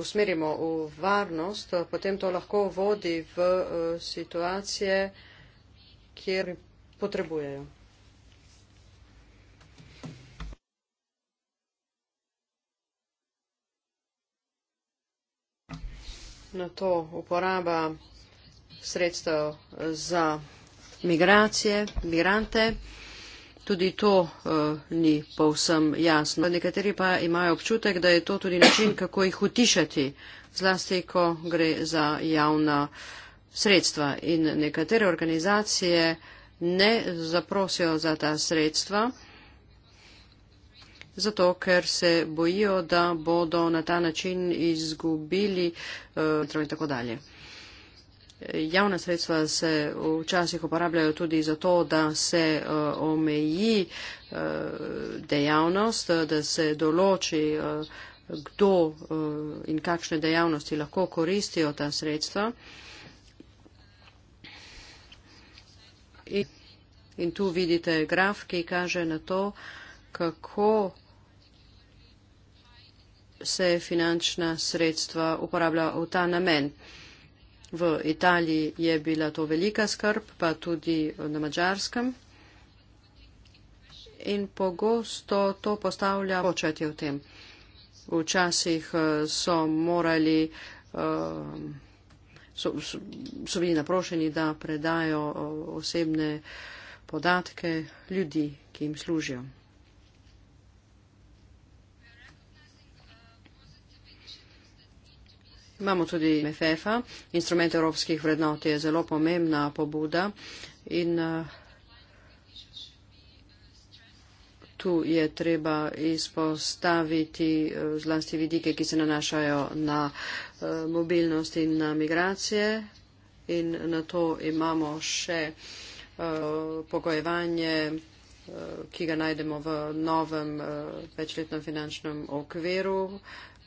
usmerimo v varnost, potem to lahko vodi v eh, situacije, kjer potrebujejo. na to uporaba sredstev za migracije, migrante. Tudi to uh, ni povsem jasno. Nekateri pa imajo občutek, da je to tudi način, kako jih utišati, zlasti, ko gre za javna sredstva. In nekatere organizacije ne zaprosijo za ta sredstva zato ker se bojijo, da bodo na ta način izgubili uh, in tako dalje. Javna sredstva se včasih uporabljajo tudi zato, da se uh, omeji uh, dejavnost, da se določi, uh, kdo uh, in kakšne dejavnosti lahko koristijo ta sredstva. In, in tu vidite graf, ki kaže na to, kako se finančna sredstva uporablja v ta namen. V Italiji je bila to velika skrb, pa tudi na Mačarskem. In pogosto to postavlja početje v tem. Včasih eh, so morali, eh, so, so bili naprošeni, da predajo eh, osebne podatke ljudi, ki jim služijo. Imamo tudi MFF-a, instrument evropskih vrednot je zelo pomembna pobuda in eh, tu je treba izpostaviti eh, zlasti vidike, ki se nanašajo na eh, mobilnost in na migracije in na to imamo še pogojevanje ki ga najdemo v novem večletnem finančnem okviru,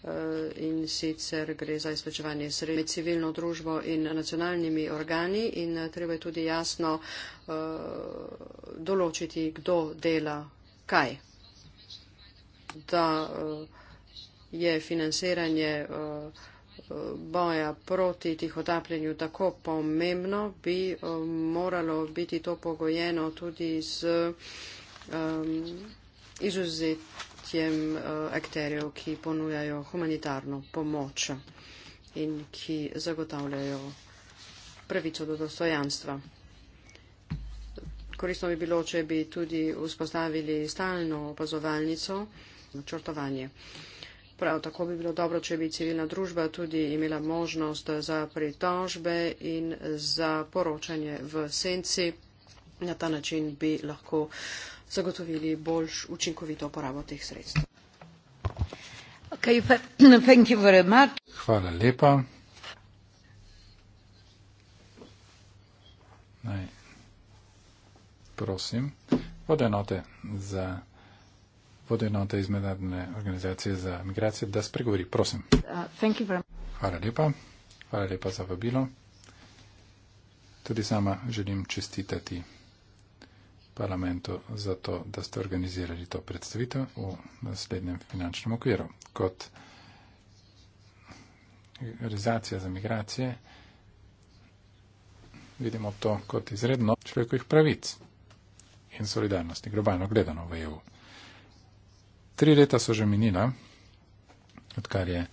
Eh, in sicer gre za izplačevanje sredstev med civilno družbo in nacionalnimi organi in eh, treba je tudi jasno eh, določiti, kdo dela kaj. Da je financiranje boja proti tihotapljenju tako pomembno, bi moralo biti to pogojeno tudi z izuzetnostjo podjetjem, eh, akterjev, ki ponujajo humanitarno pomoč in ki zagotavljajo pravico do dostojanstva. Koristno bi bilo, če bi tudi vzpostavili stalno opazovalnico, načrtovanje. Prav tako bi bilo dobro, če bi civilna družba tudi imela možnost za pritožbe in za poročanje v senci. Na ta način bi lahko uh, zagotovili boljš učinkovito uporabo teh sredstv. Okay, <clears throat> thank you very much. Hvala lepa. Naj, prosim, vodenote za vodenote iz Mednarodne organizacije za migracije, da spregovori. Prosim. Uh, Hvala lepa. Hvala lepa za vabilo. Tudi sama želim čestitati parlamentu za to, da ste organizirali to predstavitev v naslednjem finančnem okviru. Kot realizacija za migracije vidimo to kot izredno človekovih pravic in solidarnosti, globalno gledano v EU. Tri leta so že minila, odkar je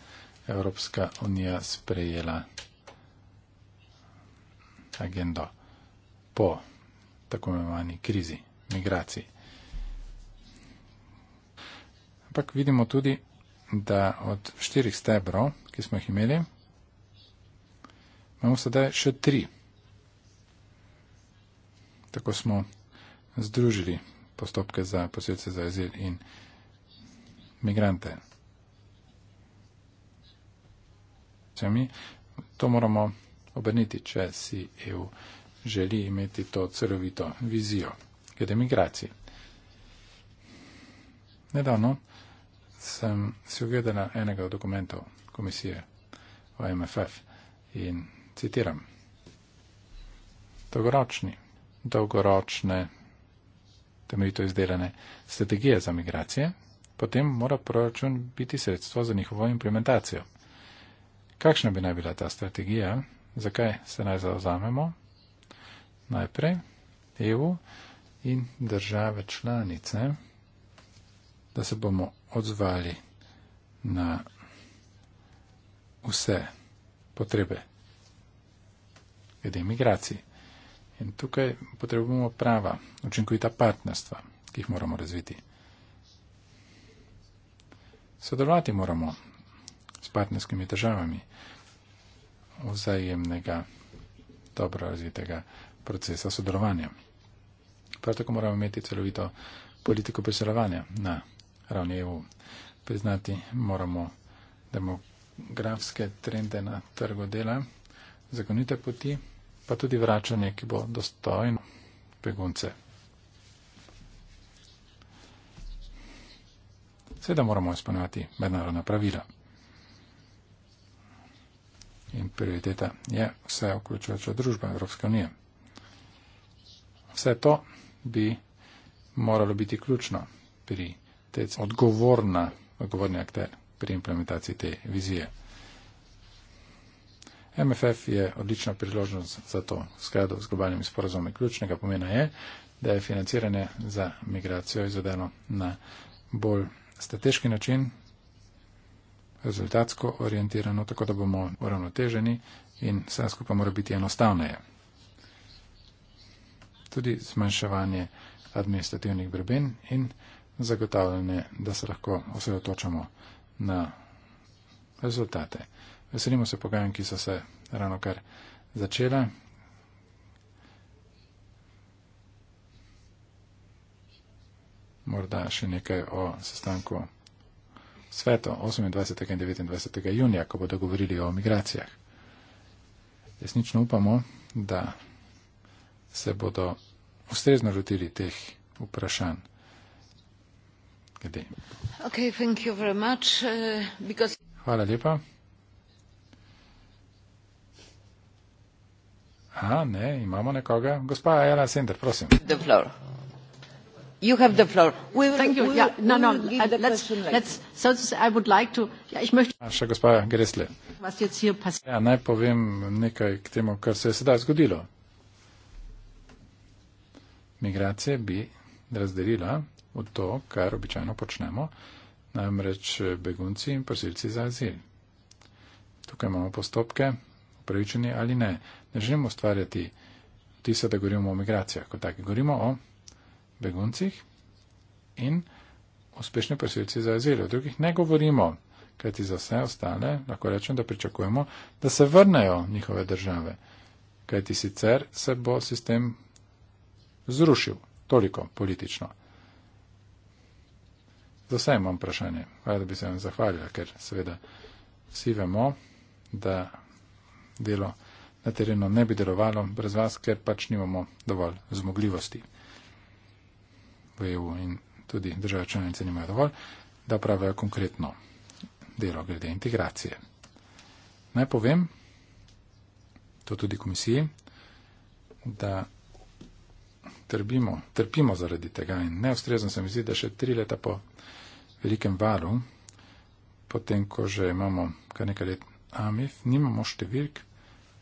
Evropska unija sprejela agendo po tako imenovani krizi, migraciji. Ampak vidimo tudi, da od štirih stebrov, ki smo jih imeli, imamo sedaj še tri. Tako smo združili postopke za posebce za azil in migrante. Mi to moramo obrniti, če si EU želi imeti to crovito vizijo glede migracije. Nedavno sem si ogledala enega od dokumentov komisije o MFF in citiram. Dolgoročni, dolgoročne, temeljito izdelane strategije za migracije, potem mora proračun biti sredstvo za njihovo implementacijo. Kakšna bi naj bila ta strategija? Zakaj se naj zauzamemo najprej EU in države članice, da se bomo odzvali na vse potrebe glede migracij. In tukaj potrebujemo prava, učinkovita partnerstva, ki jih moramo razviti. Sodelovati moramo s partnerskimi državami vzajemnega, dobro razvitega procesa sodelovanja. Prav tako moramo imeti celovito politiko priseljevanja na ravni EU. Priznati moramo demografske trende na trgu dela, zakonite poti, pa tudi vračanje, ki bo dostojno begunce. Seveda moramo izpolnjevati mednarodna pravila. In prioriteta je vse vključujoča družba Evropske unije. Vse to bi moralo biti ključno pri te odgovorna, odgovorni akter pri implementaciji te vizije. MFF je odlična priložnost za to skladu z globalnimi sporazumi. Ključnega pomena je, da je financiranje za migracijo izvedeno na bolj strateški način, rezultatsko orientirano, tako da bomo uravnoteženi in vse skupaj mora biti enostavneje tudi zmanjševanje administrativnih breben in zagotavljanje, da se lahko osredotočamo na rezultate. Veselimo se pogajanj, ki so se ravno kar začela. Morda še nekaj o sestanku sveto 28. in 29. junija, ko bodo govorili o migracijah. Resnično upamo, da se bodo ustrezno lotili teh vprašanj. Okay, thank you very much, uh, because... Hvala lepa. A, ne, imamo nekoga. Gospa Ajala Sender, prosim. The floor. You have the floor. We will, Thank you. We'll, yeah. No, no. We'll let's, let's, let's, let's, so I would like to... Yeah, ja, ich möchte, ah, še gospa Gresle. Ja, naj povem nekaj k temu, kar se je sedaj zgodilo migracije bi razdelila v to, kar običajno počnemo, namreč begunci in prosilci za azil. Tukaj imamo postopke, upravičeni ali ne. Ne želimo ustvarjati tisa, da govorimo o migracijah, kot tak. Govorimo o beguncih in uspešni prosilci za azil. O drugih ne govorimo, kajti za vse ostale lahko rečem, da pričakujemo, da se vrnejo njihove države, kajti sicer se bo sistem zrušil. Toliko politično. Za vse imam vprašanje. Hvala, da bi se vam zahvalila, ker seveda vsi vemo, da delo na terenu ne bi delovalo brez vas, ker pač nimamo dovolj zmogljivosti v EU in tudi države članice nimajo dovolj, da pravijo konkretno delo glede integracije. Naj povem, to tudi komisiji, da trpimo, trpimo zaradi tega in neustrezno se mi zdi, da še tri leta po velikem varu, potem, ko že imamo kar nekaj let AMIF, nimamo številk,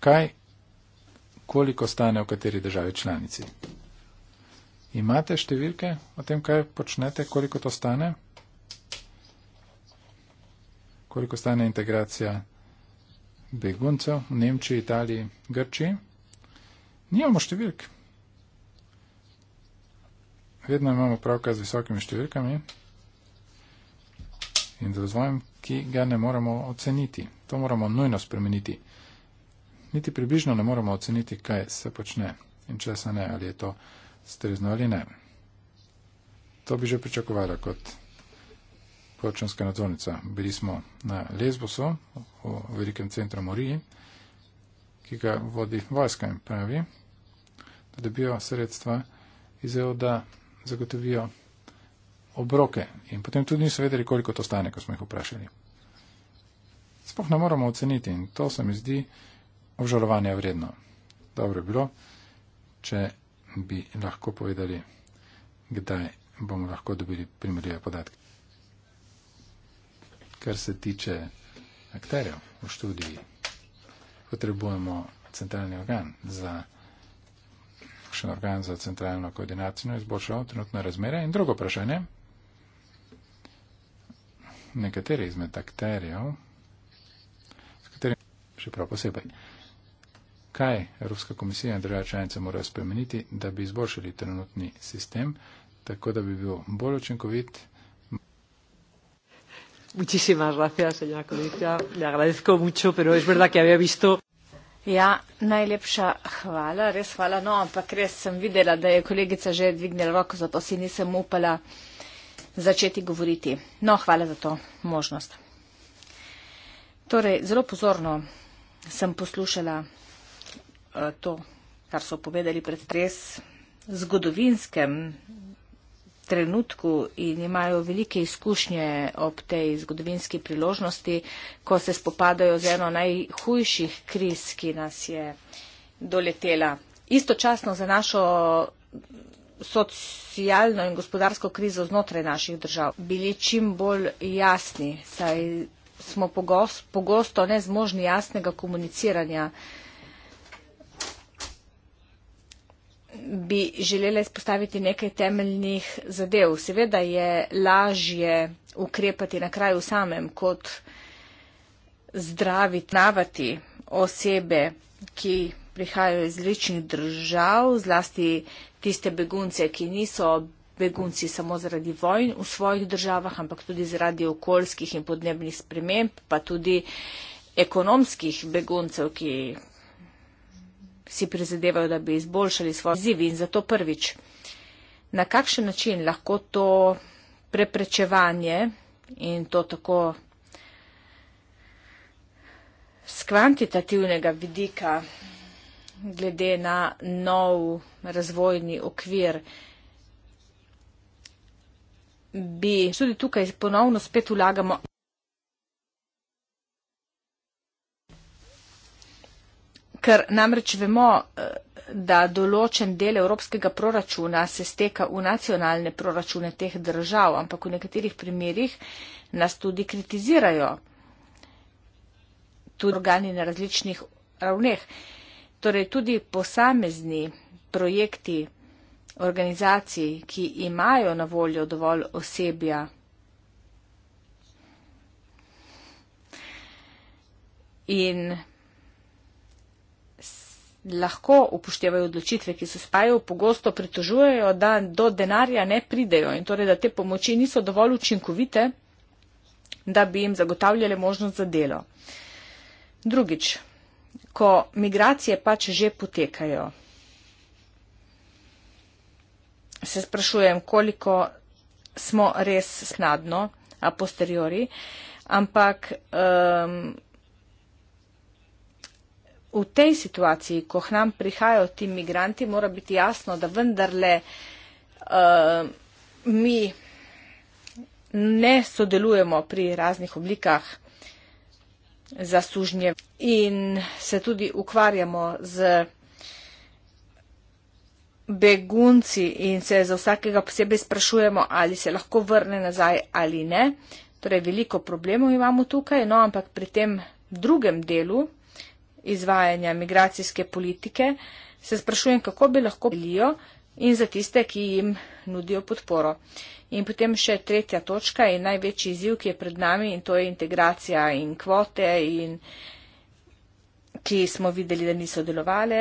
kaj, koliko stane v kateri državi članici. Imate številke o tem, kaj počnete, koliko to stane? Koliko stane integracija beguncev v Nemčiji, Italiji, Grčiji? Nimamo številke vedno imamo pravka z visokimi številkami in z razvojem, ki ga ne moremo oceniti. To moramo nujno spremeniti. Niti približno ne moremo oceniti, kaj se počne in če se ne, ali je to strezno ali ne. To bi že pričakovala kot poročanska nadzornica. Bili smo na Lesbosu, v velikem centru Moriji, ki ga vodi vojska in pravi, da dobijo sredstva iz EU, da zagotovijo obroke. In potem tudi niso vedeli, koliko to stane, ko smo jih vprašali. Sploh ne moramo oceniti in to se mi zdi obžalovanje vredno. Dobro je bilo, če bi lahko povedali, kdaj bomo lahko dobili primerjive podatke. Kar se tiče akterjev v študiji, potrebujemo centralni organ za takšen organ za centralno koordinacijo izboljšal trenutno razmere. In drugo vprašanje. Nekateri izmed akterjev, s katerimi še prav posebej, kaj Evropska komisija in države članice morajo spremeniti, da bi izboljšali trenutni sistem, tako da bi bil bolj učinkovit. Muchísimas gracias, señora Comisaria. Le agradezco mucho, pero es verdad que había visto. Ja, najlepša hvala, res hvala. No, ampak res sem videla, da je kolegica že dvignila roko, zato si nisem upala začeti govoriti. No, hvala za to možnost. Torej, zelo pozorno sem poslušala uh, to, kar so povedali pred res zgodovinskem trenutku in imajo velike izkušnje ob tej zgodovinski priložnosti, ko se spopadajo z eno najhujših kriz, ki nas je doletela. Istočasno za našo socialno in gospodarsko krizo znotraj naših držav bili čim bolj jasni, saj smo pogosto nezmožni jasnega komuniciranja bi želela izpostaviti nekaj temeljnih zadev. Seveda je lažje ukrepati na kraju samem, kot zdraviti, navati osebe, ki prihajajo iz različnih držav, zlasti tiste begunce, ki niso begunci samo zaradi vojn v svojih državah, ampak tudi zaradi okoljskih in podnebnih sprememb, pa tudi ekonomskih beguncev, ki si prizadevajo, da bi izboljšali svoje izzivi in zato prvič, na kakšen način lahko to preprečevanje in to tako z kvantitativnega vidika glede na nov razvojni okvir bi tudi tukaj ponovno spet ulagamo ker namreč vemo, eh, da določen del evropskega proračuna se steka v nacionalne proračune teh držav, ampak v nekaterih primerjih nas tudi kritizirajo, tudi organi na različnih ravneh. Torej tudi posamezni projekti organizacij, ki imajo na voljo dovolj osebja, in lahko upoštevajo odločitve, ki se spajajo, pogosto pritožujejo, da do denarja ne pridejo in torej, da te pomoči niso dovolj učinkovite, da bi jim zagotavljale možnost za delo. Drugič, ko migracije pač že potekajo, se sprašujem, koliko smo res snadno a posteriori, ampak um, v tej situaciji, ko k nam prihajajo ti migranti, mora biti jasno, da vendarle uh, mi ne sodelujemo pri raznih oblikah zaslužnje in se tudi ukvarjamo z begunci in se za vsakega posebej sprašujemo, ali se lahko vrne nazaj ali ne. Torej, veliko problemov imamo tukaj, no, ampak pri tem drugem delu izvajanja migracijske politike, se sprašujem, kako bi lahko delijo in za tiste, ki jim nudijo podporo. In potem še tretja točka in največji izziv, ki je pred nami in to je integracija in kvote, in, ki smo videli, da niso delovale.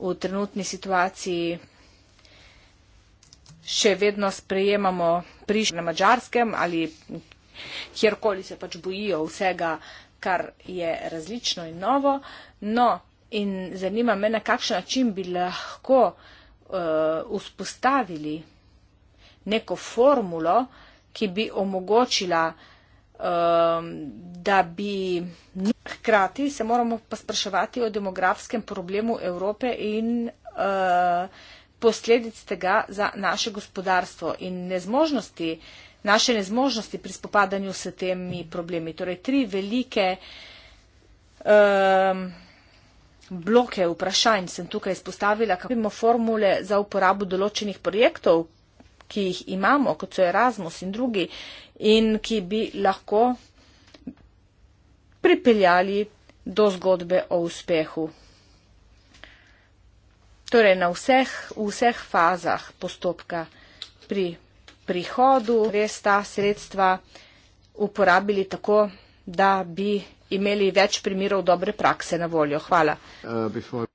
V trenutni situaciji še vedno sprejemamo prišle na mačarskem ali kjerkoli se pač bojijo vsega, kar je različno in novo. No, in zanima me, na kakšen način bi lahko uh, vzpostavili neko formulo, ki bi omogočila, um, da bi. Hkrati se moramo pa spraševati o demografskem problemu Evrope in uh, posledic tega za naše gospodarstvo in nezmožnosti uh, naše nezmožnosti pri spopadanju s temi problemi. Torej, tri velike um, bloke vprašanj sem tukaj izpostavila, kako imamo formule za uporabo določenih projektov, ki jih imamo, kot so Erasmus in drugi, in ki bi lahko pripeljali do zgodbe o uspehu. Torej, na vseh, vseh fazah postopka pri prihodu res ta sredstva uporabili tako, da bi imeli več primerov dobre prakse na voljo. Hvala. Uh,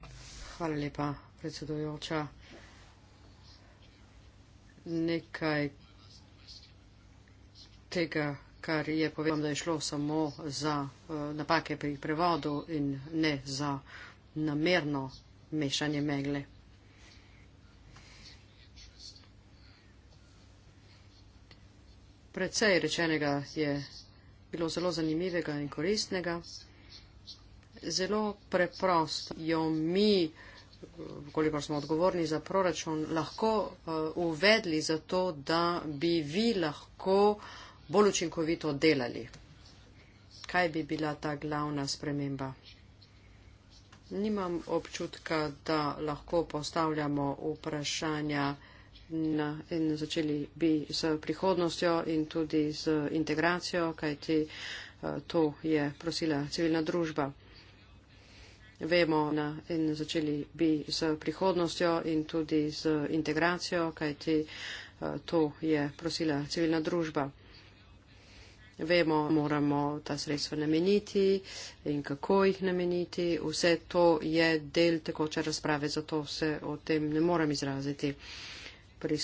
Hvala lepa, predsedujoča. Nekaj tega, kar je povedal, da je šlo samo za uh, napake pri prevodu in ne za namerno mešanje megle. Predvsej rečenega je bilo zelo zanimivega in koristnega. Zelo preprosto jo mi, koliko smo odgovorni za proračun, lahko uh, uvedli za to, da bi vi lahko bolj učinkovito delali. Kaj bi bila ta glavna sprememba? Nimam občutka, da lahko postavljamo vprašanja na, in začeli bi z prihodnostjo in tudi z integracijo, kajti eh, to je prosila civilna družba. Vemo na, in začeli bi z prihodnostjo in tudi z integracijo, kajti eh, to je prosila civilna družba. Vemo, moramo ta sredstva nameniti in kako jih nameniti. Vse to je del tekoče razprave, zato se o tem ne morem izraziti prisluhnili.